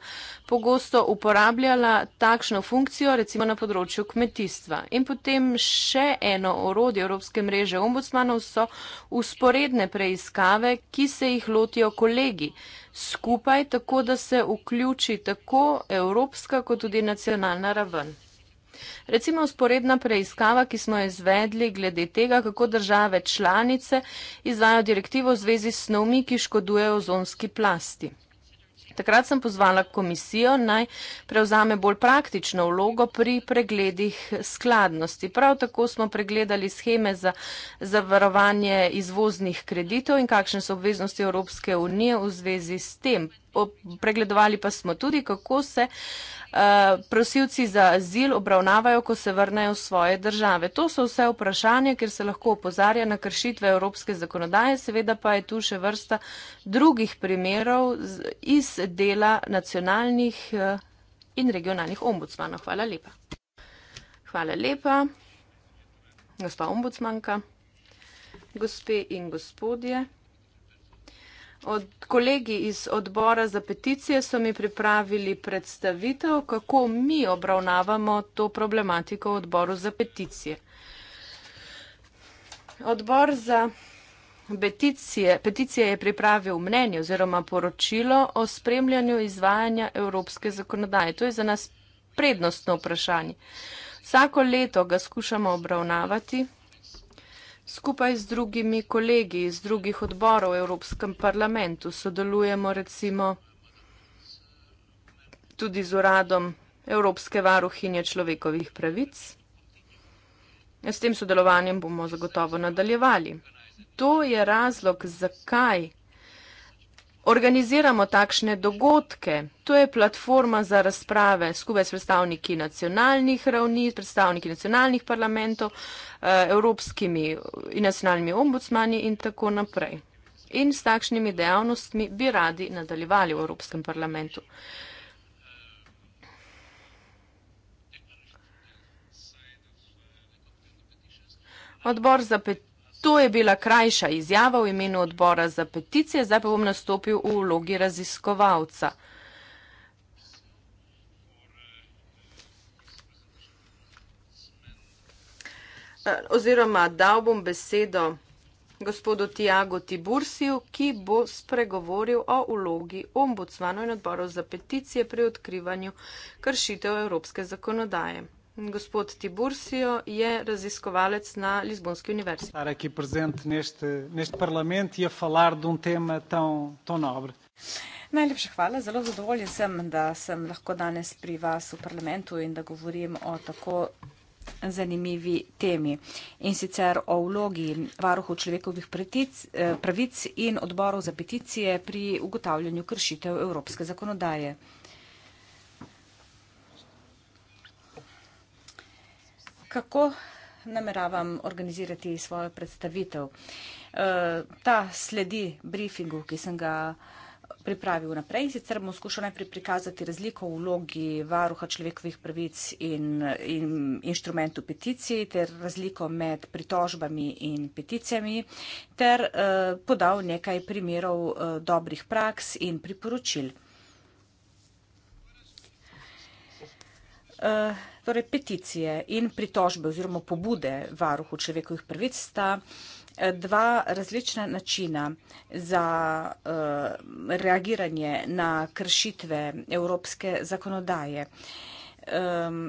[SPEAKER 5] pogosto uporabljala takšno funkcijo, recimo na področju kmetijstva. In potem še eno orodje Evropske mreže ombudsmanov so usporedne preiskave, ki se jih lotijo kolegi skupaj, tako da se vključi tako evropska kot tudi nacionalna raven. Recimo usporedna preiskava, ki smo jo izvedli glede tega, kako države članice izvajo direktivo v zvezi s snovmi, ki škodujejo ozonski plasti. Takrat sem pozvala komisijo naj prevzame bolj praktično vlogo pri pregledih skladnosti. Prav tako smo pregledali scheme za zavarovanje izvoznih kreditov in kakšne so obveznosti Evropske unije v zvezi s tem pregledovali pa smo tudi, kako se eh, prosilci za azil obravnavajo, ko se vrnejo v svoje države. To so vse vprašanja, ker se lahko opozarja na kršitve evropske zakonodaje, seveda pa je tu še vrsta drugih primerov iz dela nacionalnih eh, in regionalnih ombudsmanov. Hvala lepa. Hvala lepa, gospa ombudsmanka, gospe in gospodje. Od kolegi iz odbora za peticije so mi pripravili predstavitev, kako mi obravnavamo to problematiko v odboru za peticije. Odbor za peticije, peticije je pripravil mnenje oziroma poročilo o spremljanju izvajanja evropske zakonodaje. To je za nas prednostno vprašanje. Vsako leto ga skušamo obravnavati, Skupaj z drugimi kolegi iz drugih odborov v Evropskem parlamentu sodelujemo recimo tudi z uradom Evropske varuhinje človekovih pravic. S tem sodelovanjem bomo zagotovo nadaljevali. To je razlog, zakaj Organiziramo takšne dogodke. To je platforma za razprave skupaj s predstavniki nacionalnih ravni, predstavniki nacionalnih parlamentov, eh, evropskimi in nacionalnimi ombudsmani in tako naprej. In s takšnimi dejavnostmi bi radi nadaljevali v Evropskem parlamentu. Odbor za petice. To je bila krajša izjava v imenu odbora za peticije, zdaj pa bom nastopil v vlogi raziskovalca. Eh, oziroma dal bom besedo gospodu Tiago Tibursiju, ki bo spregovoril o vlogi ombudsmanov in odborov za peticije pri odkrivanju kršitev evropske zakonodaje. Gospod Tibursijo je raziskovalec na Lisbonski univerzi.
[SPEAKER 4] Estar aqui presente neste, neste parlamento e a falar de um tema tão, tão nobre.
[SPEAKER 3] Najlepša hvala, zelo zadovoljen sem, da sem lahko danes pri vas v parlamentu in da govorim o tako zanimivi temi. In sicer o vlogi varuhov človekovih eh, pravic in odborov za peticije pri ugotavljanju kršitev evropske zakonodaje. kako nameravam organizirati svojo predstavitev. Eh, ta sledi briefingu, ki sem ga pripravil naprej. Sicer bom skušal najprej prikazati razliko v vlogi varuha človekovih pravic in, in inštrumentu peticij ter razliko med pritožbami in peticijami ter eh, podal nekaj primerov eh, dobrih praks in priporočil. Eh, Torej, peticije in pritožbe oziroma pobude varuhu človekovih pravic sta eh, dva različna načina za uh, reagiranje na kršitve evropske zakonodaje. Um,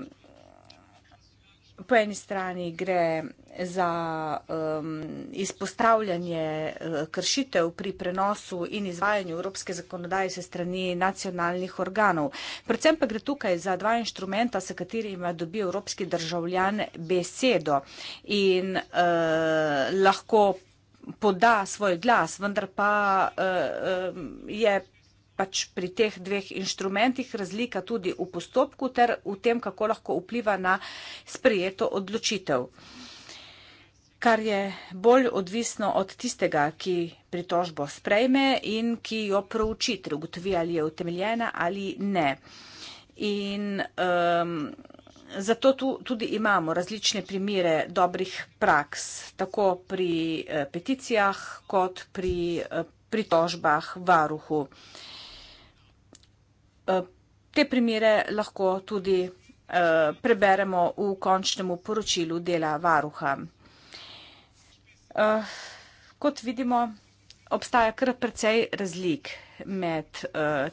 [SPEAKER 3] po eni strani gre za um, izpostavljanje uh, kršitev pri prenosu in izvajanju evropske zakonodaje se strani nacionalnih organov. Predvsem pa gre tukaj za dva inštrumenta, s katerima dobi evropski državljan besedo in uh, lahko poda svoj glas, vendar pa uh, uh, je pač pri teh dveh inštrumentih razlika tudi v postopku ter v tem, kako lahko vpliva na sprejeto odločitev, kar je bolj odvisno od tistega, ki pritožbo sprejme in ki jo prouči, ter torej ugotovi, ali je utemeljena ali ne. In um, zato tu tudi imamo različne primere dobrih praks, tako pri eh, peticijah kot pri eh, pritožbah varuhu. Eh, te primere lahko tudi eh, preberemo v končnem poročilu dela varuha. Eh, kot vidimo, obstaja kar precej razlik med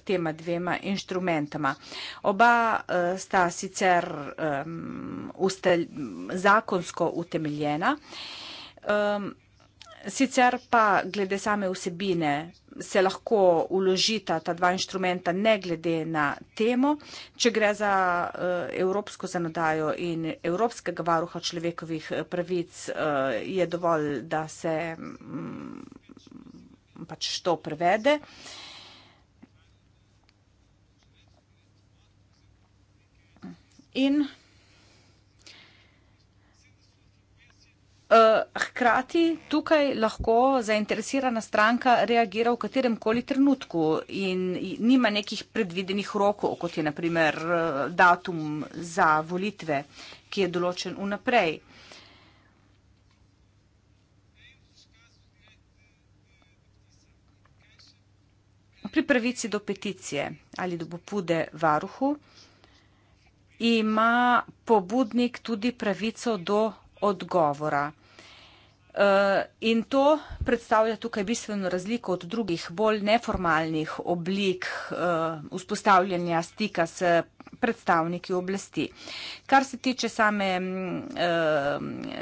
[SPEAKER 3] tema dvema inštrumentama. Oba sta sicer zakonsko utemeljena. Sicer pa glede same vsebine se lahko uložita ta dva inštrumenta ne glede na temo, če gre za eh, evropsko zanodajo in evropskega varuha človekovih eh, pravic, eh, je dovolj, da se mm, pač to prevede. In Eh, hkrati tukaj lahko zainteresirana stranka reagira v katerem koli trenutku in nima nekih predvidenih rokov, kot je naprimer eh, datum za volitve, ki je določen vnaprej. Pri pravici do peticije ali do popude varuhu ima pobudnik tudi pravico do odgovora. E, in to predstavlja tukaj bistveno razliko od drugih bolj neformalnih oblik e, vzpostavljanja stika s predstavniki oblasti. Kar se tiče same e,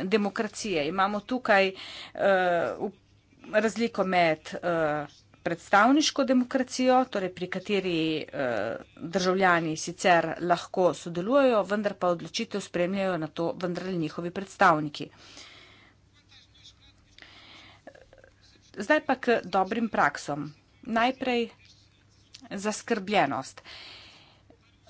[SPEAKER 3] demokracije, imamo tukaj razliko med predstavniško demokracijo, torej pri kateri eh, državljani sicer lahko sodelujejo, vendar pa odločitev spremljajo na to vendar njihovi predstavniki. Zdaj pa k dobrim praksom. Najprej zaskrbljenost,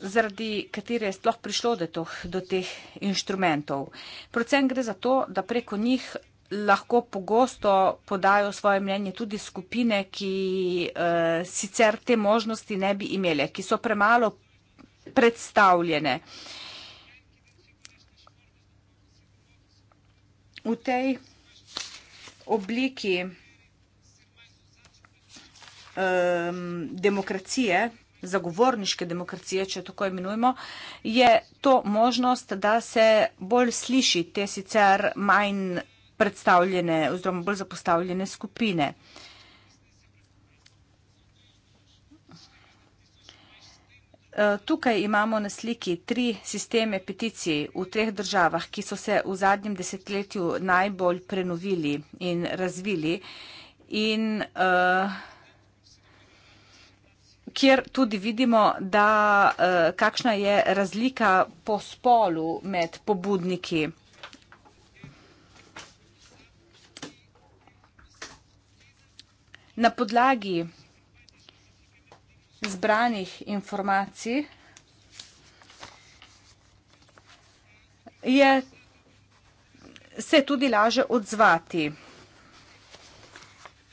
[SPEAKER 3] zaradi katere je sploh prišlo do, to, do teh inštrumentov. Procen gre za to, da preko njih lahko pogosto podajo svoje mnenje tudi skupine, ki uh, sicer te možnosti ne bi imele, ki so premalo predstavljene. V tej obliki um, demokracije, zagovorniške demokracije, če tako imenujemo, je to možnost, da se bolj sliši te sicer manj predstavljene oziroma bolj zapostavljene skupine. E, tukaj imamo na sliki tri sisteme peticij v treh državah, ki so se v zadnjem desetletju najbolj prenovili in razvili in uh, kjer tudi vidimo, da uh, kakšna je razlika po spolu med pobudniki. Na podlagi zbranih informacij je se tudi laže odzvati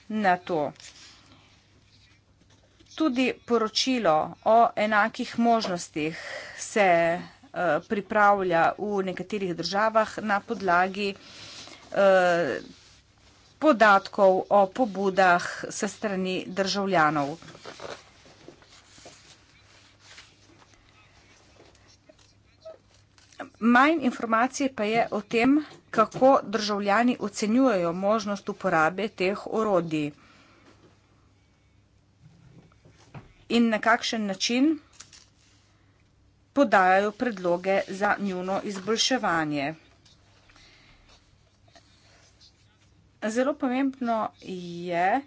[SPEAKER 3] na to. Tudi poročilo o enakih možnostih se eh, pripravlja v nekaterih državah na podlagi eh, podatkov o pobudah se strani državljanov. Manj informacije pa je o tem, kako državljani ocenjujejo možnost uporabe teh orodij in na kakšen način podajajo predloge za njuno izboljševanje. zelo pomembno je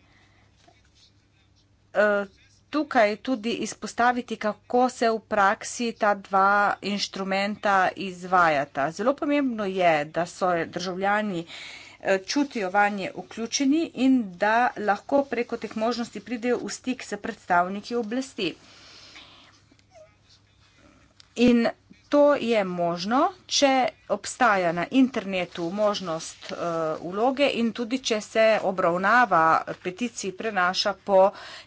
[SPEAKER 3] eh, tukaj tudi izpostaviti, kako se v praksi ta dva inštrumenta izvajata. Zelo pomembno je, da so državljani eh, čutijo vanje vključeni in da lahko preko teh možnosti pridejo v stik s predstavniki oblasti. In To je možno, če obstaja na internetu možnost eh, vloge uh, in tudi, če se obravnava peticij prenaša po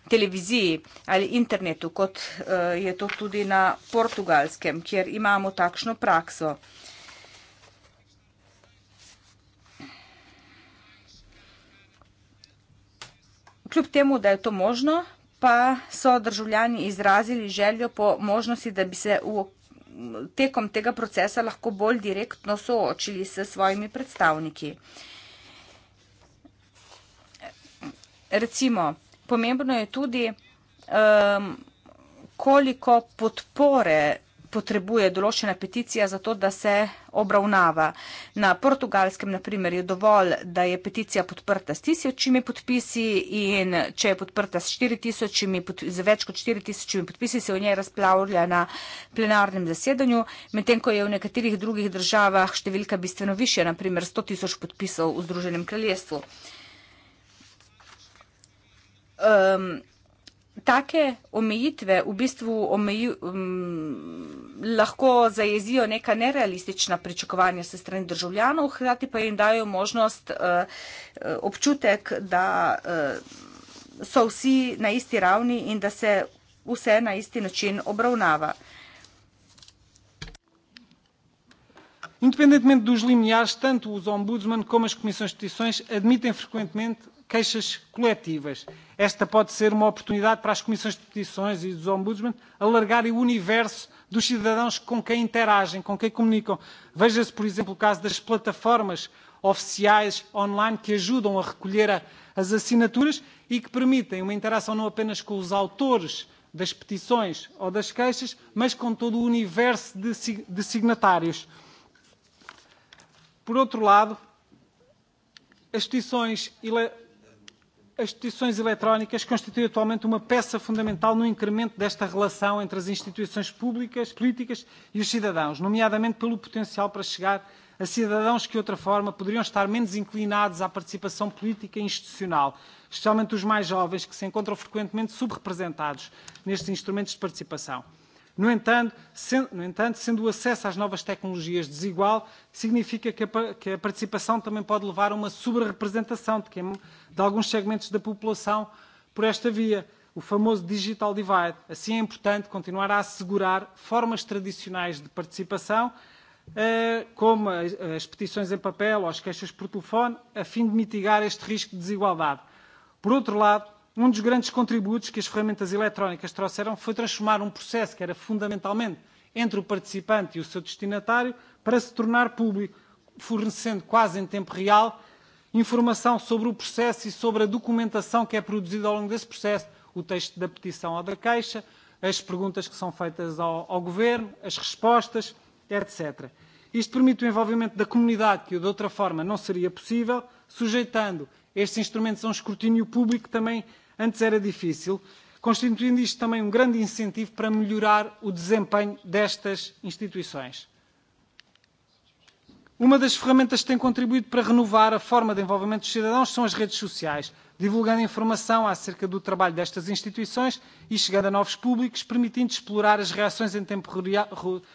[SPEAKER 3] televiziji ali internetu, kot uh, je to tudi na portugalskem, kjer imamo takšno prakso. Kljub temu, da je to možno, pa so državljani izrazili željo po možnosti, da bi se v okviru tekom tega procesa lahko bolj direktno soočili s svojimi predstavniki. Recimo, pomembno je tudi, um, koliko podpore potrebuje določena peticija za to, da se obravnava. Na portugalskem, naprimer, je dovolj, da je peticija podprta s tisočimi podpisi in če je podprta s tisočimi, z več kot štiritisočimi podpisi, se o njej razplavlja na plenarnem zasedanju, medtem ko je v nekaterih drugih državah številka bistveno više, naprimer 100 tisoč podpisov v Združenem kraljestvu. Um, take omejitve v bistvu omeji, um, lahko zajezijo neka nerealistična pričakovanja se strani državljanov, hkrati pa jim dajo možnost uh, uh, občutek, da uh, so vsi na isti ravni in da se vse na isti način obravnava.
[SPEAKER 4] Independentemente dos limiares, tanto os ombudsman como as comissões de instituições admitem frequentemente queixas coletivas. Esta pode ser uma oportunidade para as comissões de petições e dos ombudsman alargarem o universo dos cidadãos com quem interagem, com quem comunicam. Veja-se, por exemplo, o caso das plataformas oficiais online que ajudam a recolher a, as assinaturas e que permitem uma interação não apenas com os autores das petições ou das queixas, mas com todo o universo de, de signatários. Por outro lado, as petições as instituições eletrónicas constituem atualmente uma peça fundamental no incremento desta relação entre as instituições públicas, políticas e os cidadãos, nomeadamente pelo potencial para chegar a cidadãos que, de outra forma, poderiam estar menos inclinados à participação política e institucional, especialmente os mais jovens, que se encontram frequentemente subrepresentados nestes instrumentos de participação. No entanto, sen, no entanto, sendo o acesso às novas tecnologias desigual, significa que a, que a participação também pode levar a uma sobre-representação de, de alguns segmentos da população por esta via, o famoso digital divide. Assim, é importante continuar a assegurar formas tradicionais de participação, eh, como as petições em papel ou as queixas por telefone, a fim de mitigar este risco de desigualdade. Por outro lado, um dos grandes contributos que as ferramentas eletrónicas trouxeram foi transformar um processo que era fundamentalmente entre o participante e o seu destinatário para se tornar público, fornecendo quase em tempo real informação sobre o processo e sobre a documentação que é produzida ao longo desse processo, o texto da petição ou da queixa, as perguntas que são feitas ao, ao Governo, as respostas, etc. Isto permite o envolvimento da comunidade, que de outra forma não seria possível, sujeitando estes instrumentos a um escrutínio público que também antes era difícil, constituindo isto também um grande incentivo para melhorar o desempenho destas instituições. Uma das ferramentas que tem contribuído para renovar a forma de envolvimento dos cidadãos são as redes sociais, divulgando informação acerca do trabalho destas instituições e chegando a novos públicos, permitindo explorar as reações em tempo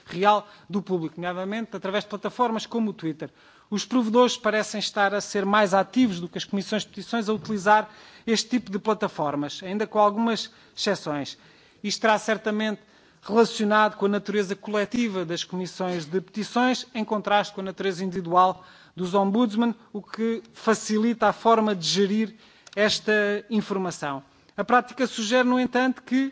[SPEAKER 4] real do público, nomeadamente através de plataformas como o Twitter. Os provedores parecem estar a ser mais ativos do que as comissões de petições a utilizar este tipo de plataformas, ainda com algumas exceções. Isto terá certamente relacionado com a natureza coletiva das comissões de petições, em contraste com a natureza individual dos ombudsman, o que facilita a forma de gerir esta informação. A prática sugere, no entanto, que uh,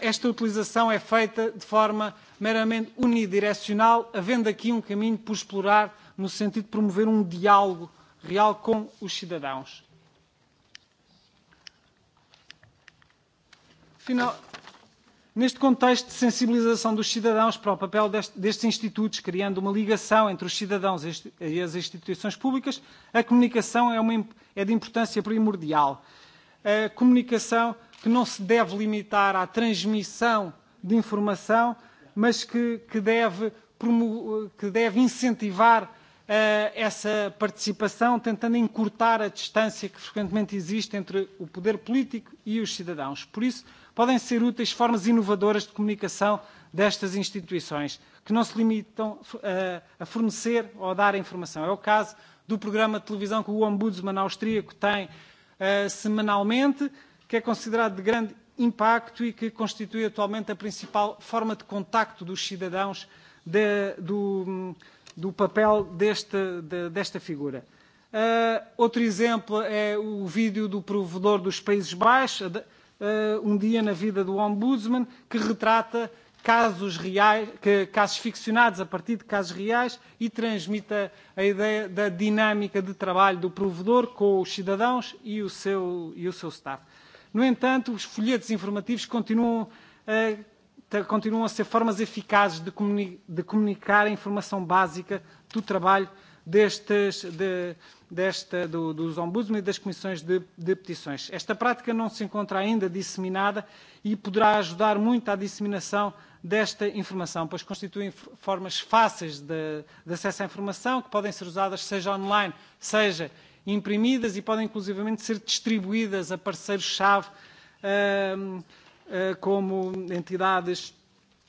[SPEAKER 4] esta utilização é feita de forma meramente unidirecional, havendo aqui um caminho por explorar no sentido de promover um diálogo real com os cidadãos. Final, neste contexto de sensibilização dos cidadãos para o papel deste, destes institutos, criando uma ligação entre os cidadãos e as e instituições públicas, a comunicação é, uma, é de importância primordial. A comunicação que não se deve limitar à transmissão de informação, mas que, que, deve, promo, que deve incentivar a Eh, essa participação, tentando encurtar a distância que frequentemente existe entre o poder político e os cidadãos. Por isso, podem ser úteis formas inovadoras de comunicação destas instituições, que não se limitam eh, a fornecer ou a dar informação. É o caso do programa de televisão que o Ombudsman austríaco tem eh, semanalmente, que é considerado de grande impacto e que constitui atualmente a principal forma de contacto dos cidadãos de, do, do papel deste, de, desta figura. Uh, outro exemplo é o vídeo do provedor dos Países Baixos, uh, Um Dia na Vida do Ombudsman, que retrata casos, reais, que, casos ficcionados a partir de casos reais e transmite a, a ideia da dinâmica de trabalho do provedor com os cidadãos e o seu, e o seu staff. No entanto, os folhetos informativos continuam a. Uh, continuam a ser formas eficazes de, comuni de comunicar a informação básica do trabalho destes, de, desta, do, dos ombudsman e das comissões de, de petições. Esta prática não se encontra ainda disseminada e poderá ajudar muito à disseminação desta informação, pois constituem formas fáceis de, de acesso à informação que podem ser usadas seja online, seja imprimidas e podem inclusivamente ser distribuídas a parceiros-chave. Uh, Eh, como entidades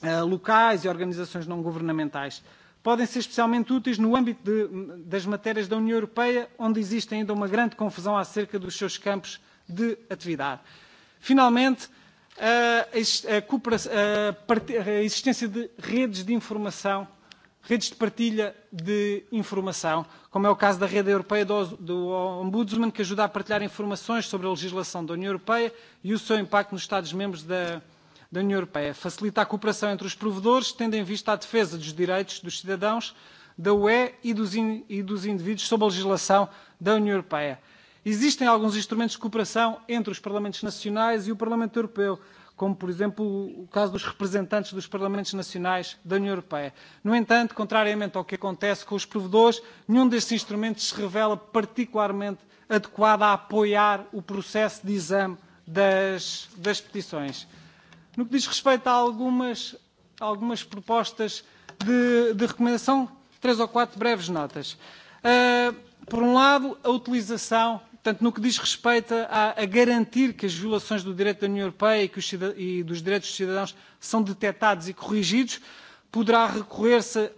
[SPEAKER 4] eh, locais e organizações não governamentais. Podem ser especialmente úteis no âmbito de, das matérias da União Europeia, onde existe ainda uma grande confusão acerca dos seus campos de atividade. Finalmente, eh, a existência de redes de informação redes de partilha de informação, como é o caso da rede europeia do, do Ombudsman, que ajuda a partilhar informações sobre a legislação da União Europeia e o seu impacto nos Estados-membros da, da União Europeia. Facilita a cooperação entre os provedores, tendo em vista a defesa dos direitos dos cidadãos da UE e dos, in, e dos indivíduos sob a legislação da União Europeia. Existem alguns instrumentos de cooperação entre os Parlamentos Nacionais e o Parlamento Europeu como por exemplo o caso dos representantes dos Parlamentos Nacionais da União Europeia. No entanto, contrariamente ao que acontece com os provedores, nenhum destes instrumentos se revela particularmente adequado a apoiar o processo de exame das, das petições. No que diz respeito a algumas, algumas propostas de, de recomendação, três ou quatro breves notas. Uh, por um lado, a utilização Portanto, no que diz respeito a, a garantir que as violações do direito da União Europeia e, que os e dos direitos dos cidadãos são detectados e corrigidos, poderá recorrer-se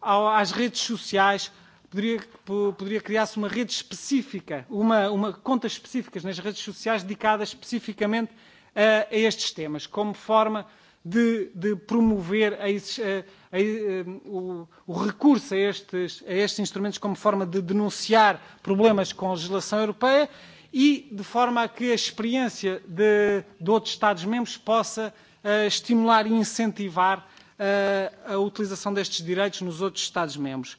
[SPEAKER 4] às redes sociais, poderia, poderia criar-se uma rede específica, uma, uma contas específicas nas redes sociais dedicadas especificamente a, a estes temas, como forma de, de promover a, a a, ehm, o, o recurso a estes, a estes instrumentos como forma de denunciar problemas com a legislação europeia e de forma a que a experiência de, de outros Estados-membros possa a, eh, estimular e incentivar a, eh, a utilização destes direitos nos outros Estados-membros.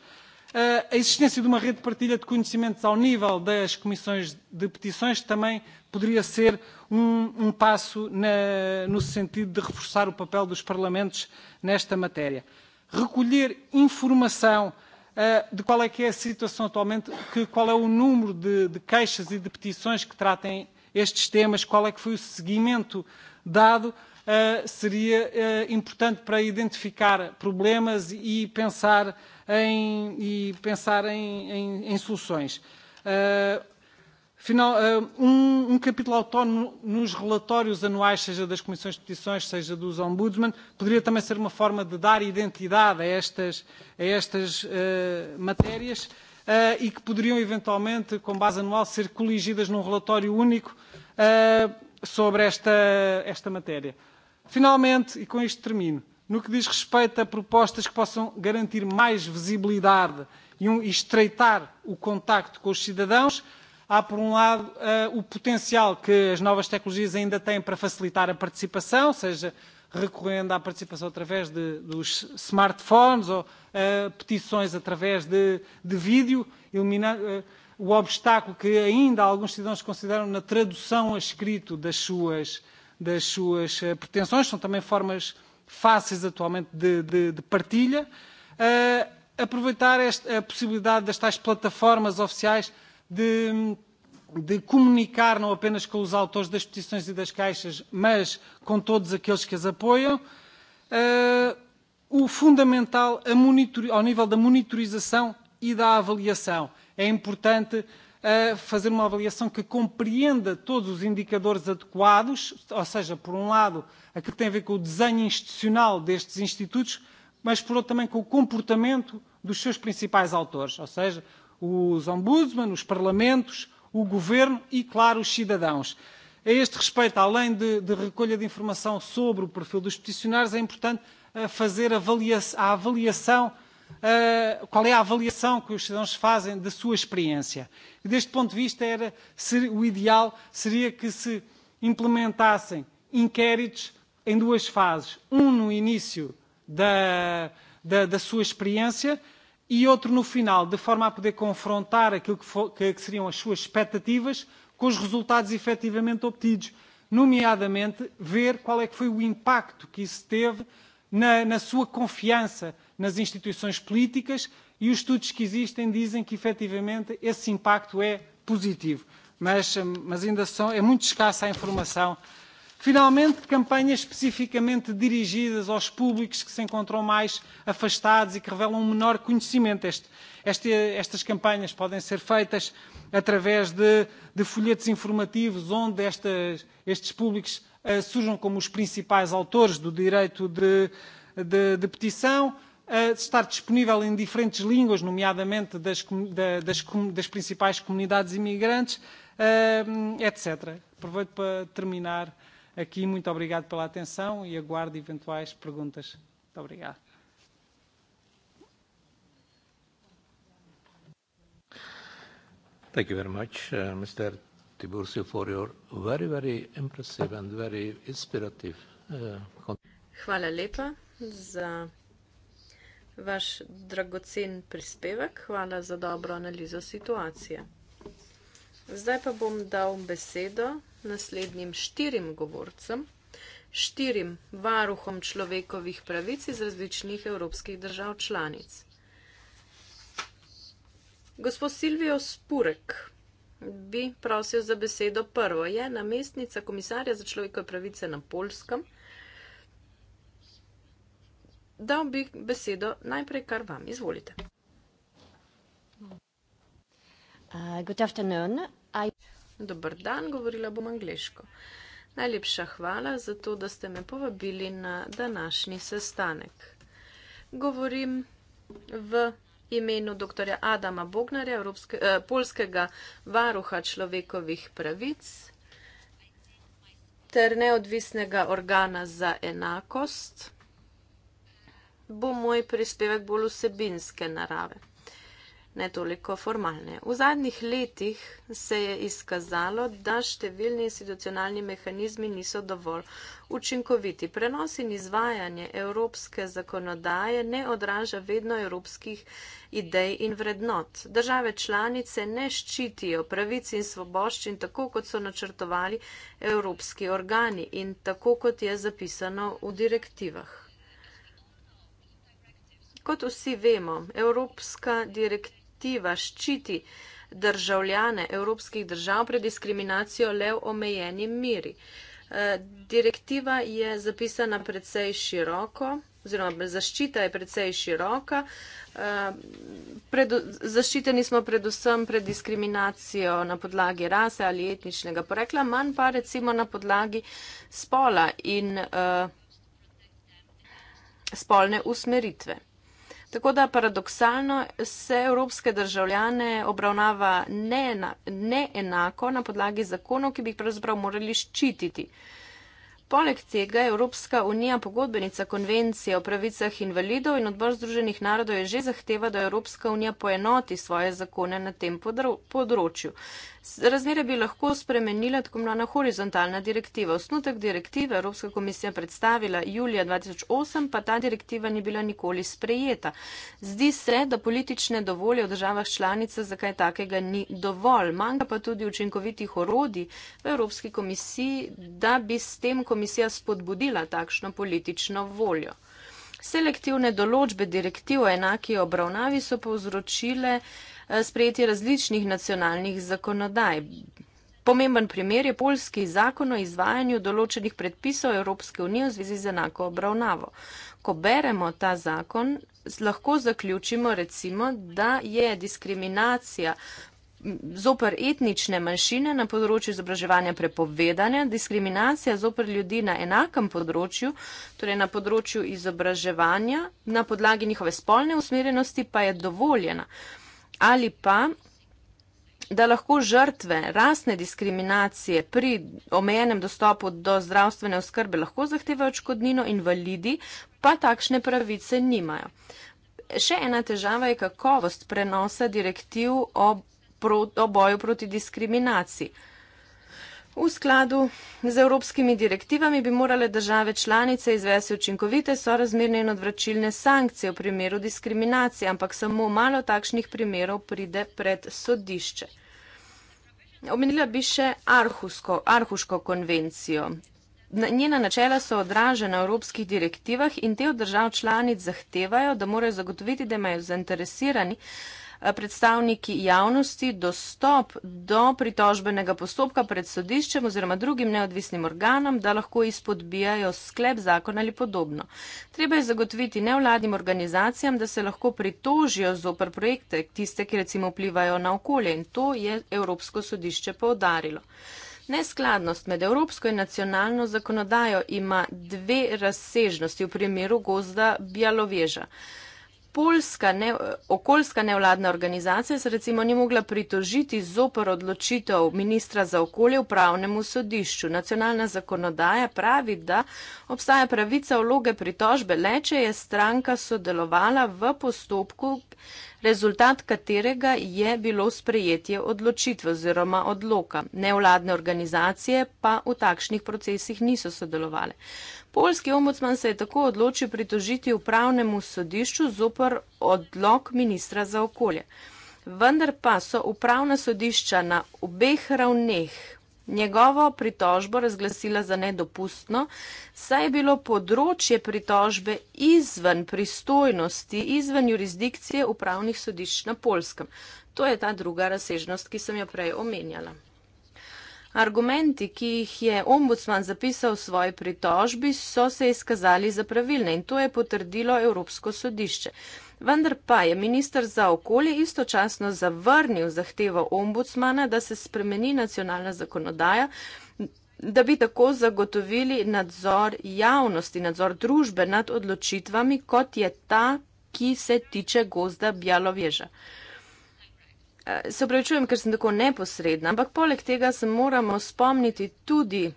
[SPEAKER 4] Eh, a existência de uma rede de partilha de conhecimentos ao nível das comissões de petições também poderia ser um, um passo na, no sentido de reforçar o papel dos parlamentos nesta matéria. Uh, recolher informação uh, de qual é que é a situação atualmente, que, qual é o número de, de queixas e de petições que tratem estes temas, qual é que foi o seguimento dado, uh, seria uh, importante para identificar problemas e pensar em, e pensar em, em, em soluções. Uh, Final, eh, um, um capítulo autónomo nos relatórios anuais, seja das comissões de petições, seja dos ombudsman, poderia também ser uma forma de dar identidade a estas, a estas uh, matérias uh, e que poderiam eventualmente, com base anual, ser coligidas num relatório único uh, sobre esta, esta matéria. Finalmente, e com isto termino, no que diz respeito a propostas que possam garantir mais visibilidade e, um, e estreitar o contacto com os cidadãos, Há, por um lado, uh, o potencial que as novas tecnologias ainda têm para facilitar a participação, seja recorrendo à participação através de, dos smartphones ou uh, petições através de, de vídeo, eliminando uh, eh, o obstáculo que ainda alguns cidadãos consideram na tradução a escrito das suas, das suas uh, pretensões. São também formas fáceis atualmente de, de, de partilha. Uh, aproveitar esta, a possibilidade destas plataformas oficiais de, de comunicar não apenas com os autores das petições e das caixas, mas com todos aqueles que as apoiam. Uh, o fundamental a ao nível da monitorização e da avaliação. É importante uh, fazer uma avaliação que compreenda todos os indicadores adequados, ou seja, por um lado, a que tem a ver com o desenho institucional destes institutos, mas por outro também com o comportamento dos seus principais autores, ou seja, os ombudsman, os parlamentos, o governo e, claro, os cidadãos. A este respeito, além de, de recolha de informação sobre o perfil dos peticionários, é importante eh, fazer avaliação, a avaliação, uh, qual é a avaliação que os cidadãos fazem da sua experiência. E deste ponto de vista, era, ser, o ideal seria que se implementassem inquéritos em duas fases. Um no início da, da, da sua experiência, e outro no final, de forma a poder confrontar aquilo que, for, que, que seriam as suas expectativas com os resultados efetivamente obtidos, nomeadamente ver qual é que foi o impacto que isso teve na, na sua confiança nas instituições políticas e os estudos que existem dizem que efetivamente esse impacto é positivo. Mas, mas ainda são, é muito escassa a informação Finalmente, campanhas especificamente dirigidas aos públicos que se encontram mais afastados e que revelam um menor conhecimento. Este, este, estas campanhas podem ser feitas através de, de folhetos informativos, onde esta, estes públicos uh, surjam como os principais autores do direito de, de, de petição, uh, estar disponível em diferentes línguas, nomeadamente das, da, das, das principais comunidades imigrantes, eh, uh, etc. Aproveito para terminar aqui. Muito obrigado pela atenção e aguardo eventuais perguntas. Muito obrigado. Thank you very much, uh, Mr. Tiburcio, for your very, very impressive and very inspirative.
[SPEAKER 1] Uh,
[SPEAKER 5] Hvala lepa za vaš dragocen prispevek. Hvala za dobro analizo situacije. Zdaj pa bom dal besedo naslednjim štirim govorcem, štirim varuhom človekovih pravic iz različnih evropskih držav članic. Gospod Silvijo Spurek bi prosil za besedo prvo. Je namestnica komisarja za človekove pravice na Polskem. Dal bi besedo najprej kar vam. Izvolite.
[SPEAKER 6] Uh, good afternoon. I...
[SPEAKER 5] Dober dan, govorila bom angliško. Najlepša hvala za to, da ste me povabili na današnji sestanek. Govorim v imenu dr. Adama Bognarja, Evropske, eh, polskega varuha človekovih pravic ter neodvisnega organa za enakost. Bo moj prispevek bolj vsebinske narave ne toliko formalne. V zadnjih letih se je izkazalo, da številni institucionalni mehanizmi niso dovolj učinkoviti. Prenos in izvajanje evropske zakonodaje ne odraža vedno evropskih idej in vrednot. Države članice ne ščitijo pravic in svoboščin tako, kot so načrtovali evropski organi in tako, kot je zapisano v direktivah. Kot vsi vemo, evropska direktiva direktiva ščiti državljane evropskih držav pred diskriminacijo le v omejeni miri. Eh, direktiva je zapisana precej široko, oziroma zaščita je precej široka. Eh, pred, zaščiteni smo predvsem pred diskriminacijo na podlagi rase ali etničnega porekla, manj pa recimo na podlagi spola in uh, spolne usmeritve. Tako da paradoksalno se evropske državljane obravnava neenako ne na podlagi zakonov, ki bi jih pravzaprav morali ščititi. Poleg tega je Evropska unija pogodbenica konvencije o pravicah invalidov in odbor Združenih narodov je že zahteva, da Evropska unija poenoti svoje zakone na tem področju. Razmere bi lahko spremenila tako imenovana horizontalna direktiva. Osnutek direktive Evropska komisija predstavila julija 2008, pa ta direktiva ni bila nikoli sprejeta. Zdi se, da politične dovolje v državah članice zakaj takega ni dovolj. Manjka pa tudi učinkovitih orodij v Evropski komisiji, da bi s tem komisija spodbudila takšno politično voljo. Selektivne določbe direktiv o enaki obravnavi so povzročile. Eh, sprejetje različnih nacionalnih zakonodaj. Pomemben primer je polski zakon o izvajanju določenih predpisov Evropske unije v zvezi z enako obravnavo. Ko beremo ta zakon, lahko zaključimo recimo, da je diskriminacija zoper etnične manjšine na področju izobraževanja prepovedanja, diskriminacija zoper ljudi na enakem področju, torej na področju izobraževanja, na podlagi njihove spolne usmerjenosti pa je dovoljena ali pa da lahko žrtve rasne diskriminacije pri omejenem dostopu do zdravstvene oskrbe lahko zahtevajo škodnino, invalidi pa takšne pravice nimajo. Še ena težava je kakovost prenosa direktiv o, pro, o boju proti diskriminaciji. Uh, V skladu z evropskimi direktivami bi morale države članice izvesti učinkovite, sorazmerne in odvračilne sankcije v primeru diskriminacije, ampak samo malo takšnih primerov pride pred sodišče. Omenila bi še Arhusko, Arhuško konvencijo. Njena načela so odražena v evropskih direktivah in te od držav članic zahtevajo, da morajo zagotoviti, da imajo zainteresirani Eh, predstavniki javnosti dostop do pritožbenega postopka pred sodiščem oziroma drugim neodvisnim organom, da lahko izpodbijajo sklep zakon ali podobno. Treba je zagotoviti nevladnim organizacijam, da se lahko pritožijo zoper projekte, tiste, ki recimo vplivajo na okolje in to je Evropsko sodišče poudarilo. Neskladnost med evropsko in nacionalno zakonodajo ima dve razsežnosti v primeru gozda Bjaloveža okoljska, ne, okoljska nevladna organizacija se recimo ni mogla pritožiti zopr odločitev ministra za okolje upravnemu sodišču. Nacionalna zakonodaja pravi, da obstaja pravica vloge pritožbe, le če je stranka sodelovala v postopku rezultat katerega je bilo sprejetje odločitve oziroma odloka. Nevladne organizacije pa v takšnih procesih niso sodelovale. Polski ombudsman se je tako odločil pritožiti upravnemu sodišču zopr odlog ministra za okolje. Vendar pa so upravna sodišča na obeh ravneh njegovo pritožbo razglasila za nedopustno, saj je bilo področje pritožbe izven pristojnosti, izven jurisdikcije upravnih sodišč na Polskem. To je ta druga razsežnost, ki sem jo prej omenjala. Argumenti, ki jih je ombudsman zapisal v svoji pritožbi, so se izkazali za pravilne in to je potrdilo Evropsko sodišče vendar pa je ministr za okolje istočasno zavrnil zahtevo ombudsmana, da se spremeni nacionalna zakonodaja, da bi tako zagotovili nadzor javnosti, nadzor družbe nad odločitvami, kot je ta, ki se tiče gozda Bjaloveža. Eh, se upravičujem, ker sem tako neposredna, ampak poleg tega se moramo spomniti tudi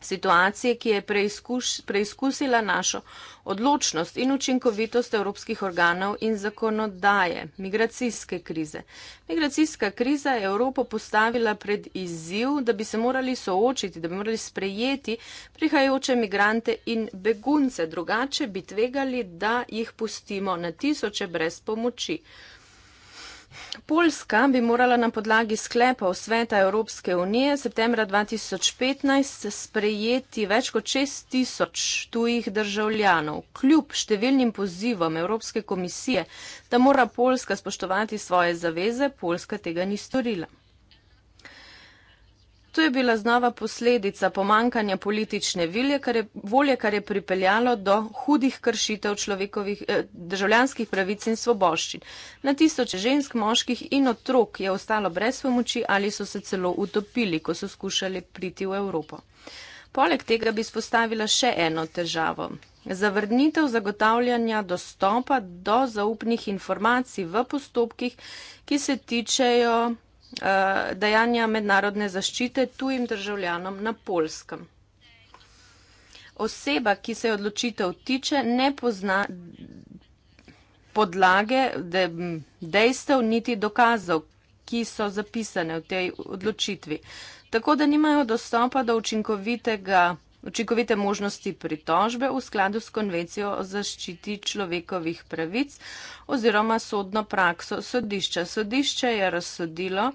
[SPEAKER 5] situacije, ki je preizkuš, preizkusila našo odločnost in učinkovitost evropskih organov in zakonodaje, migracijske krize. Migracijska kriza je Evropo postavila pred izziv, da bi se morali soočiti, da bi morali sprejeti prihajajoče migrante in begunce, drugače bi tvegali, da jih pustimo na tisoče brez pomoči. Poljska bi morala na podlagi sklepov Sveta Evropske unije septembra 2015 sprejeti več kot 6 tisoč tujih državljanov. Kljub številnim pozivom Evropske komisije, da mora Poljska spoštovati svoje zaveze, Poljska tega ni storila. To je bila znova posledica pomankanja politične vilje, kar je, volje, kar je pripeljalo do hudih kršitev eh, državljanskih pravic in svoboščin. Na tisoče žensk, moških in otrok je ostalo brez pomoči ali so se celo utopili, ko so skušali priti v Evropo. Poleg tega bi spostavila še eno težavo. Zavrnitev zagotavljanja dostopa do zaupnih informacij v postopkih, ki se tičejo Eh, dejanja mednarodne zaščite tujim državljanom na polskem. Oseba, ki se je odločitev tiče, ne pozna podlage de, dejstev niti dokazov, ki so zapisane v tej odločitvi. Tako da nimajo dostopa do učinkovitega učinkovite možnosti pritožbe v skladu s konvencijo o zaščiti človekovih pravic oziroma sodno prakso sodišča. Sodišče je razsodilo,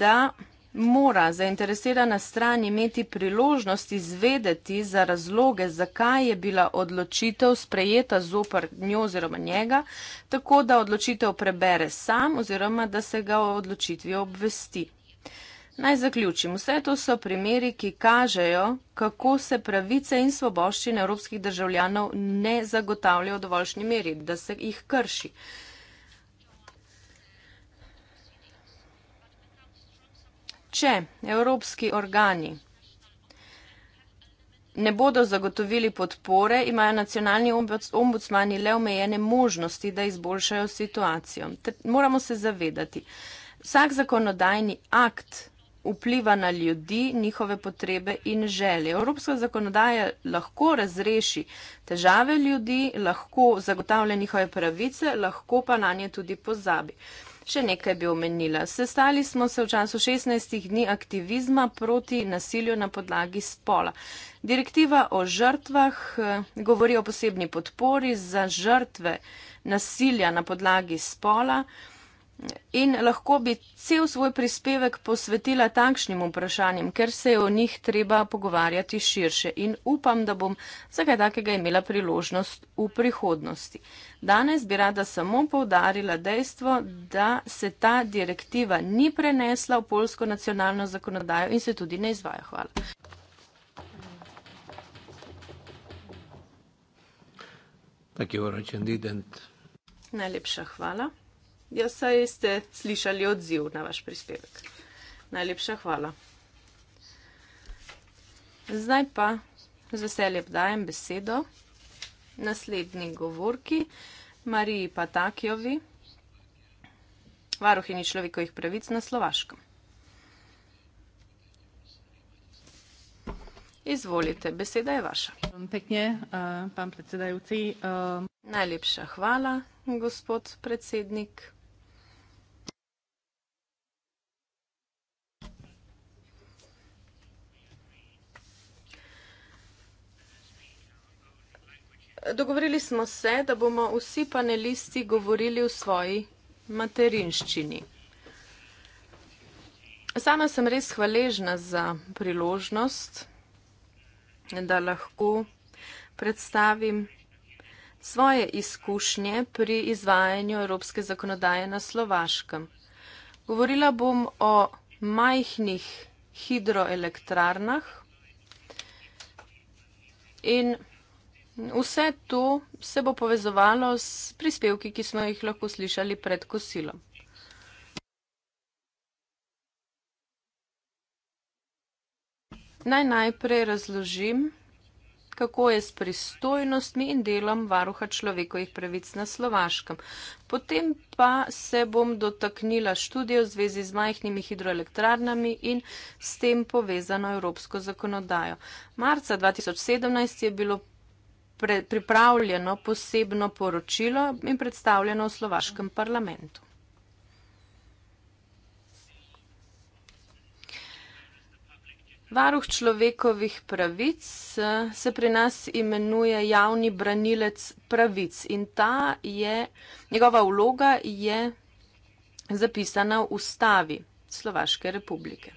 [SPEAKER 5] da mora zainteresirana stran imeti priložnost izvedeti za razloge, zakaj je bila odločitev sprejeta zopr njo oziroma njega, tako da odločitev prebere sam oziroma da se ga o odločitvi obvesti. Naj zaključim. Vse to so primeri, ki kažejo, kako se pravice in svoboščine evropskih državljanov ne zagotavljajo v dovoljšnji meri, da se jih krši. Če evropski organi ne bodo zagotovili podpore, imajo nacionalni ombudsmani le omejene možnosti, da izboljšajo situacijo. Moramo se zavedati, vsak zakonodajni akt vpliva na ljudi, njihove potrebe in želje. Evropska zakonodaja lahko razreši težave ljudi, lahko zagotavlja njihove pravice, lahko pa na nje tudi pozabi. Še nekaj bi omenila. Sestali smo se v času 16 dni aktivizma proti nasilju na podlagi spola. Direktiva o žrtvah eh, govori o posebni podpori za žrtve nasilja na podlagi spola. In lahko bi cel svoj prispevek posvetila takšnim vprašanjem, ker se je o njih treba pogovarjati širše in upam, da bom za kaj takega imela priložnost v prihodnosti. Danes bi rada samo povdarila dejstvo, da se ta direktiva ni prenesla v polsko nacionalno zakonodajo in se tudi ne izvaja. Hvala. Najlepša hvala. Ja, saj ste slišali odziv na vaš prispevek. Najlepša hvala. Zdaj pa z veseljem dajem besedo naslednji govorki, Mariji Patakjovi, varuhini človekovih pravic na Slovaškem. Izvolite, beseda je vaša. Pekne, uh, uh. Najlepša hvala, gospod predsednik. dogovorili smo se, da bomo vsi panelisti govorili v svoji materinščini. Sama sem res hvaležna za priložnost, da lahko predstavim svoje izkušnje pri izvajanju evropske zakonodaje na Slovaškem. Govorila bom o majhnih hidroelektrarnah in Vse to se bo povezovalo s prispevki, ki smo jih lahko slišali pred kosilom. Naj najprej razložim, kako je s pristojnostmi in delom varuha človekovih pravic na Slovaškem. Potem pa se bom dotaknila študije v zvezi z majhnimi hidroelektrarnami in s tem povezano evropsko zakonodajo. Marca 2017 je bilo pre, pripravljeno posebno poročilo in predstavljeno v slovaškem parlamentu. Varuh človekovih pravic eh, se pri nas imenuje javni branilec pravic in ta je, njegova vloga je zapisana v ustavi Slovaške republike.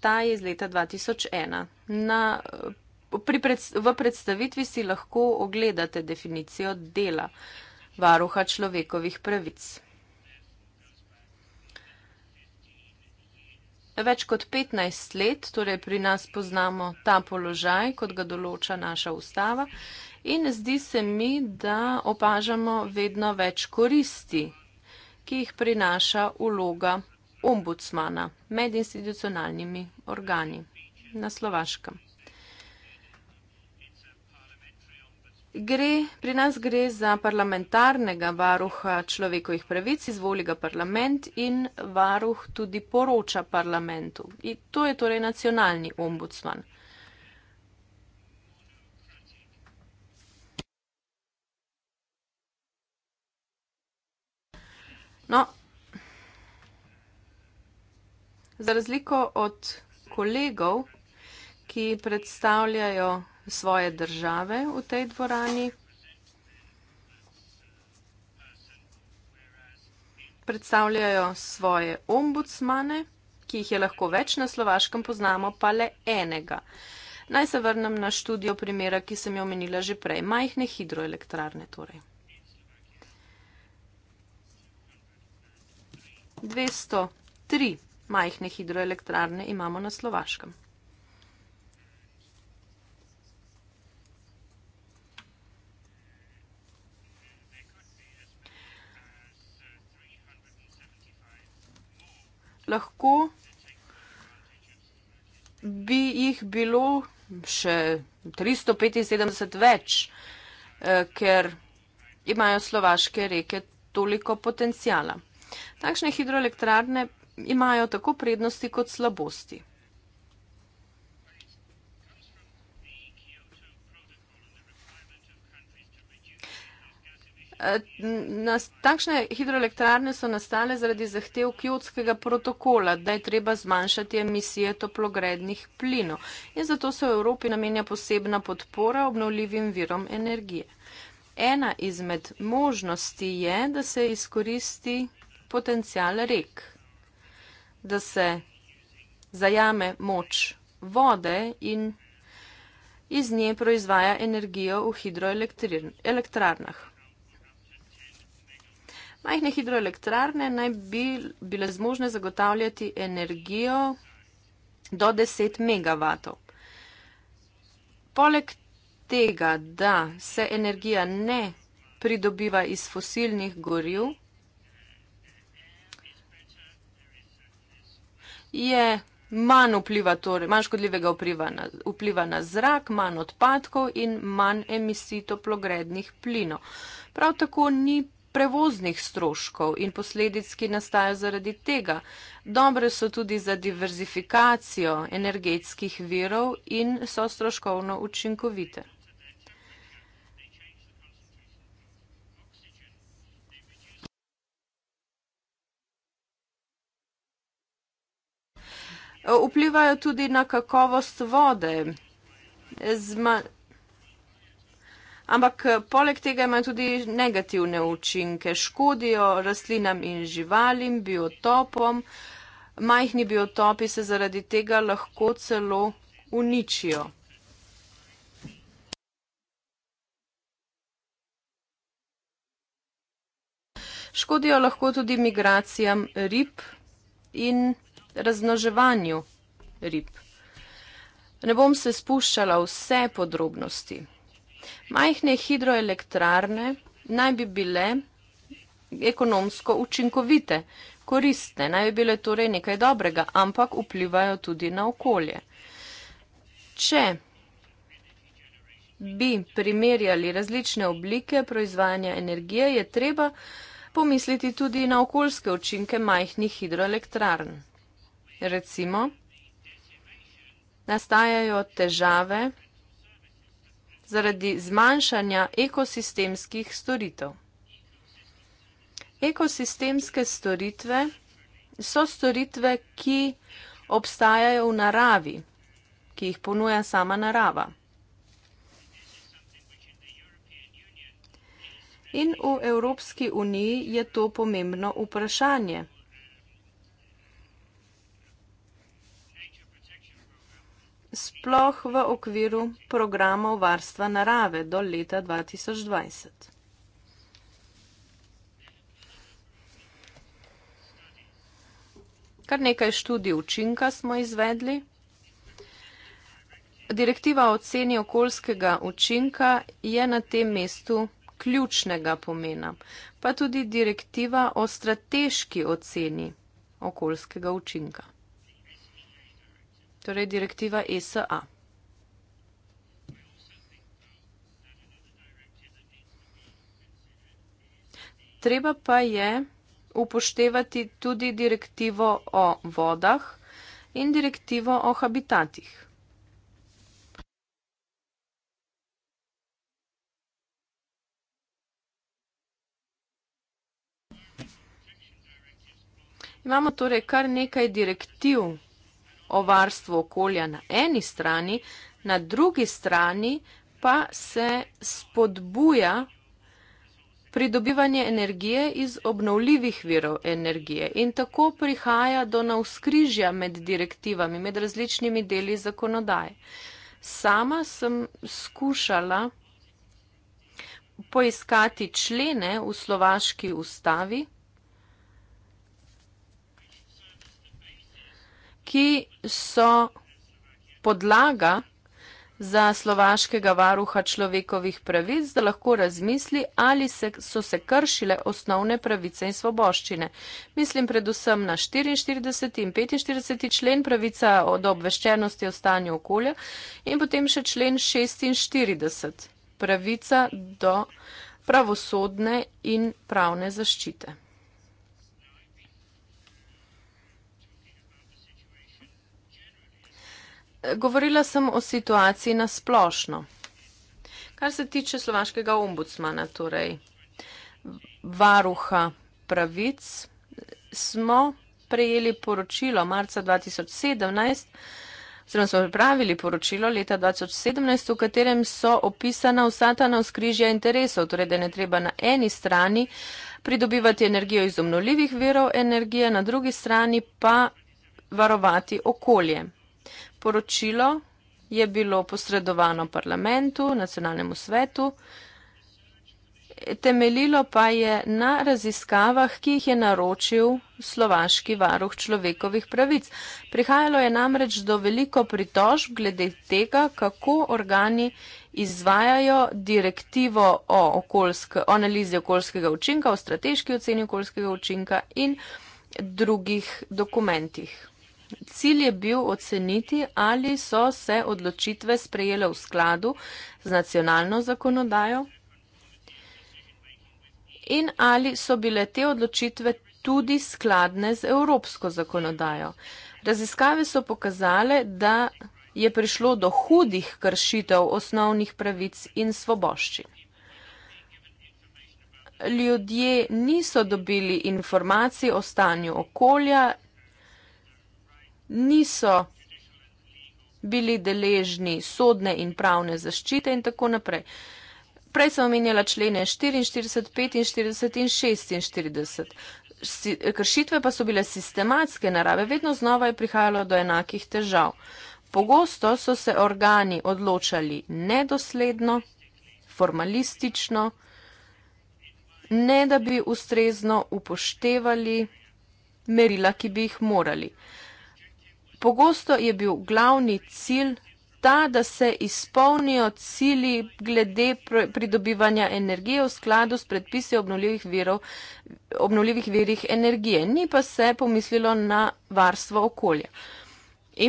[SPEAKER 5] Ta je iz leta 2001. Na pri pred, v predstavitvi si lahko ogledate definicijo dela varuha človekovih pravic. Več kot 15 let, torej pri nas poznamo ta položaj, kot ga določa naša ustava, in zdi se mi, da opažamo vedno več koristi, ki jih prinaša uloga ombudsmana med institucionalnimi organi na Slovaškem. Gre, pri nas gre za parlamentarnega varuha človekovih pravic, izvoli ga parlament in varuh tudi poroča parlamentu. In to je torej nacionalni ombudsman. No, za razliko od kolegov, ki predstavljajo svoje države v tej dvorani. Predstavljajo svoje ombudsmane, ki jih je lahko več na slovaškem, poznamo pa le enega. Naj se vrnem na študijo primera, ki sem jo omenila že prej, majhne hidroelektrarne. Torej. 203 majhne hidroelektrarne imamo na slovaškem. lahko, bi jih bilo še 375 več, eh, ker imajo slovaške reke toliko potencijala. Takšne hidroelektrarne imajo tako prednosti kot slabosti. nas, takšne hidroelektrarne so nastale zaradi zahtev kjotskega protokola, da je treba zmanjšati emisije toplogrednih plinov in zato se v Evropi namenja posebna podpora obnovljivim virom energije. Ena izmed možnosti je, da se izkoristi potencijal rek, da se zajame moč vode in iz nje proizvaja energijo v hidroelektrarnah. Hidroelektrarn Majhne hidroelektrarne naj bi bile zmožne zagotavljati energijo do 10 MW. Poleg tega, da se energija ne pridobiva iz fosilnih goriv, je manj, vpliva, torej, manj škodljivega vpliva na, vpliva na zrak, manj odpadkov in manj emisij toplogrednih plinov. Prav tako ni prevoznih stroškov in posledic, ki nastajajo zaradi tega. Dobre so tudi za diverzifikacijo energetskih virov in so stroškovno učinkovite. Vplivajo tudi na kakovost vode. Zma ampak eh, poleg tega imajo tudi negativne učinke, škodijo rastlinam in živalim, biotopom, majhni biotopi se zaradi tega lahko celo uničijo. Škodijo lahko tudi migracijam rib in raznoževanju rib. Ne bom se spuščala vse podrobnosti. Majhne hidroelektrarne naj bi bile ekonomsko učinkovite, koristne, naj bi bile torej nekaj dobrega, ampak vplivajo tudi na okolje. Če bi primerjali različne oblike proizvajanja energije, je treba pomisliti tudi na okoljske učinke majhnih hidroelektrarn. Recimo, nastajajo težave zaradi zmanjšanja ekosistemskih storitev. Ekosistemske storitve so storitve, ki obstajajo v naravi, ki jih ponuja sama narava. In v Evropski uniji je to pomembno vprašanje. sploh v okviru programov varstva narave do leta 2020. Kar nekaj študij učinka smo izvedli. Direktiva o ceni okoljskega učinka je na tem mestu ključnega pomena, pa tudi direktiva o strateški oceni okoljskega učinka torej direktiva ESA. Treba pa je upoštevati tudi direktivo o vodah in direktivo o habitatih. Imamo torej kar nekaj direktiv o varstvu okolja na eni strani, na drugi strani pa se spodbuja pridobivanje energije iz obnovljivih virov energije. In tako prihaja do navskrižja med direktivami, med različnimi deli zakonodaje. Sama sem skušala poiskati člene v slovaški ustavi, ki so podlaga za slovaškega varuha človekovih pravic, da lahko razmisli, ali se, so se kršile osnovne pravice in svoboščine. Mislim predvsem na 44. in 45. člen pravica od obveščenosti o stanju okolja in potem še člen 46. pravica do pravosodne in pravne zaščite. govorila sem o situaciji na splošno. Kar se tiče slovaškega ombudsmana, torej varuha pravic, smo prejeli poročilo marca 2017, oziroma smo pripravili poročilo leta 2017, v katerem so opisana vsa ta navskrižja interesov, torej da ne treba na eni strani pridobivati energijo iz obnovljivih verov energije, na drugi strani pa varovati okolje poročilo je bilo posredovano parlamentu, nacionalnemu svetu, temeljilo pa je na raziskavah, ki jih je naročil slovaški varuh človekovih pravic. Prihajalo je namreč do veliko pritožb glede tega, kako organi izvajajo direktivo o okoljske, analizi okoljskega učinka, o strateški oceni okoljskega učinka in drugih dokumentih. Cilj je bil oceniti, ali so se odločitve sprejele v skladu z nacionalno zakonodajo in ali so bile te odločitve tudi skladne z evropsko zakonodajo. Raziskave so pokazale, da je prišlo do hudih kršitev osnovnih pravic in svoboščin. Ljudje niso dobili informacij o stanju okolja niso bili deležni sodne in pravne zaščite in tako naprej. Prej sem omenjala člene 44, 45 in 46. Kršitve pa so bile sistematske narave, vedno znova je prihajalo do enakih težav. Pogosto so se organi odločali nedosledno, formalistično, ne da bi ustrezno upoštevali merila, ki bi jih morali. Pogosto je bil glavni cilj ta, da se izpolnijo cili glede pridobivanja energije v skladu s predpisi obnovljivih, virov, obnovljivih virih energije, ni pa se pomislilo na varstvo okolja.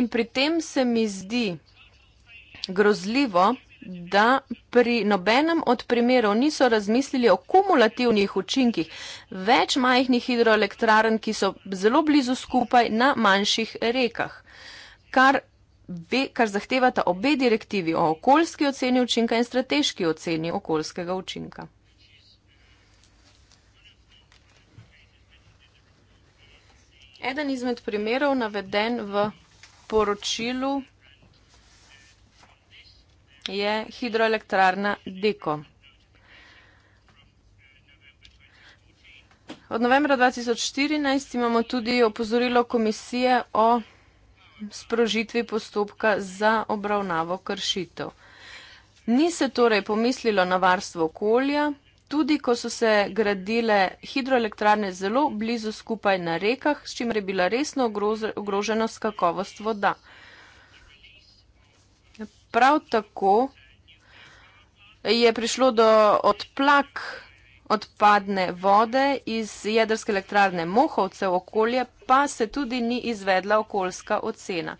[SPEAKER 5] In pri tem se mi zdi grozljivo, da pri nobenem od primerov niso razmislili o kumulativnih učinkih več majhnih hidroelektrarn, ki so zelo blizu skupaj na manjših rekah, kar, ve, kar zahtevata obe direktivi o okoljski oceni učinka in strateški oceni okoljskega učinka. Eden izmed primerov naveden v poročilu je hidroelektrarna Deko. Od novembra 2014 imamo tudi opozorilo komisije o sprožitvi postopka za obravnavo kršitev. Ni se torej pomislilo na varstvo okolja, tudi ko so se gradile hidroelektrarne zelo blizu skupaj na rekah, s čimer je bila resno ogroženost kakovost voda prav tako je prišlo do odplak odpadne vode iz jedrske elektrarne Mohovce v okolje, pa se tudi ni izvedla okoljska ocena.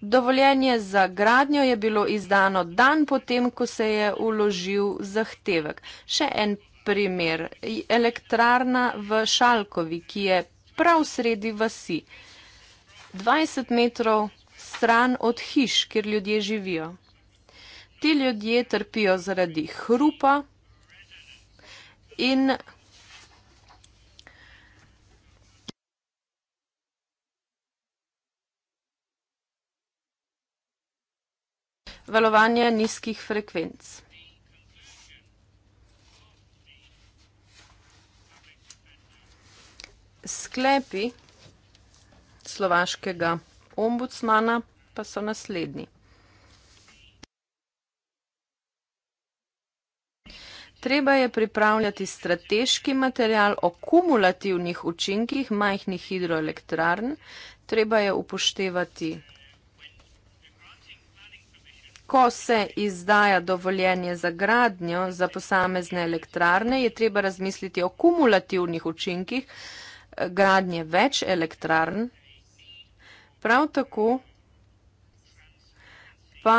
[SPEAKER 5] Dovoljenje za gradnjo je bilo izdano dan potem, ko se je uložil zahtevek. Še en primer. Elektrarna v Šalkovi, ki je prav sredi vasi. 20 metrov stran od hiš, kjer ljudje živijo. Ti ljudje trpijo zaradi hrupa in valovanja nizkih frekvenc. Sklepi slovaškega ombudsmana pa so naslednji. Treba je pripravljati strateški material o kumulativnih učinkih majhnih hidroelektrarn, treba je upoštevati, ko se izdaja dovoljenje za gradnjo za posamezne elektrarne, je treba razmisliti o kumulativnih učinkih eh, gradnje več elektrarn, Prav tako pa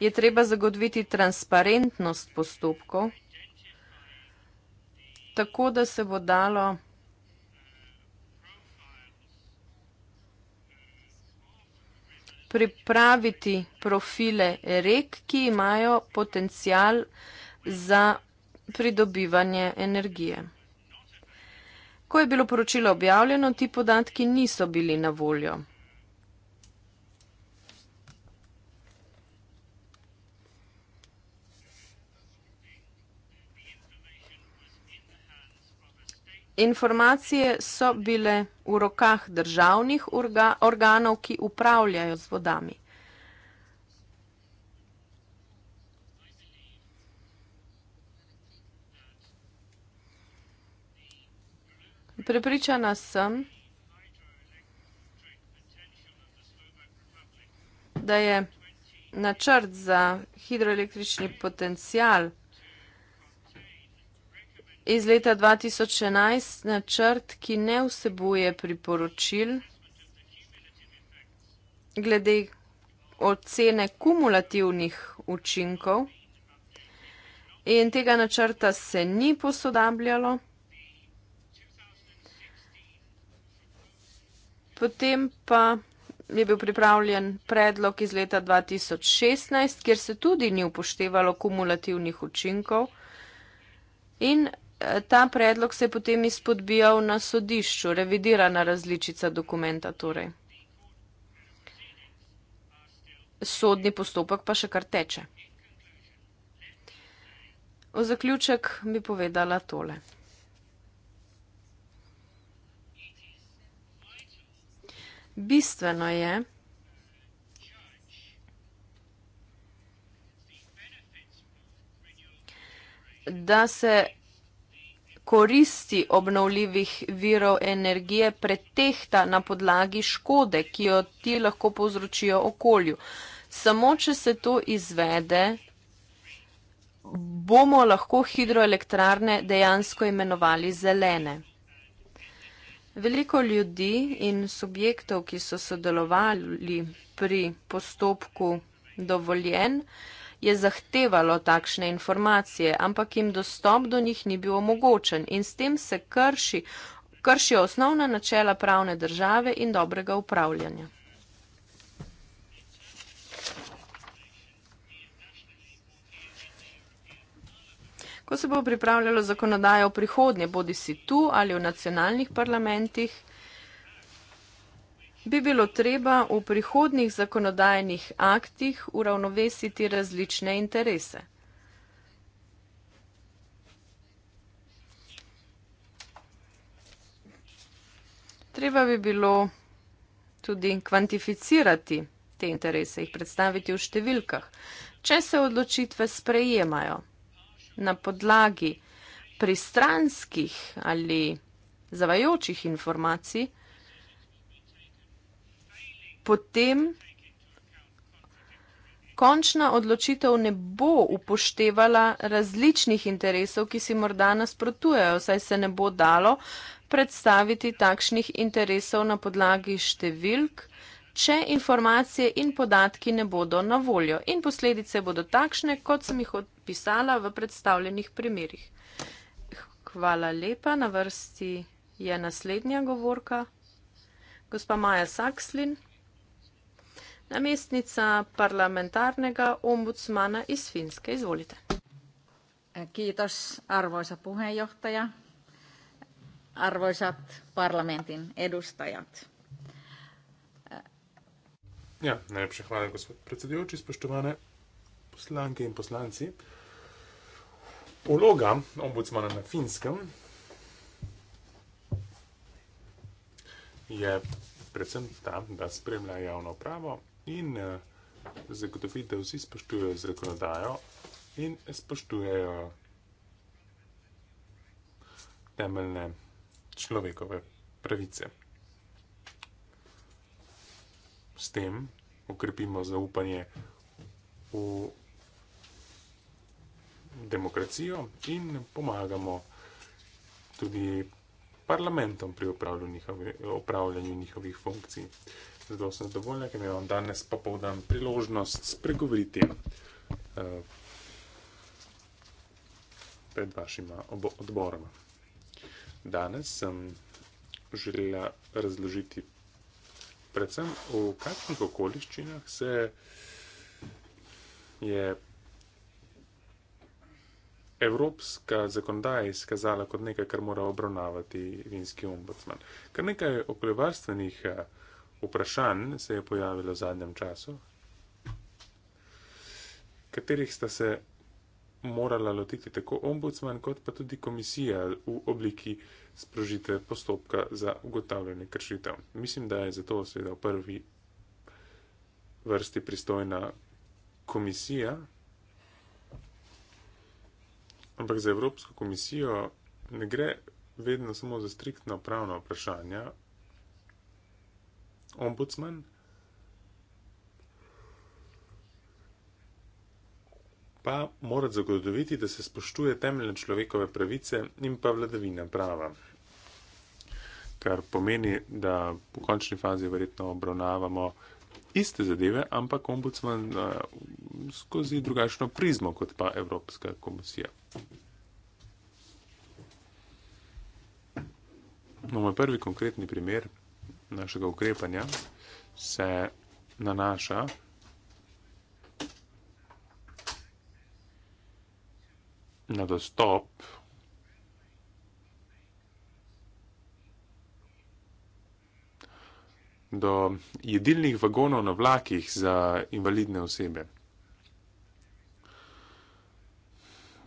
[SPEAKER 5] je treba zagotoviti transparentnost postopkov, tako da se bo dalo pripraviti profile rek, ki imajo potencial za pridobivanje energije. Ko je bilo poročilo objavljeno, ti podatki niso bili na voljo. Informacije so bile v rokah državnih orga, organov, ki upravljajo z vodami. Prepričana sem, da je načrt za hidroelektrični potencial iz leta 2011 načrt, ki ne vsebuje priporočil glede ocene kumulativnih učinkov in tega načrta se ni posodabljalo. Potem pa je bil pripravljen predlog iz leta 2016, kjer se tudi ni upoštevalo kumulativnih učinkov in ta predlog se je potem izpodbijal na sodišču, revidirana različica dokumenta torej. Sodni postopek pa še kar teče. V zaključek bi povedala tole. Bistveno je, da se koristi obnovljivih virov energije pretehta na podlagi škode, ki jo ti lahko povzročijo okolju. Samo, če se to izvede, bomo lahko hidroelektrarne dejansko imenovali zelene. Veliko ljudi in subjektov, ki so sodelovali pri postopku dovoljen, je zahtevalo takšne informacije, ampak jim dostop do njih ni bil omogočen in s tem se krši, kršijo osnovna načela pravne države in dobrega upravljanja. Ko se bo pripravljalo zakonodajo v prihodnje, bodi si tu ali v nacionalnih parlamentih, bi bilo treba v prihodnih zakonodajnih aktih uravnovesiti različne interese. Treba bi bilo tudi kvantificirati te interese, jih predstaviti v številkah. Če se odločitve sprejemajo na podlagi pristranskih ali zavajočih informacij, potem končna odločitev ne bo upoštevala različnih interesov, ki si morda nasprotujejo, saj se ne bo dalo predstaviti takšnih interesov na podlagi številk, če informacije in podatki ne bodo na voljo. In posledice bodo takšne, kot sem jih opisala v predstavljenih primerjih. Hvala lepa. Na vrsti je naslednja govorka. Gospa Maja Sakslin namestnica parlamentarnega ombudsmana iz Finske. Izvolite. Kiitos, arvoisa
[SPEAKER 3] puheenjohtaja. Arvoisat parlamentin edustajat.
[SPEAKER 7] Ja, najlepša hvala, gospod predsedujoči, spoštovane poslanke in poslanci. Uloga ombudsmana na Finskem je predvsem ta, da spremlja javno pravo in eh, zagotoviti, da vsi spoštujejo zakonodajo in spoštujejo temeljne človekove pravice. S tem okrepimo zaupanje v demokracijo in pomagamo tudi parlamentom pri upravljanju njihovih funkcij ste zelo zadovoljni, ker imam danes pa povdan priložnost spregovoriti eh, pred vašima odboroma. Danes sem želela razložiti predvsem, v kakšnih okoliščinah se je evropska zakonodaja izkazala kot nekaj, kar mora obravnavati vinski ombudsman. Kar nekaj okoljevarstvenih uh, vprašanj se je pojavilo v zadnjem času, katerih sta se morala lotiti tako ombudsman, kot pa tudi komisija v obliki sprožite postopka za ugotavljanje kršitev. Mislim, da je zato seveda v prvi vrsti pristojna komisija, ampak za Evropsko komisijo ne gre vedno samo za striktno pravno vprašanje, ombudsman. Pa mora zagotoviti, da se spoštuje temeljne človekove pravice in pa vladavina prava. Kar pomeni, da v končni fazi verjetno obravnavamo iste zadeve, ampak ombudsman eh, skozi drugačno prizmo kot pa Evropska komisija. No, moj prvi konkretni primer našega ukrepanja se nanaša na dostop do jedilnih vagonov na vlakih za invalidne osebe.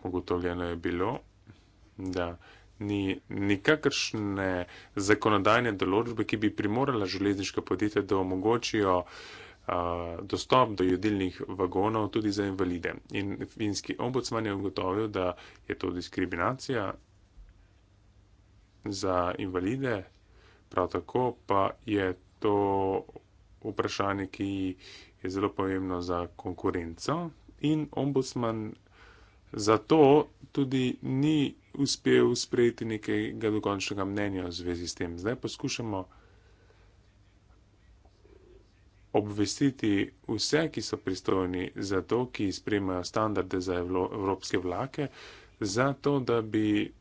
[SPEAKER 7] Ugotovljeno je bilo, da ni nikakršne zakonodajne določbe, ki bi primorala železniška podjetja, da omogočijo dostop do jedilnih vagonov tudi za invalide. In finski ombudsman je ugotovil, da je to diskriminacija za invalide, prav tako pa je to vprašanje, ki je zelo pomembno za konkurenco in ombudsman zato tudi ni uspel sprejeti nekega dokončnega mnenja v zvezi s tem. Zdaj poskušamo obvestiti vse, ki so pristojni za to, ki spremajo standarde za evropske vlake, za to, da bi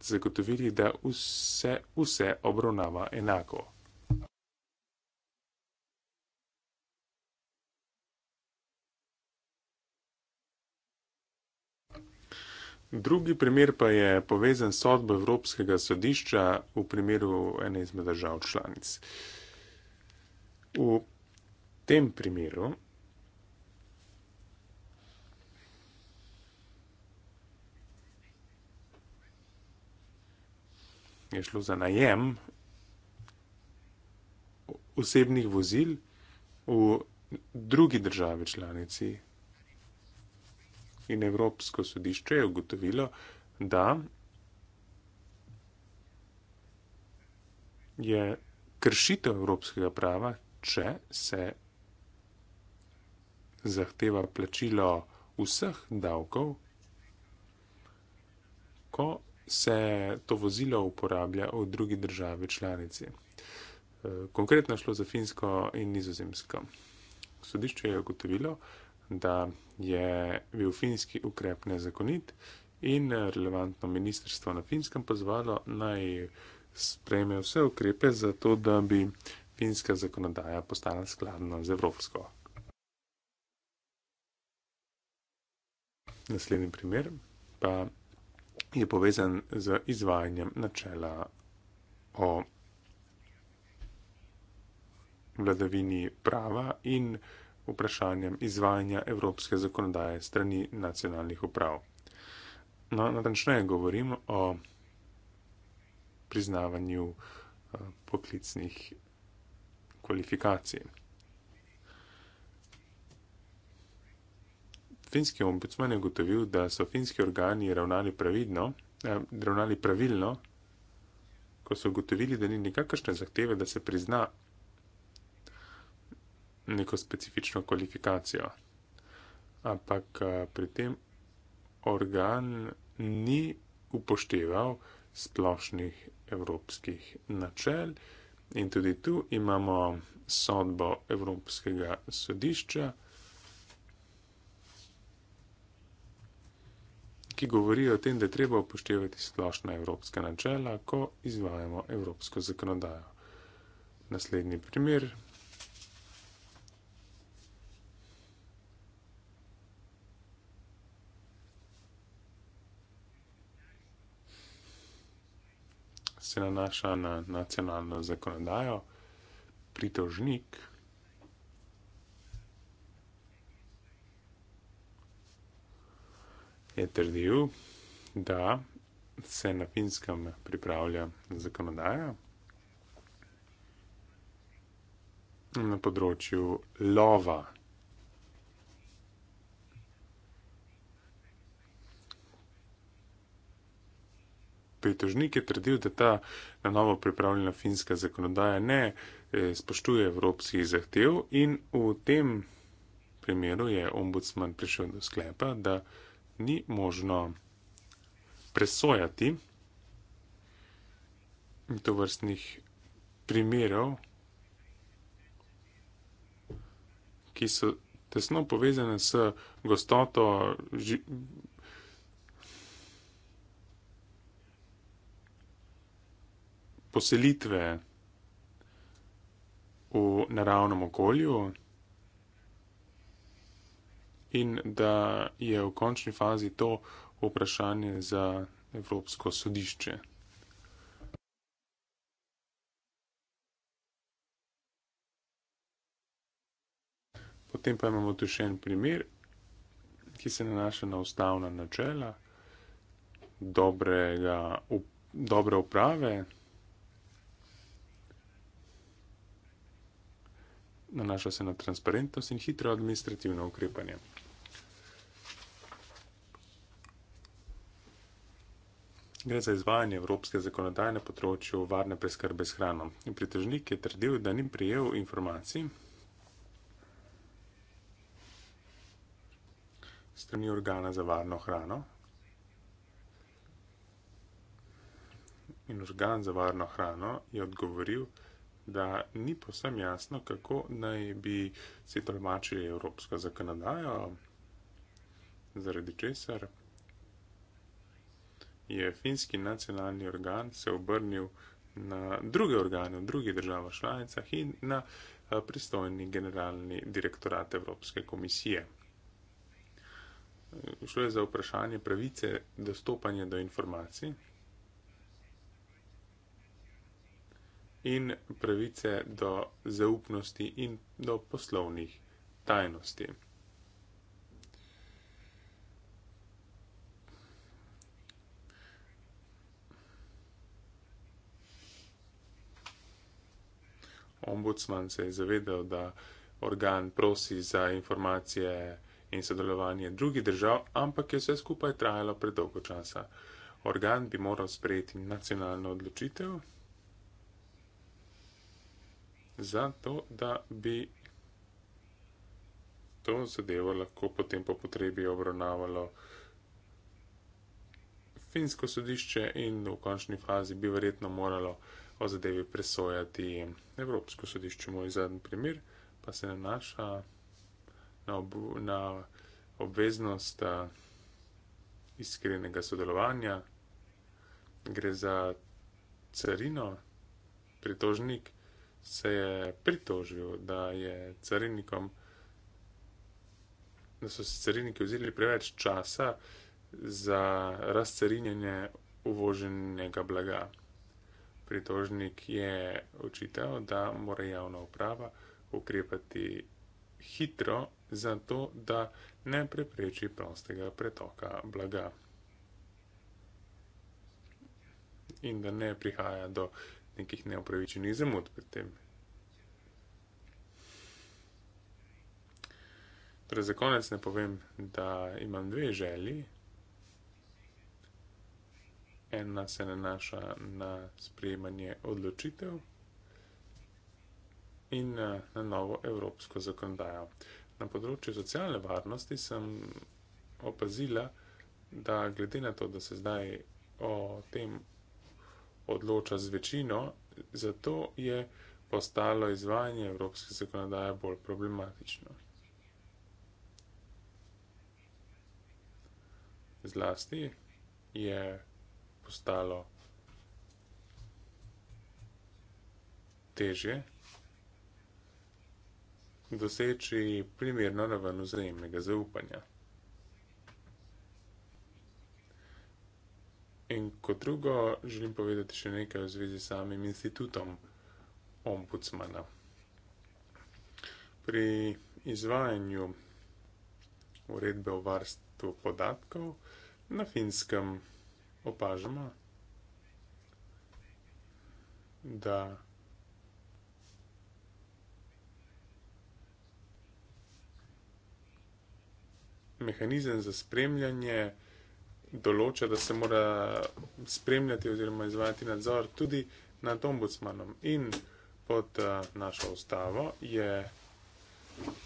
[SPEAKER 7] zagotovili, da vse, vse obravnava enako. Drugi primer pa je povezan s sodbo Evropskega sodišča v primeru ene izmed držav članic. V tem primeru je šlo za najem osebnih vozil v drugi državi članici in Evropsko sodišče je ugotovilo, da je kršitev evropskega prava, če se zahteva plačilo vseh davkov, ko se to vozilo uporablja v drugi državi članici. Eh, konkretno šlo za Finsko in Nizozemsko. Sodišče je ugotovilo, da je bil finski ukrep nezakonit in eh, relevantno ministrstvo na finskem pozvalo naj sprejme vse ukrepe za to, da bi finska zakonodaja postala skladna z evropsko. Naslednji primer pa je povezan z izvajanjem načela o vladavini prava in vprašanjem izvajanja evropske zakonodaje strani nacionalnih uprav. No, natančneje govorim o priznavanju eh, poklicnih kvalifikacij. Finski ombudsman je ugotovil, da so finski organi ravnali, pravidno, eh, ravnali pravilno, ko so ugotovili, da ni nikakršne zahteve, da se prizna neko specifično kvalifikacijo. Ampak eh, pri tem organ ni upošteval splošnih evropskih načel in tudi tu imamo sodbo Evropskega sodišča, ki govori o tem, da je treba upoštevati splošna evropska načela, ko izvajamo evropsko zakonodajo. Naslednji primer. se nanaša na nacionalno zakonodajo, pritožnik. Je trdil, da se na finskem pripravlja zakonodaja na področju lova pritožnik je trdil, da ta na novo pripravljena finska zakonodaja ne eh, spoštuje evropskih zahtev in v tem primeru je ombudsman prišel do sklepa, da ni možno presojati to vrstnih primerov, ki so tesno povezane s gostoto poselitve v naravnem okolju in da je v končni fazi to vprašanje za Evropsko sodišče. Potem pa imamo tu še en primer, ki se nanaša na ustavna načela dobrega, dobre uprave. nanaša se na transparentnost in hitro administrativno ukrepanje. Gre za izvajanje evropske zakonodaje na področju varne preskrbe s hrano. In pritežnik je trdil, da ni prijel informacij strani organa za varno hrano. In organ za varno hrano je odgovoril, da da ni posem jasno, kako naj bi se tolmačili evropsko zakonodajo, zaradi česar je finski nacionalni organ se obrnil na druge organe v drugih državah članicah in na eh, pristojni generalni direktorat Evropske komisije. Šlo je za vprašanje pravice dostopanja do informacij, in pravice do zaupnosti in do poslovnih tajnosti. Ombudsman se je zavedal, da organ prosi za informacije in sodelovanje drugih držav, ampak je vse skupaj trajalo predolgo časa. Organ bi moral sprejeti nacionalno odločitev za to, da bi to zadevo lahko potem po potrebi obravnavalo finsko sodišče in v končni fazi bi verjetno moralo o zadevi presojati Evropsko sodišče. Moj zadnji primer pa se nanaša na, ob, na obveznost iskrenega sodelovanja. Gre za carino, pritožnik se je pritožil, da, je da so si cariniki vzeli preveč časa za razcarinjanje uvoženega blaga. Pritožnik je očital, da mora javna uprava ukrepati hitro, zato da ne prepreči prostega pretoka blaga. In da ne prihaja do nekih neopravičenih zamud pri tem. Torej, za konec ne povem, da imam dve želji. Ena se nanaša na sprejemanje odločitev in eh, na novo evropsko zakonodajo. Na področju socialne varnosti sem opazila, da glede na to, da se zdaj o tem odloča z večino, zato je postalo izvajanje evropske zakonodaje bolj problematično. Zlasti je postalo teže doseči primerno raven vzajemnega zaupanja. In kot drugo, želim povedati še nekaj v zvezi s samim institutom ombudsmana. Pri izvajanju uredbe o varstvu podatkov na finskem opažamo, da mehanizem za spremljanje določa, da se mora spremljati oziroma izvajati nadzor tudi nad ombudsmanom. In pod uh, našo ustavo je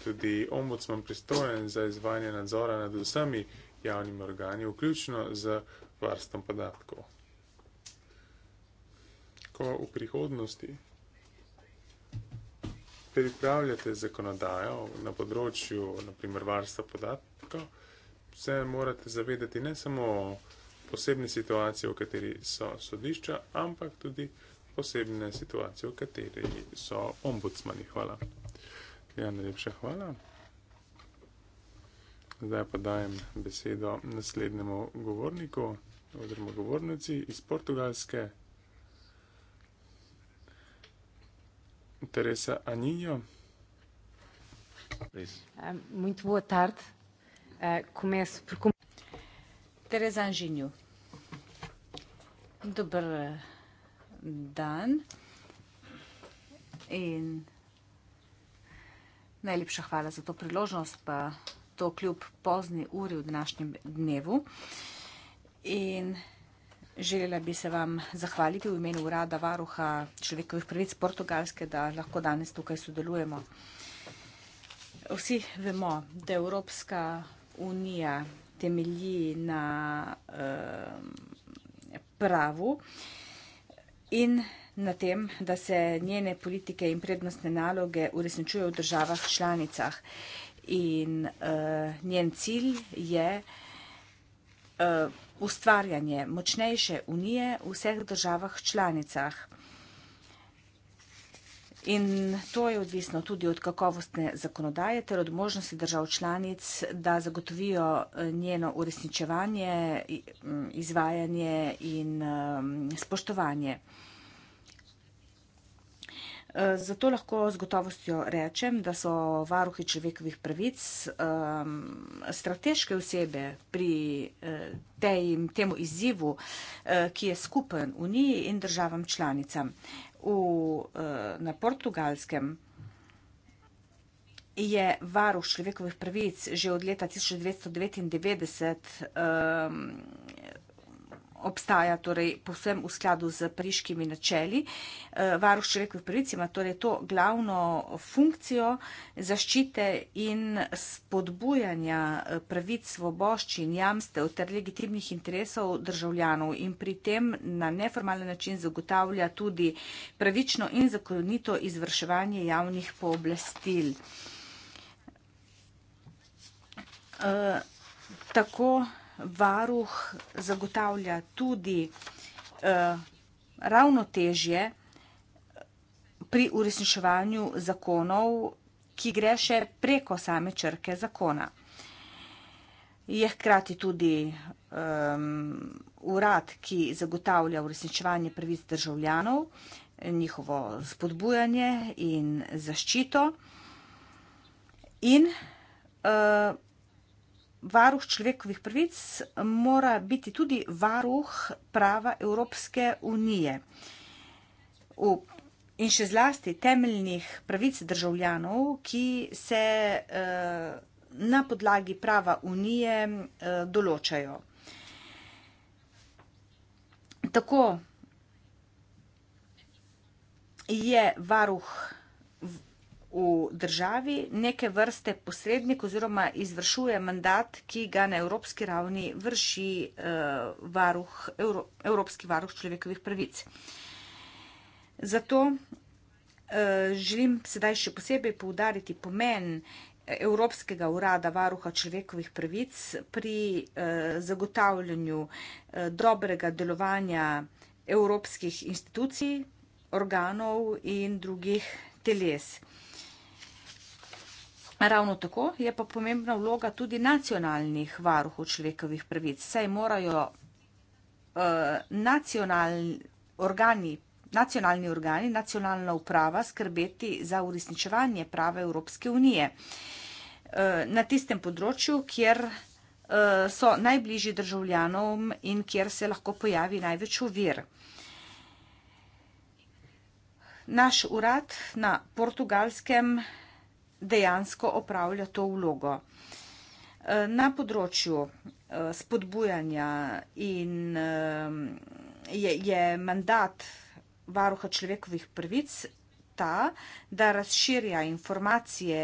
[SPEAKER 7] tudi ombudsman pristojen za izvajanje nadzora nad vsemi javnimi organi, vključno z varstvom podatkov. Ko v prihodnosti pripravljate zakonodajo na področju, naprimer, varstva podatkov, se morate zavedati ne samo posebne situacije, v kateri so sodišča, ampak tudi posebne situacije, v kateri so ombudsmani. Hvala. Ja, najlepša hvala. Zdaj pa dajem besedo naslednjemu govorniku, oziroma govornici iz Portugalske. Teresa Aninjo. Um,
[SPEAKER 3] muito boa tarde. Eh, começo por. Teresa Anjinho. Dober eh, dan in najlepša hvala za to priložnost, pa to kljub pozni uri v današnjem dnevu. In želela bi se vam zahvaliti v imenu Urada Varuha človekovih pravic Portugalske, da lahko danes tukaj sodelujemo. Vsi vemo, da je Evropska unija temelji na eh, pravu in na tem, da se njene politike in prednostne naloge uresničujejo v državah članicah. In uh, njen cilj je uh, ustvarjanje močnejše unije v vseh državah članicah. In to je odvisno tudi od kakovostne zakonodaje ter od možnosti držav članic, da zagotovijo eh, njeno uresničevanje, izvajanje in spoštovanje. Eh, zato lahko z gotovostjo rečem, da so varuhi človekovih pravic strateške osebe pri eh, tem, temu izzivu, ki je skupen Uniji in državam članicam v, eh, na portugalskem je varuh človekovih pravic že od leta 1999 um, obstaja torej povsem v skladu z priškimi načeli. E, Varuh človekovih pravic ima torej to glavno funkcijo zaščite in spodbujanja e, pravic, svoboščin, jamstev ter legitimnih interesov državljanov in pri tem na neformalen način zagotavlja tudi pravično in zakonito izvrševanje javnih pooblastil. E, Tako varuh zagotavlja tudi eh, ravnotežje pri uresničevanju zakonov, ki gre še preko same črke zakona. Je hkrati tudi um, urad, ki zagotavlja uresničevanje pravic državljanov, njihovo spodbujanje in zaščito. In uh, Varuh človekovih pravic mora biti tudi varuh prava Evropske unije in še zlasti temeljnih pravic državljanov, ki se eh, na podlagi prava unije eh, določajo. Tako je varuh v državi neke vrste posrednik oziroma izvršuje mandat, ki ga na evropski ravni vrši uh, varuh, Evro, Evropski varuh človekovih pravic. Zato uh, želim sedaj še posebej poudariti pomen Evropskega urada varuha človekovih pravic pri uh, zagotavljanju uh, dobrega delovanja evropskih institucij, organov in drugih teles. Ravno tako je pa pomembna vloga tudi nacionalnih varuhov človekovih pravic. Saj morajo uh, eh, nacionalni organi, nacionalni organi, nacionalna uprava skrbeti za uresničevanje prava Evropske unije uh, na tistem področju, kjer uh, so najbližji državljanom in kjer se lahko pojavi največ uvir. Naš urad na portugalskem dejansko opravlja to vlogo. E, na področju e, spodbujanja in e, je, je mandat varuha človekovih prvic ta, da razširja informacije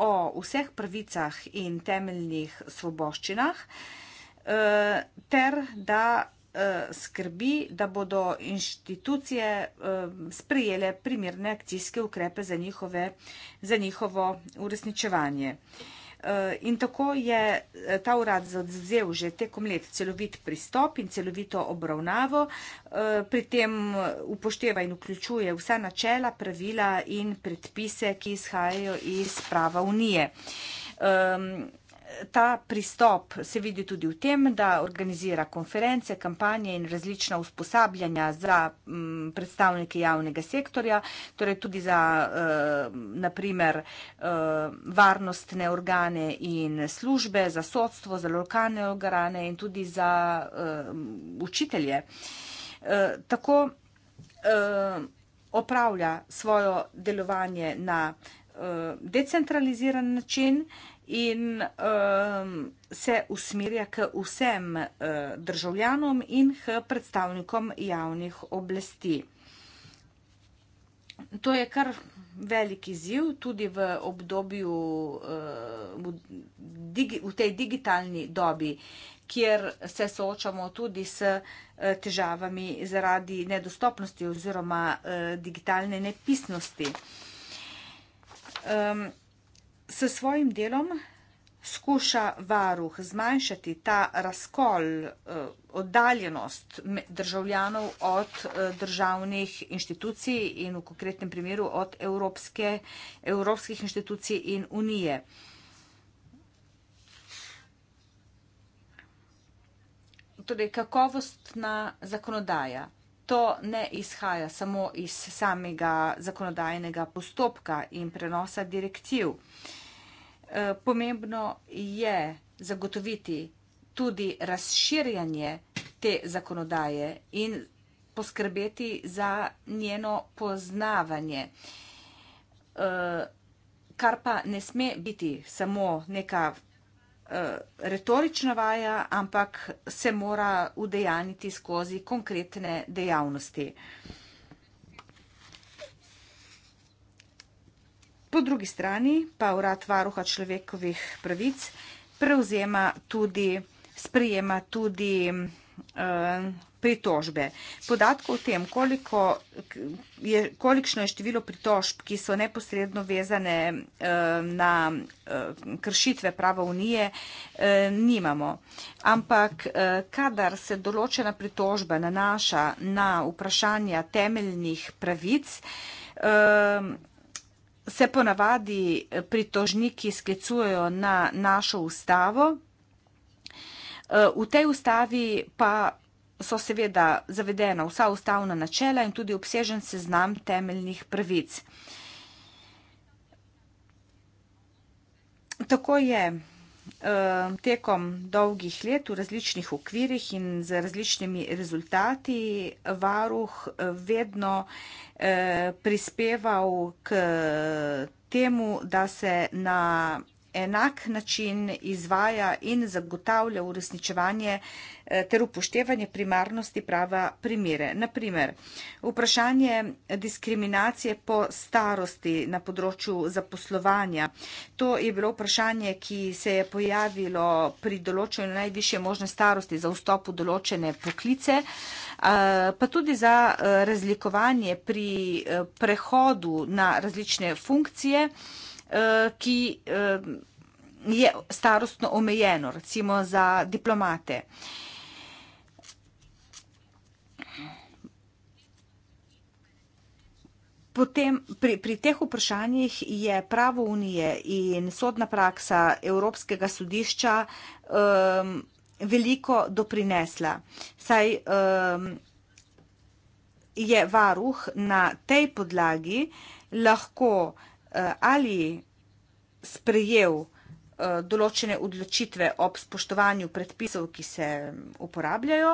[SPEAKER 3] o vseh pravicah in temeljnih svoboščinah ter da uh, skrbi, da bodo inštitucije uh, sprejele primerne akcijske ukrepe za, njihove, za njihovo uresničevanje. Eh, in tako je ta urad zadzel že tekom let celovit pristop in celovito obravnavo, pri tem upošteva in vključuje vsa načela, pravila in predpise, ki izhajajo iz prava Unije. Ehm, ta pristop se vidi tudi v tem, da organizira konference, kampanje in različna usposabljanja za m, mm, predstavnike javnega sektorja, torej tudi za uh, eh, naprimer uh, eh, varnostne organe in službe, za sodstvo, za lokalne organe in tudi za uh, učitelje. Uh, tako uh, opravlja svojo delovanje na decentraliziran način in um, se usmerja k vsem uh, državljanom in k predstavnikom javnih oblasti. To je kar velik izziv tudi v obdobju uh, v, digi, v tej digitalni dobi, kjer se soočamo tudi s uh, težavami zaradi nedostopnosti oziroma uh, digitalne nepisnosti. Um, S svojim delom skuša varuh zmanjšati ta razkol, eh, oddaljenost državljanov od eh, državnih inštitucij in v konkretnem primeru od evropske, evropskih inštitucij in unije. Torej, kakovostna zakonodaja to ne izhaja samo iz samega zakonodajnega postopka in prenosa direktiv. E, pomembno je zagotoviti tudi razširjanje te zakonodaje in poskrbeti za njeno poznavanje, e, kar pa ne sme biti samo neka Eh, retorična vaja, ampak se mora udejaniti skozi konkretne dejavnosti. Po drugi strani pa urad varuha človekovih pravic prevzema tudi, sprijema tudi uh, pritožbe. Podatkov o tem, koliko je, kolikšno je število pritožb, ki so neposredno vezane eh, na eh, kršitve prava Unije, eh, nimamo. Ampak eh, kadar se določena pritožba nanaša na vprašanja temeljnih pravic, eh, se ponavadi pritožniki sklicujejo na našo ustavo. Eh, v tej ustavi pa so seveda zavedena vsa ustavna načela in tudi obsežen seznam temeljnih pravic. Tako je eh, tekom dolgih let v različnih okvirih in z različnimi rezultati varuh eh, vedno eh, prispeval k temu, da se na enak način izvaja in zagotavlja uresničevanje eh, ter upoštevanje primarnosti prava primere. Naprimer, vprašanje diskriminacije po starosti na področju zaposlovanja. To je bilo vprašanje, ki se je pojavilo pri določenju najvišje možne starosti za vstop v določene poklice, eh, pa tudi za eh, razlikovanje pri prehodu na različne funkcije. Eh, ki eh, je starostno omejeno, recimo za diplomate. Potem pri, pri teh vprašanjih je pravo unije in sodna praksa Evropskega sodišča um, veliko doprinesla. Saj um, je varuh na tej podlagi lahko uh, Eh, ali sprejel eh, določene odločitve ob spoštovanju predpisov, ki se mm, uporabljajo,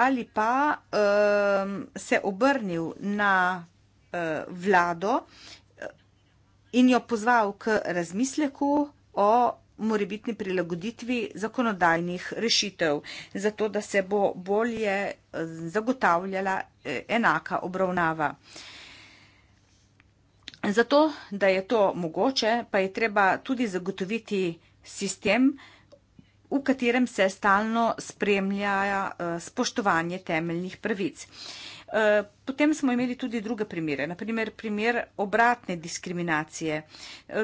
[SPEAKER 3] ali pa eh, se obrnil na vlado in jo pozval k razmisleku o morebitni prilagoditvi zakonodajnih rešitev, zato da se bo bolje zagotavljala enaka obravnava. Zato, da je to mogoče, pa je treba tudi zagotoviti sistem, v katerem se stalno spremlja eh, spoštovanje temeljnih pravic. Eh, Potem smo imeli tudi druge primere, naprimer primer obratne diskriminacije,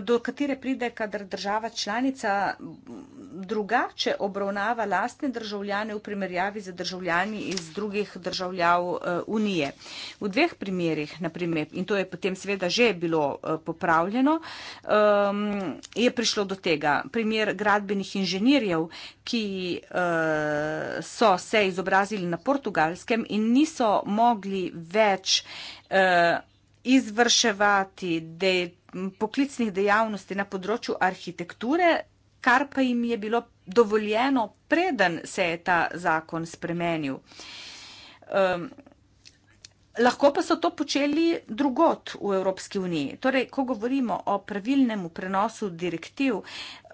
[SPEAKER 3] do katere pride, kadar država članica drugače obravnava lastne državljane v primerjavi z državljani iz drugih državljav eh, Unije. V dveh primerih, naprimer, in to je potem seveda že bilo eh, popravljeno, ehm, je prišlo do tega. Primer gradbenih inženirjev, ki eh, so se izobrazili na portugalskem in niso mogli več uh, izvrševati de, poklicnih dejavnosti na področju arhitekture, kar pa jim je bilo dovoljeno, preden se je ta zakon spremenil. Um, Lahko pa so to počeli drugot v Evropski uniji. Torej, ko govorimo o pravilnemu prenosu direktiv,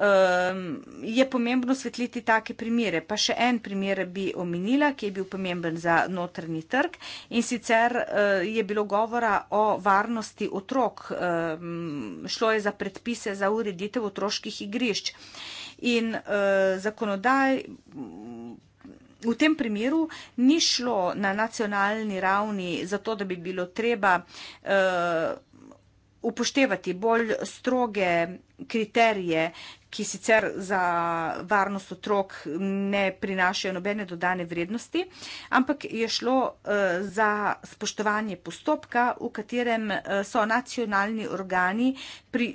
[SPEAKER 3] ehm, je pomembno svetliti take primere. Pa še en primer bi omenila, ki je bil pomemben za notrni trg in sicer eh, je bilo govora o varnosti otrok. Ehm, šlo je za predpise za ureditev otroških igrišč in eh, zakonodaj v tem primeru ni šlo na nacionalni ravni zato, da bi bilo treba eh, upoštevati bolj stroge kriterije, ki sicer za varnost otrok ne prinašajo nobene dodane vrednosti, ampak je šlo eh, za spoštovanje postopka, v katerem eh, so nacionalni organi pri,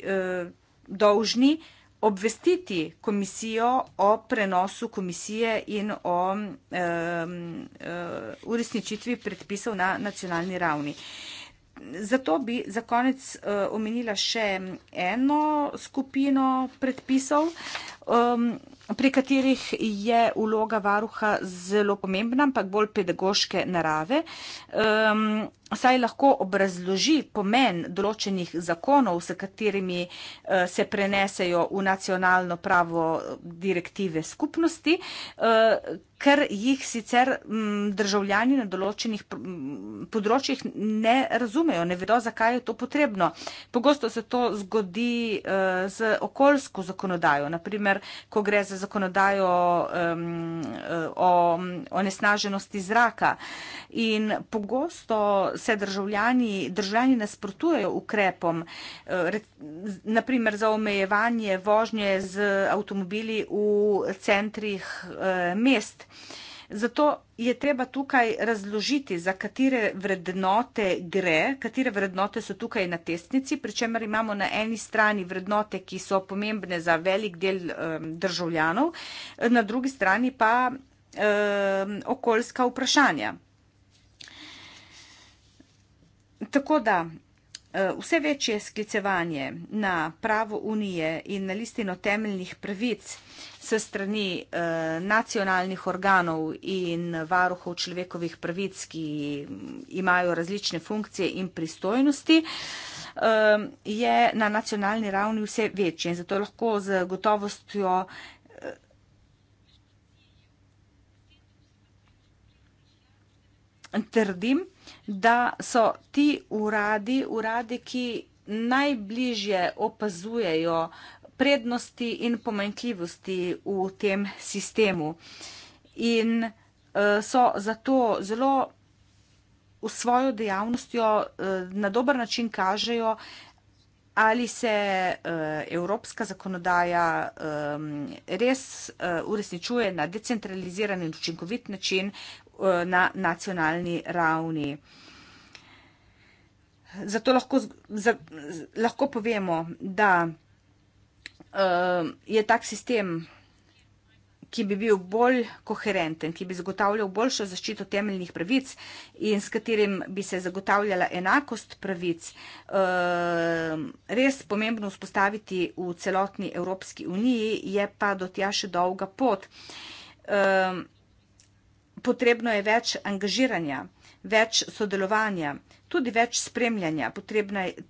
[SPEAKER 3] dolžni obvestiti komisijo o prenosu komisije in o um, uh, uresničitvi predpisov na nacionalni ravni. Zato bi za konec uh, omenila še eno skupino predpisov. Um, pri katerih je vloga varuha zelo pomembna, ampak bolj pedagoške narave. Um, Saj lahko obrazloži pomen določenih zakonov, s katerimi eh, se prenesejo v nacionalno pravo direktive skupnosti, eh, ker jih sicer državljani na določenih področjih ne razumejo, ne vedo, zakaj je to potrebno. Pogosto se to zgodi eh, z okoljsko zakonodajo, naprimer, ko gre za za zakonodajo um, o onesnaženosti zraka. In pogosto se državljani, državljani nasprotujejo ukrepom, eh, naprimer za omejevanje vožnje z avtomobili v centrih eh, mest. Zato je treba tukaj razložiti, za katere vrednote gre, katere vrednote so tukaj na testnici, pri čemer imamo na eni strani vrednote, ki so pomembne za velik del um, državljanov, na drugi strani pa um, okoljska vprašanja. Tako da. Eh, vse večje sklicevanje na pravo unije in na listino temeljnih pravic uh, se strani eh, nacionalnih organov in varuhov človekovih pravic, ki imajo različne funkcije in pristojnosti, eh, je na nacionalni ravni vse večje. In zato lahko z gotovostjo. Eh, trdim, da so ti uradi, uradi, ki najbližje opazujejo prednosti in pomankljivosti v tem sistemu. In eh, so zato zelo v svojo dejavnostjo eh, na dober način kažejo, ali se eh, evropska zakonodaja res uresničuje na decentraliziran in učinkovit način na nacionalni ravni. Zato lahko, lahko povemo, da uh, je tak sistem, ki bi bil bolj koherenten, ki bi zagotavljal boljšo zaščito temeljnih pravic in s katerim bi se zagotavljala enakost pravic, uh, res pomembno vzpostaviti v celotni Evropski uniji, je pa do tja še dolga pot. Uh, potrebno je več angažiranja, več sodelovanja, tudi več spremljanja. Potrebna je,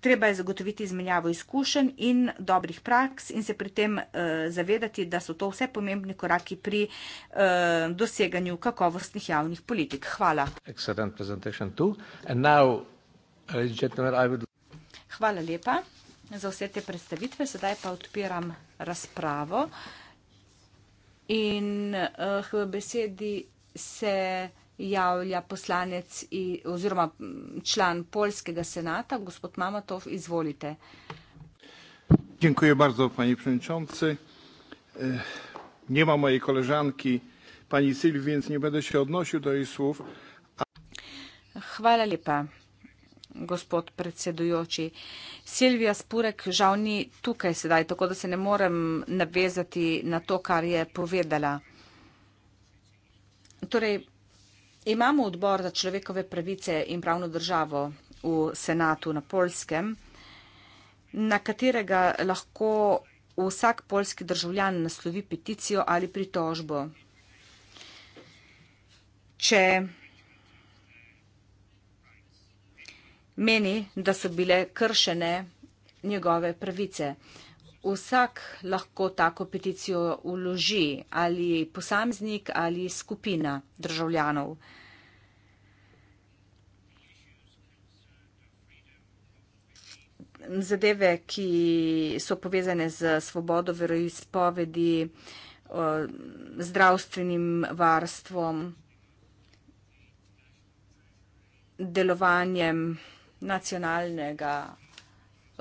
[SPEAKER 3] Treba je zagotoviti izmenjavo izkušenj in dobrih praks in se pri tem uh, zavedati, da so to vse pomembni koraki pri uh, doseganju kakovostnih javnih
[SPEAKER 4] politik. Hvala. Uh,
[SPEAKER 3] Hvala lepa za vse te predstavitve. Sedaj pa odpiram razpravo. In uh, eh, v besedi se javlja poslanec oziroma mm, član Polskega senata, gospod Mamatov, izvolite.
[SPEAKER 1] Dziękuję bardzo, panie przewodniczący. E, nie ma mojej koleżanki, pani Sylwii, więc nie będę się odnosił do jej słów. A...
[SPEAKER 3] Hvala lepa, gospod predsedujoči. Silvija Spurek žal ni tukaj sedaj, tako da se ne morem navezati na to, kar je povedala. Torej, Imamo odbor za človekove pravice in pravno državo v senatu na polskem, na katerega lahko vsak polski državljan naslovi peticijo ali pritožbo. Če meni, da so bile kršene njegove pravice. Vsak lahko tako peticijo uloži, ali posameznik ali skupina državljanov. Zadeve, ki so povezane z svobodo veroizpovedi, zdravstvenim varstvom, delovanjem nacionalnega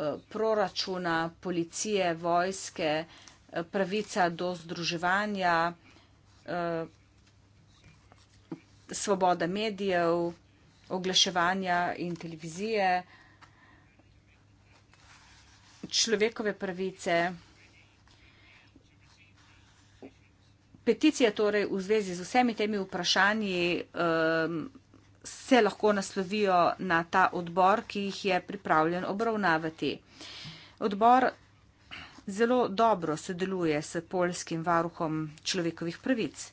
[SPEAKER 3] Eh, proračuna, policije, vojske, eh, pravica do združevanja, eh, svoboda medijev, oglaševanja in televizije, človekove pravice. Peticija torej v zvezi z vsemi temi vprašanji um, se lahko naslovijo na ta odbor, ki jih je pripravljen obravnavati. Odbor zelo dobro sodeluje s polskim varuhom človekovih pravic.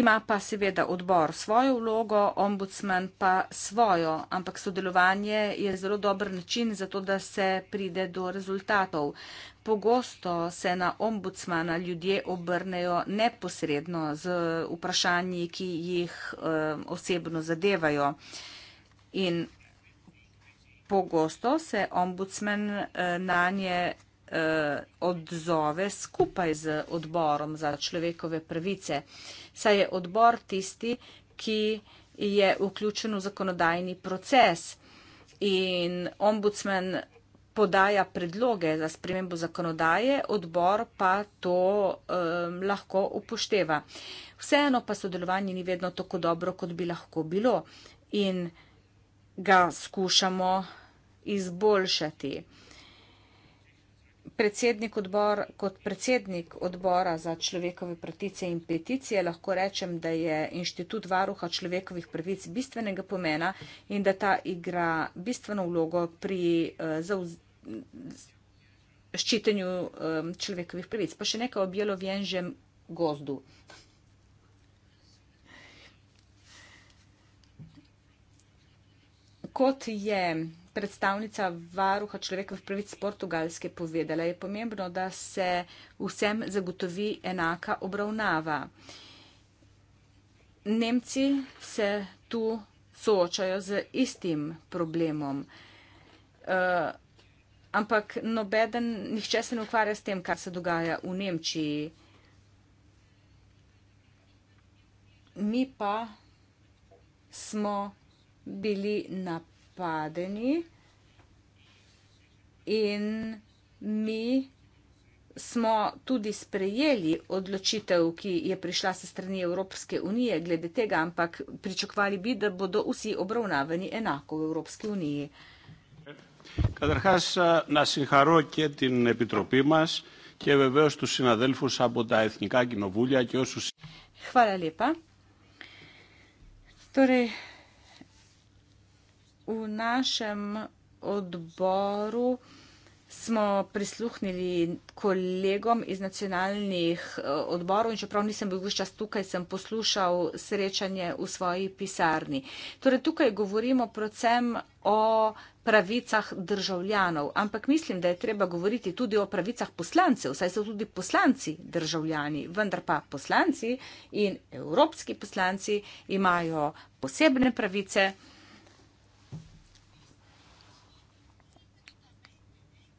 [SPEAKER 3] Ima pa seveda odbor svojo vlogo, ombudsman pa svojo, ampak sodelovanje je zelo dober način za to, da se pride do rezultatov. Pogosto se na ombudsmana ljudje obrnejo neposredno z vprašanji, ki jih eh, osebno zadevajo. In pogosto se ombudsman eh, na nje eh, odzove skupaj z odborom za človekove pravice. Saj je odbor tisti, ki je vključen v zakonodajni proces. In ombudsman podaja predloge za spremembo zakonodaje, odbor pa to um, lahko upošteva. Vseeno pa sodelovanje ni vedno tako dobro, kot bi lahko bilo in ga skušamo izboljšati predsednik odbor, kot predsednik odbora za človekove pravice in peticije lahko rečem, da je inštitut varuha človekovih pravic bistvenega pomena in da ta igra bistveno vlogo pri eh, ščitenju eh, človekovih pravic. Pa še nekaj o bjelovjenžem gozdu. Kot je predstavnica varuha človekovih pravic z Portugalske povedala, je pomembno, da se vsem zagotovi enaka obravnava. Nemci se tu soočajo z istim problemom, uh, ampak nobeden, nihče se ne ukvarja s tem, kar se dogaja v Nemčiji. Mi pa smo bili na napadeni in mi smo tudi sprejeli odločitev, ki je prišla se strani Evropske unije glede tega, ampak pričakovali bi, da bodo vsi obravnavani enako v Evropski uniji.
[SPEAKER 4] Καταρχάς να συγχαρώ και την Επιτροπή μας και βεβαίως τους συναδέλφους από τα Εθνικά Κοινοβούλια και όσους...
[SPEAKER 3] Χαρά λίπα. Τώρα... Τώρα v našem odboru smo prisluhnili kolegom iz nacionalnih eh, odborov in čeprav nisem bil vse čas tukaj, sem poslušal srečanje v svoji pisarni. Torej, tukaj govorimo predvsem o pravicah državljanov, ampak mislim, da je treba govoriti tudi o pravicah poslancev, saj so tudi poslanci državljani, vendar pa poslanci in evropski poslanci imajo posebne pravice.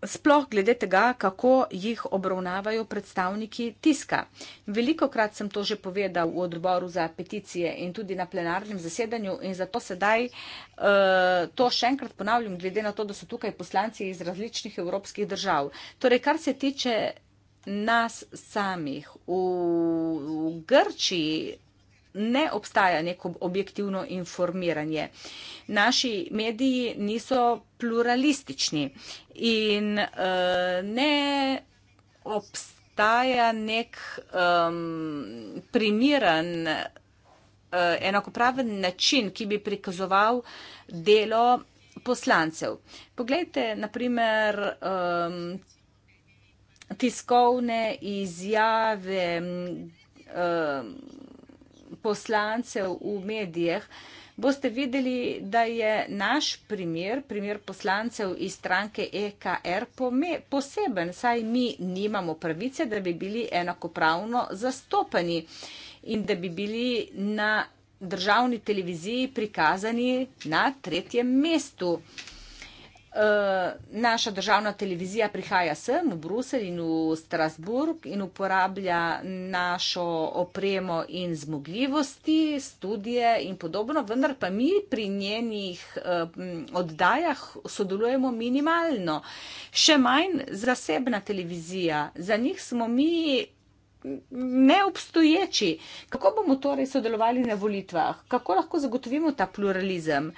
[SPEAKER 3] sploh glede tega, kako jih obravnavajo predstavniki tiska. Veliko krat sem to že povedal v odboru za peticije in tudi na plenarnem zasedanju in zato sedaj uh, to še enkrat ponavljam, glede na to, da so tukaj poslanci iz različnih evropskih držav. Torej, kar se tiče nas samih, v, v Grčiji ne obstaja neko objektivno informiranje. Naši mediji niso pluralistični in uh, ne obstaja nek um, primiran, uh, eh, enakopraven način, ki bi prikazoval delo poslancev. Poglejte, naprimer, um, tiskovne izjave. Um, poslancev v medijih, boste videli, da je naš primer, primer poslancev iz stranke EKR, poseben, saj mi nimamo pravice, da bi bili enakopravno zastopani in da bi bili na državni televiziji prikazani na tretjem mestu. Eh, naša državna televizija prihaja sem v Bruselj in v Strasburg in uporablja našo opremo in zmogljivosti, študije in podobno, vendar pa mi pri njenih eh, oddajah sodelujemo minimalno. Še manj zasebna televizija, za njih smo mi neobstoječi. Kako bomo torej sodelovali na volitvah? Kako lahko zagotovimo ta pluralizem?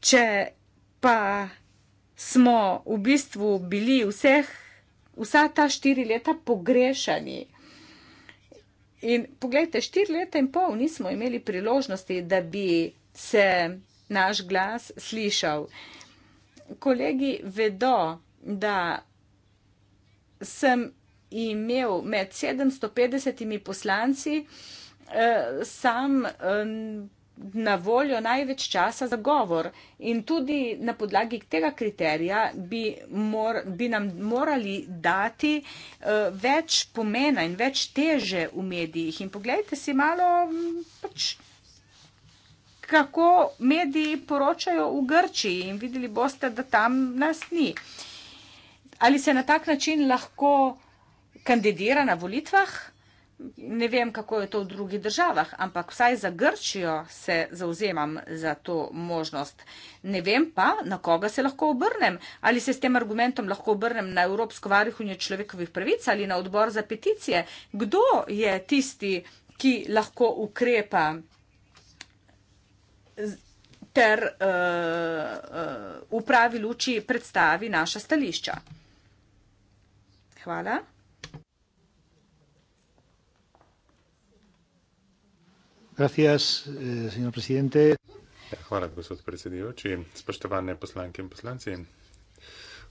[SPEAKER 3] Če pa smo v bistvu bili vseh, vsa ta štiri leta pogrešani. In pogledajte, štiri leta in pol nismo imeli priložnosti, da bi se naš glas slišal. Kolegi vedo, da sem imel med 750 poslanci eh, sam. Eh, na voljo največ časa za govor. In tudi na podlagi tega kriterija bi, mor, bi nam morali dati uh, več pomena in več teže v medijih. In pogledajte si malo, mm, pač, kako mediji poročajo v Grčiji in videli boste, da tam nas ni. Ali se na tak način lahko kandidira na volitvah? ne vem, kako je to v drugih državah, ampak vsaj za Grčijo se zauzemam za to možnost. Ne vem pa, na koga se lahko obrnem. Ali se s tem argumentom lahko obrnem na Evropsko varuhunje človekovih pravic ali na odbor za peticije. Kdo je tisti, ki lahko ukrepa ter uh, uh, v pravi luči predstavi naša stališča? Hvala.
[SPEAKER 2] Gracias, eh, señor presidente.
[SPEAKER 7] Hvala, gospod predsedujoči. Spoštovane poslanke in poslanci.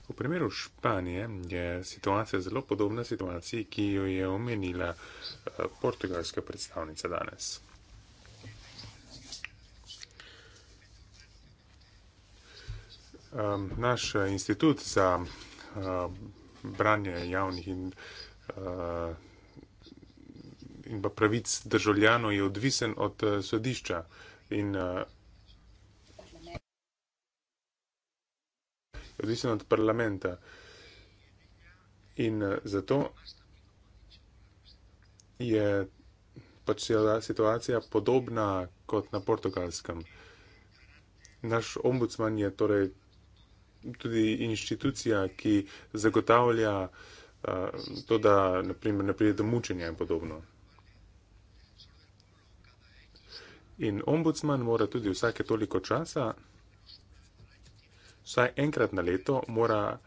[SPEAKER 7] V primeru Španije je situacija zelo podobna situaciji, ki jo je omenila eh, portugalska predstavnica danes. Naš institut za eh, branje javnih in in pa pravic državljanov je odvisen od eh, sodišča. In, eh, odvisen od parlamenta. In eh, zato je pač cela situacija podobna kot na portugalskem. Naš ombudsman je torej tudi inštitucija, ki zagotavlja uh, to, da naprimer ne pride do mučenja in podobno. In ombudsman mora tudi vsake toliko časa, vsaj enkrat na leto, mora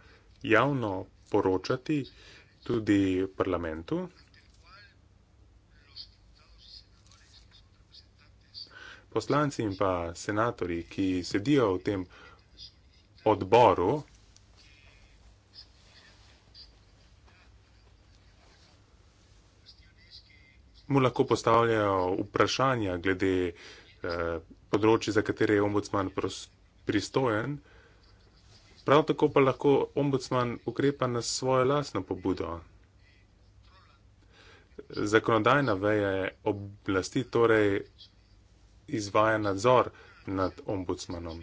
[SPEAKER 7] javno poročati tudi parlamentu. Poslanci in pa senatori, ki sedijo v tem odboru, mu lahko postavljajo vprašanja glede eh, področji, za katere je ombudsman pristojen. Prav tako pa lahko ombudsman ukrepa na svojo lasno pobudo. Zakonodajna veja je oblasti, torej izvaja nadzor nad ombudsmanom.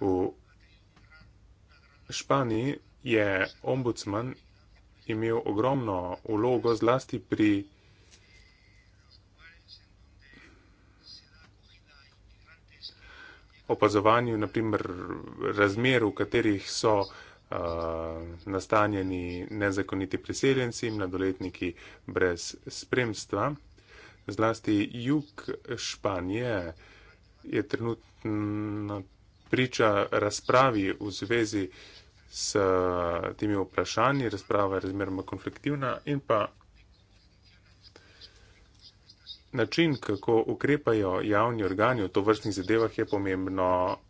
[SPEAKER 7] V Španiji je ombudsman imel ogromno ulogo zlasti pri opazovanju naprimer razmer, v katerih so uh, nastanjeni nezakoniti priseljenci, mladoletniki brez spremstva. Zlasti jug Španije je trenutno priča razpravi v zvezi uh, s eh, temi vprašanji, razprava je razmeroma konfliktivna in pa način, kako ukrepajo javni organi v to vrstnih zadevah, je pomembno,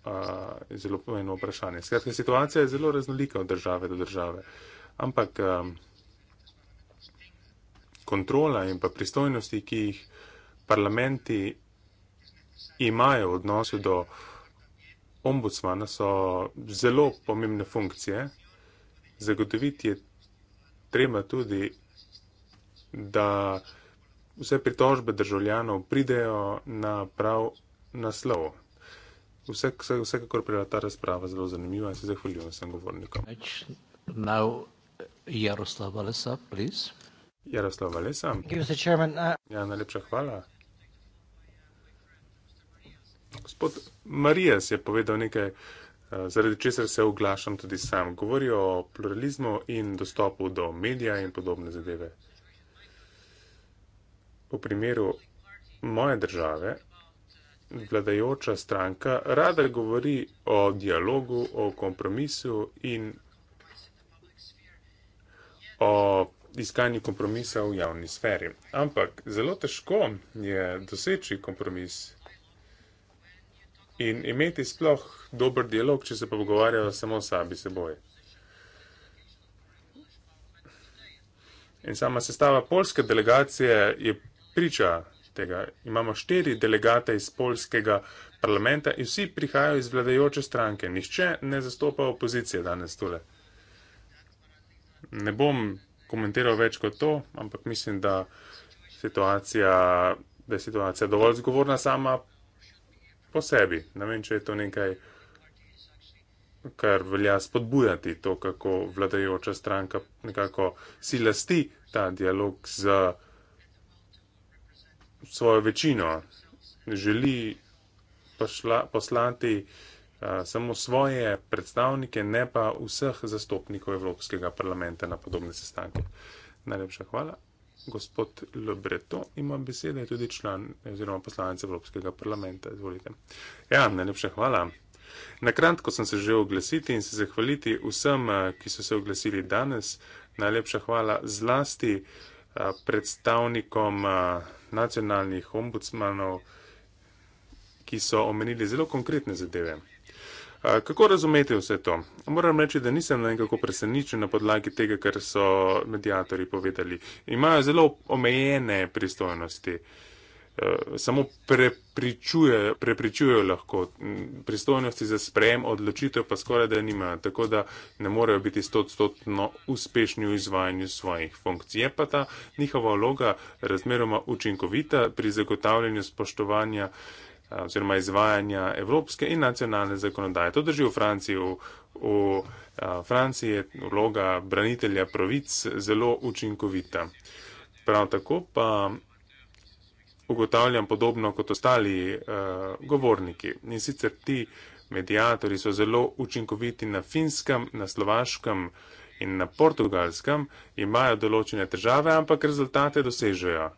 [SPEAKER 7] eh, zelo pomembno vprašanje. Skratka, situacija je zelo raznolika od države do države, ampak eh, kontrola in pa pristojnosti, ki jih parlamenti imajo v odnosu do ombudsmana so zelo pomembne funkcije. Zagotoviti je treba tudi, da vse pritožbe državljanov pridejo na prav naslov. Vse, vse, vsekakor je bila ta razprava zelo zanimiva in se zahvaljujem vsem govornikom.
[SPEAKER 4] Jaroslav
[SPEAKER 7] Valesa, prosim. Jaroslav Valesa. Uh... Ja, najlepša hvala. Gospod Marijas je povedal nekaj, eh, zaradi česar se oglašam tudi sam. Govori o pluralizmu in dostopu do medija in podobne zadeve. V primeru moje države, vladajoča stranka rada govori o dialogu, o kompromisu in o iskanju kompromisa v javni sferi. Ampak zelo težko je doseči kompromis in imeti sploh dober dialog, če se pogovarjajo samo sami seboj. In sama sestava polske delegacije je priča tega. Imamo štiri delegate iz polskega parlamenta in vsi prihajajo iz vladajoče stranke. Nihče ne zastopa opozicije danes tole. Ne bom komentiral več kot to, ampak mislim, da, situacija, da je situacija dovolj zgovorna sama po sebi. Ne vem, če je to nekaj, kar velja spodbujati, to, kako vladajoča stranka nekako si lasti ta dialog z svojo večino. Želi pošla, poslati a, samo svoje predstavnike, ne pa vseh zastopnikov Evropskega parlamenta na podobne sestanke. Najlepša hvala. Gospod Lebreto ima besedo, je tudi član oziroma poslanec Evropskega parlamenta. Izvolite. Ja, najlepša hvala. Nakratko sem se že oglasiti in se zahvaliti vsem, eh, ki so se oglasili danes. Najlepša hvala zlasti eh, predstavnikom eh, nacionalnih ombudsmanov, ki so omenili zelo konkretne zadeve. Kako razumete vse to? Moram reči, da nisem nekako presenečen na podlagi tega, kar so medijatori povedali. Imajo zelo omejene pristojnosti. E, samo prepričujejo, prepričujejo lahko. Pristojnosti za sprejem odločitev pa skoraj da nimajo, tako da ne morejo biti stotstotno uspešni v izvajanju svojih funkcij. Je pa ta njihova vloga razmeroma učinkovita pri zagotavljanju spoštovanja Eh, oziroma izvajanja evropske in nacionalne zakonodaje. To drži v Franciji. V, v eh, Franciji je vloga branitelja pravic zelo učinkovita. Prav tako pa ugotavljam podobno kot ostali uh, govorniki. In sicer ti medijatori so zelo učinkoviti na finskem, na slovaškem in na portugalskem, imajo določene težave, ampak rezultate dosežejo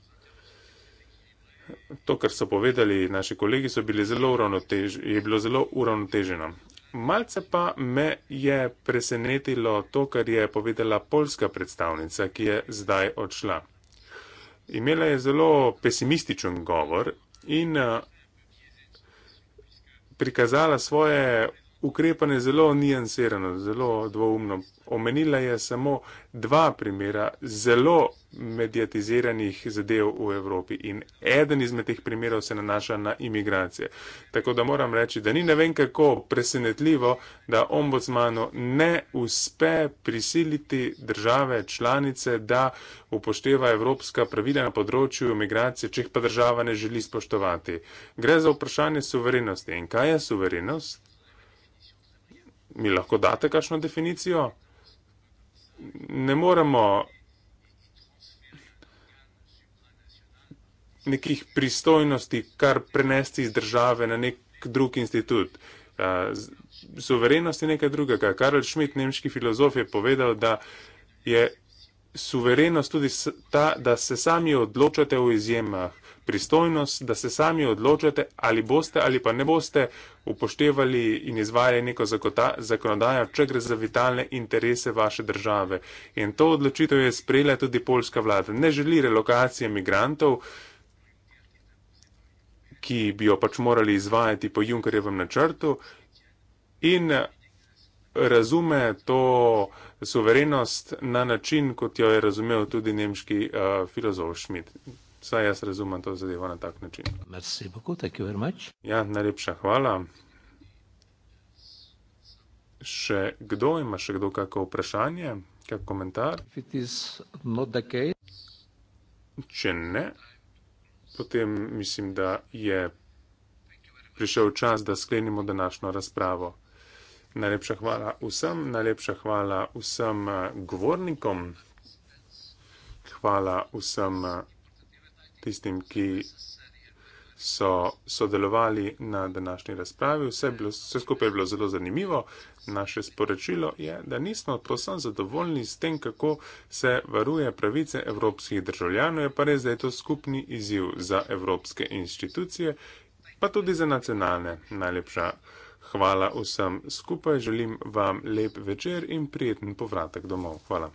[SPEAKER 7] to, kar so povedali naši kolegi, zelo je bilo zelo uravnoteženo. Malce pa me je presenetilo to, kar je povedala polska predstavnica, ki je zdaj odšla. Imela je zelo pesimističen govor in eh, prikazala svoje ukrepanje zelo nijansirano, zelo dvoumno. Omenila je samo dva primera zelo medijatiziranih zadev v Evropi in eden izmed teh primerov se nanaša na imigracije. Tako da moram reči, da ni ne vem kako presenetljivo, da ombudsmanu ne uspe prisiliti države članice, da upošteva evropska pravila na področju imigracije, če jih pa država ne želi spoštovati. Gre za vprašanje suverenosti. In kaj je suverenost? mi lahko date kakšno definicijo? Ne moremo nekih pristojnosti kar prenesti iz države na nek drug institut. Suverenost je nekaj drugega. Karl Schmidt, nemški filozof, je povedal, da je suverenost tudi ta, da se sami odločate o izjemah pristojnost, da se sami odločate, ali boste ali pa ne boste upoštevali in izvajali neko zakonodajo, če gre za vitalne interese vaše države. In to odločitev je sprejela tudi polska vlada. Ne želi relokacije migrantov, ki bi jo pač morali izvajati po Junkerjevem načrtu in razume to suverenost na način, kot jo je razumel tudi nemški uh, filozof Schmidt. Vsaj jaz razumem to zadevo na tak način. Ja, najlepša hvala. Še kdo ima še kdo kako vprašanje, kak komentar? Če ne, potem mislim, da je prišel čas, da sklenimo današnjo razpravo. Najlepša hvala vsem, najlepša hvala vsem eh, govornikom, hvala vsem eh, tistim, ki so sodelovali na današnji razpravi. Vse, bilo, vse skupaj je bilo zelo zanimivo. Naše sporočilo je, da nismo posem zadovoljni s tem, kako se varuje pravice evropskih državljanov. Je pa res, da je to skupni izziv za evropske institucije, pa tudi za nacionalne. Najlepša hvala vsem skupaj. Želim vam lep večer in prijeten povratek domov. Hvala.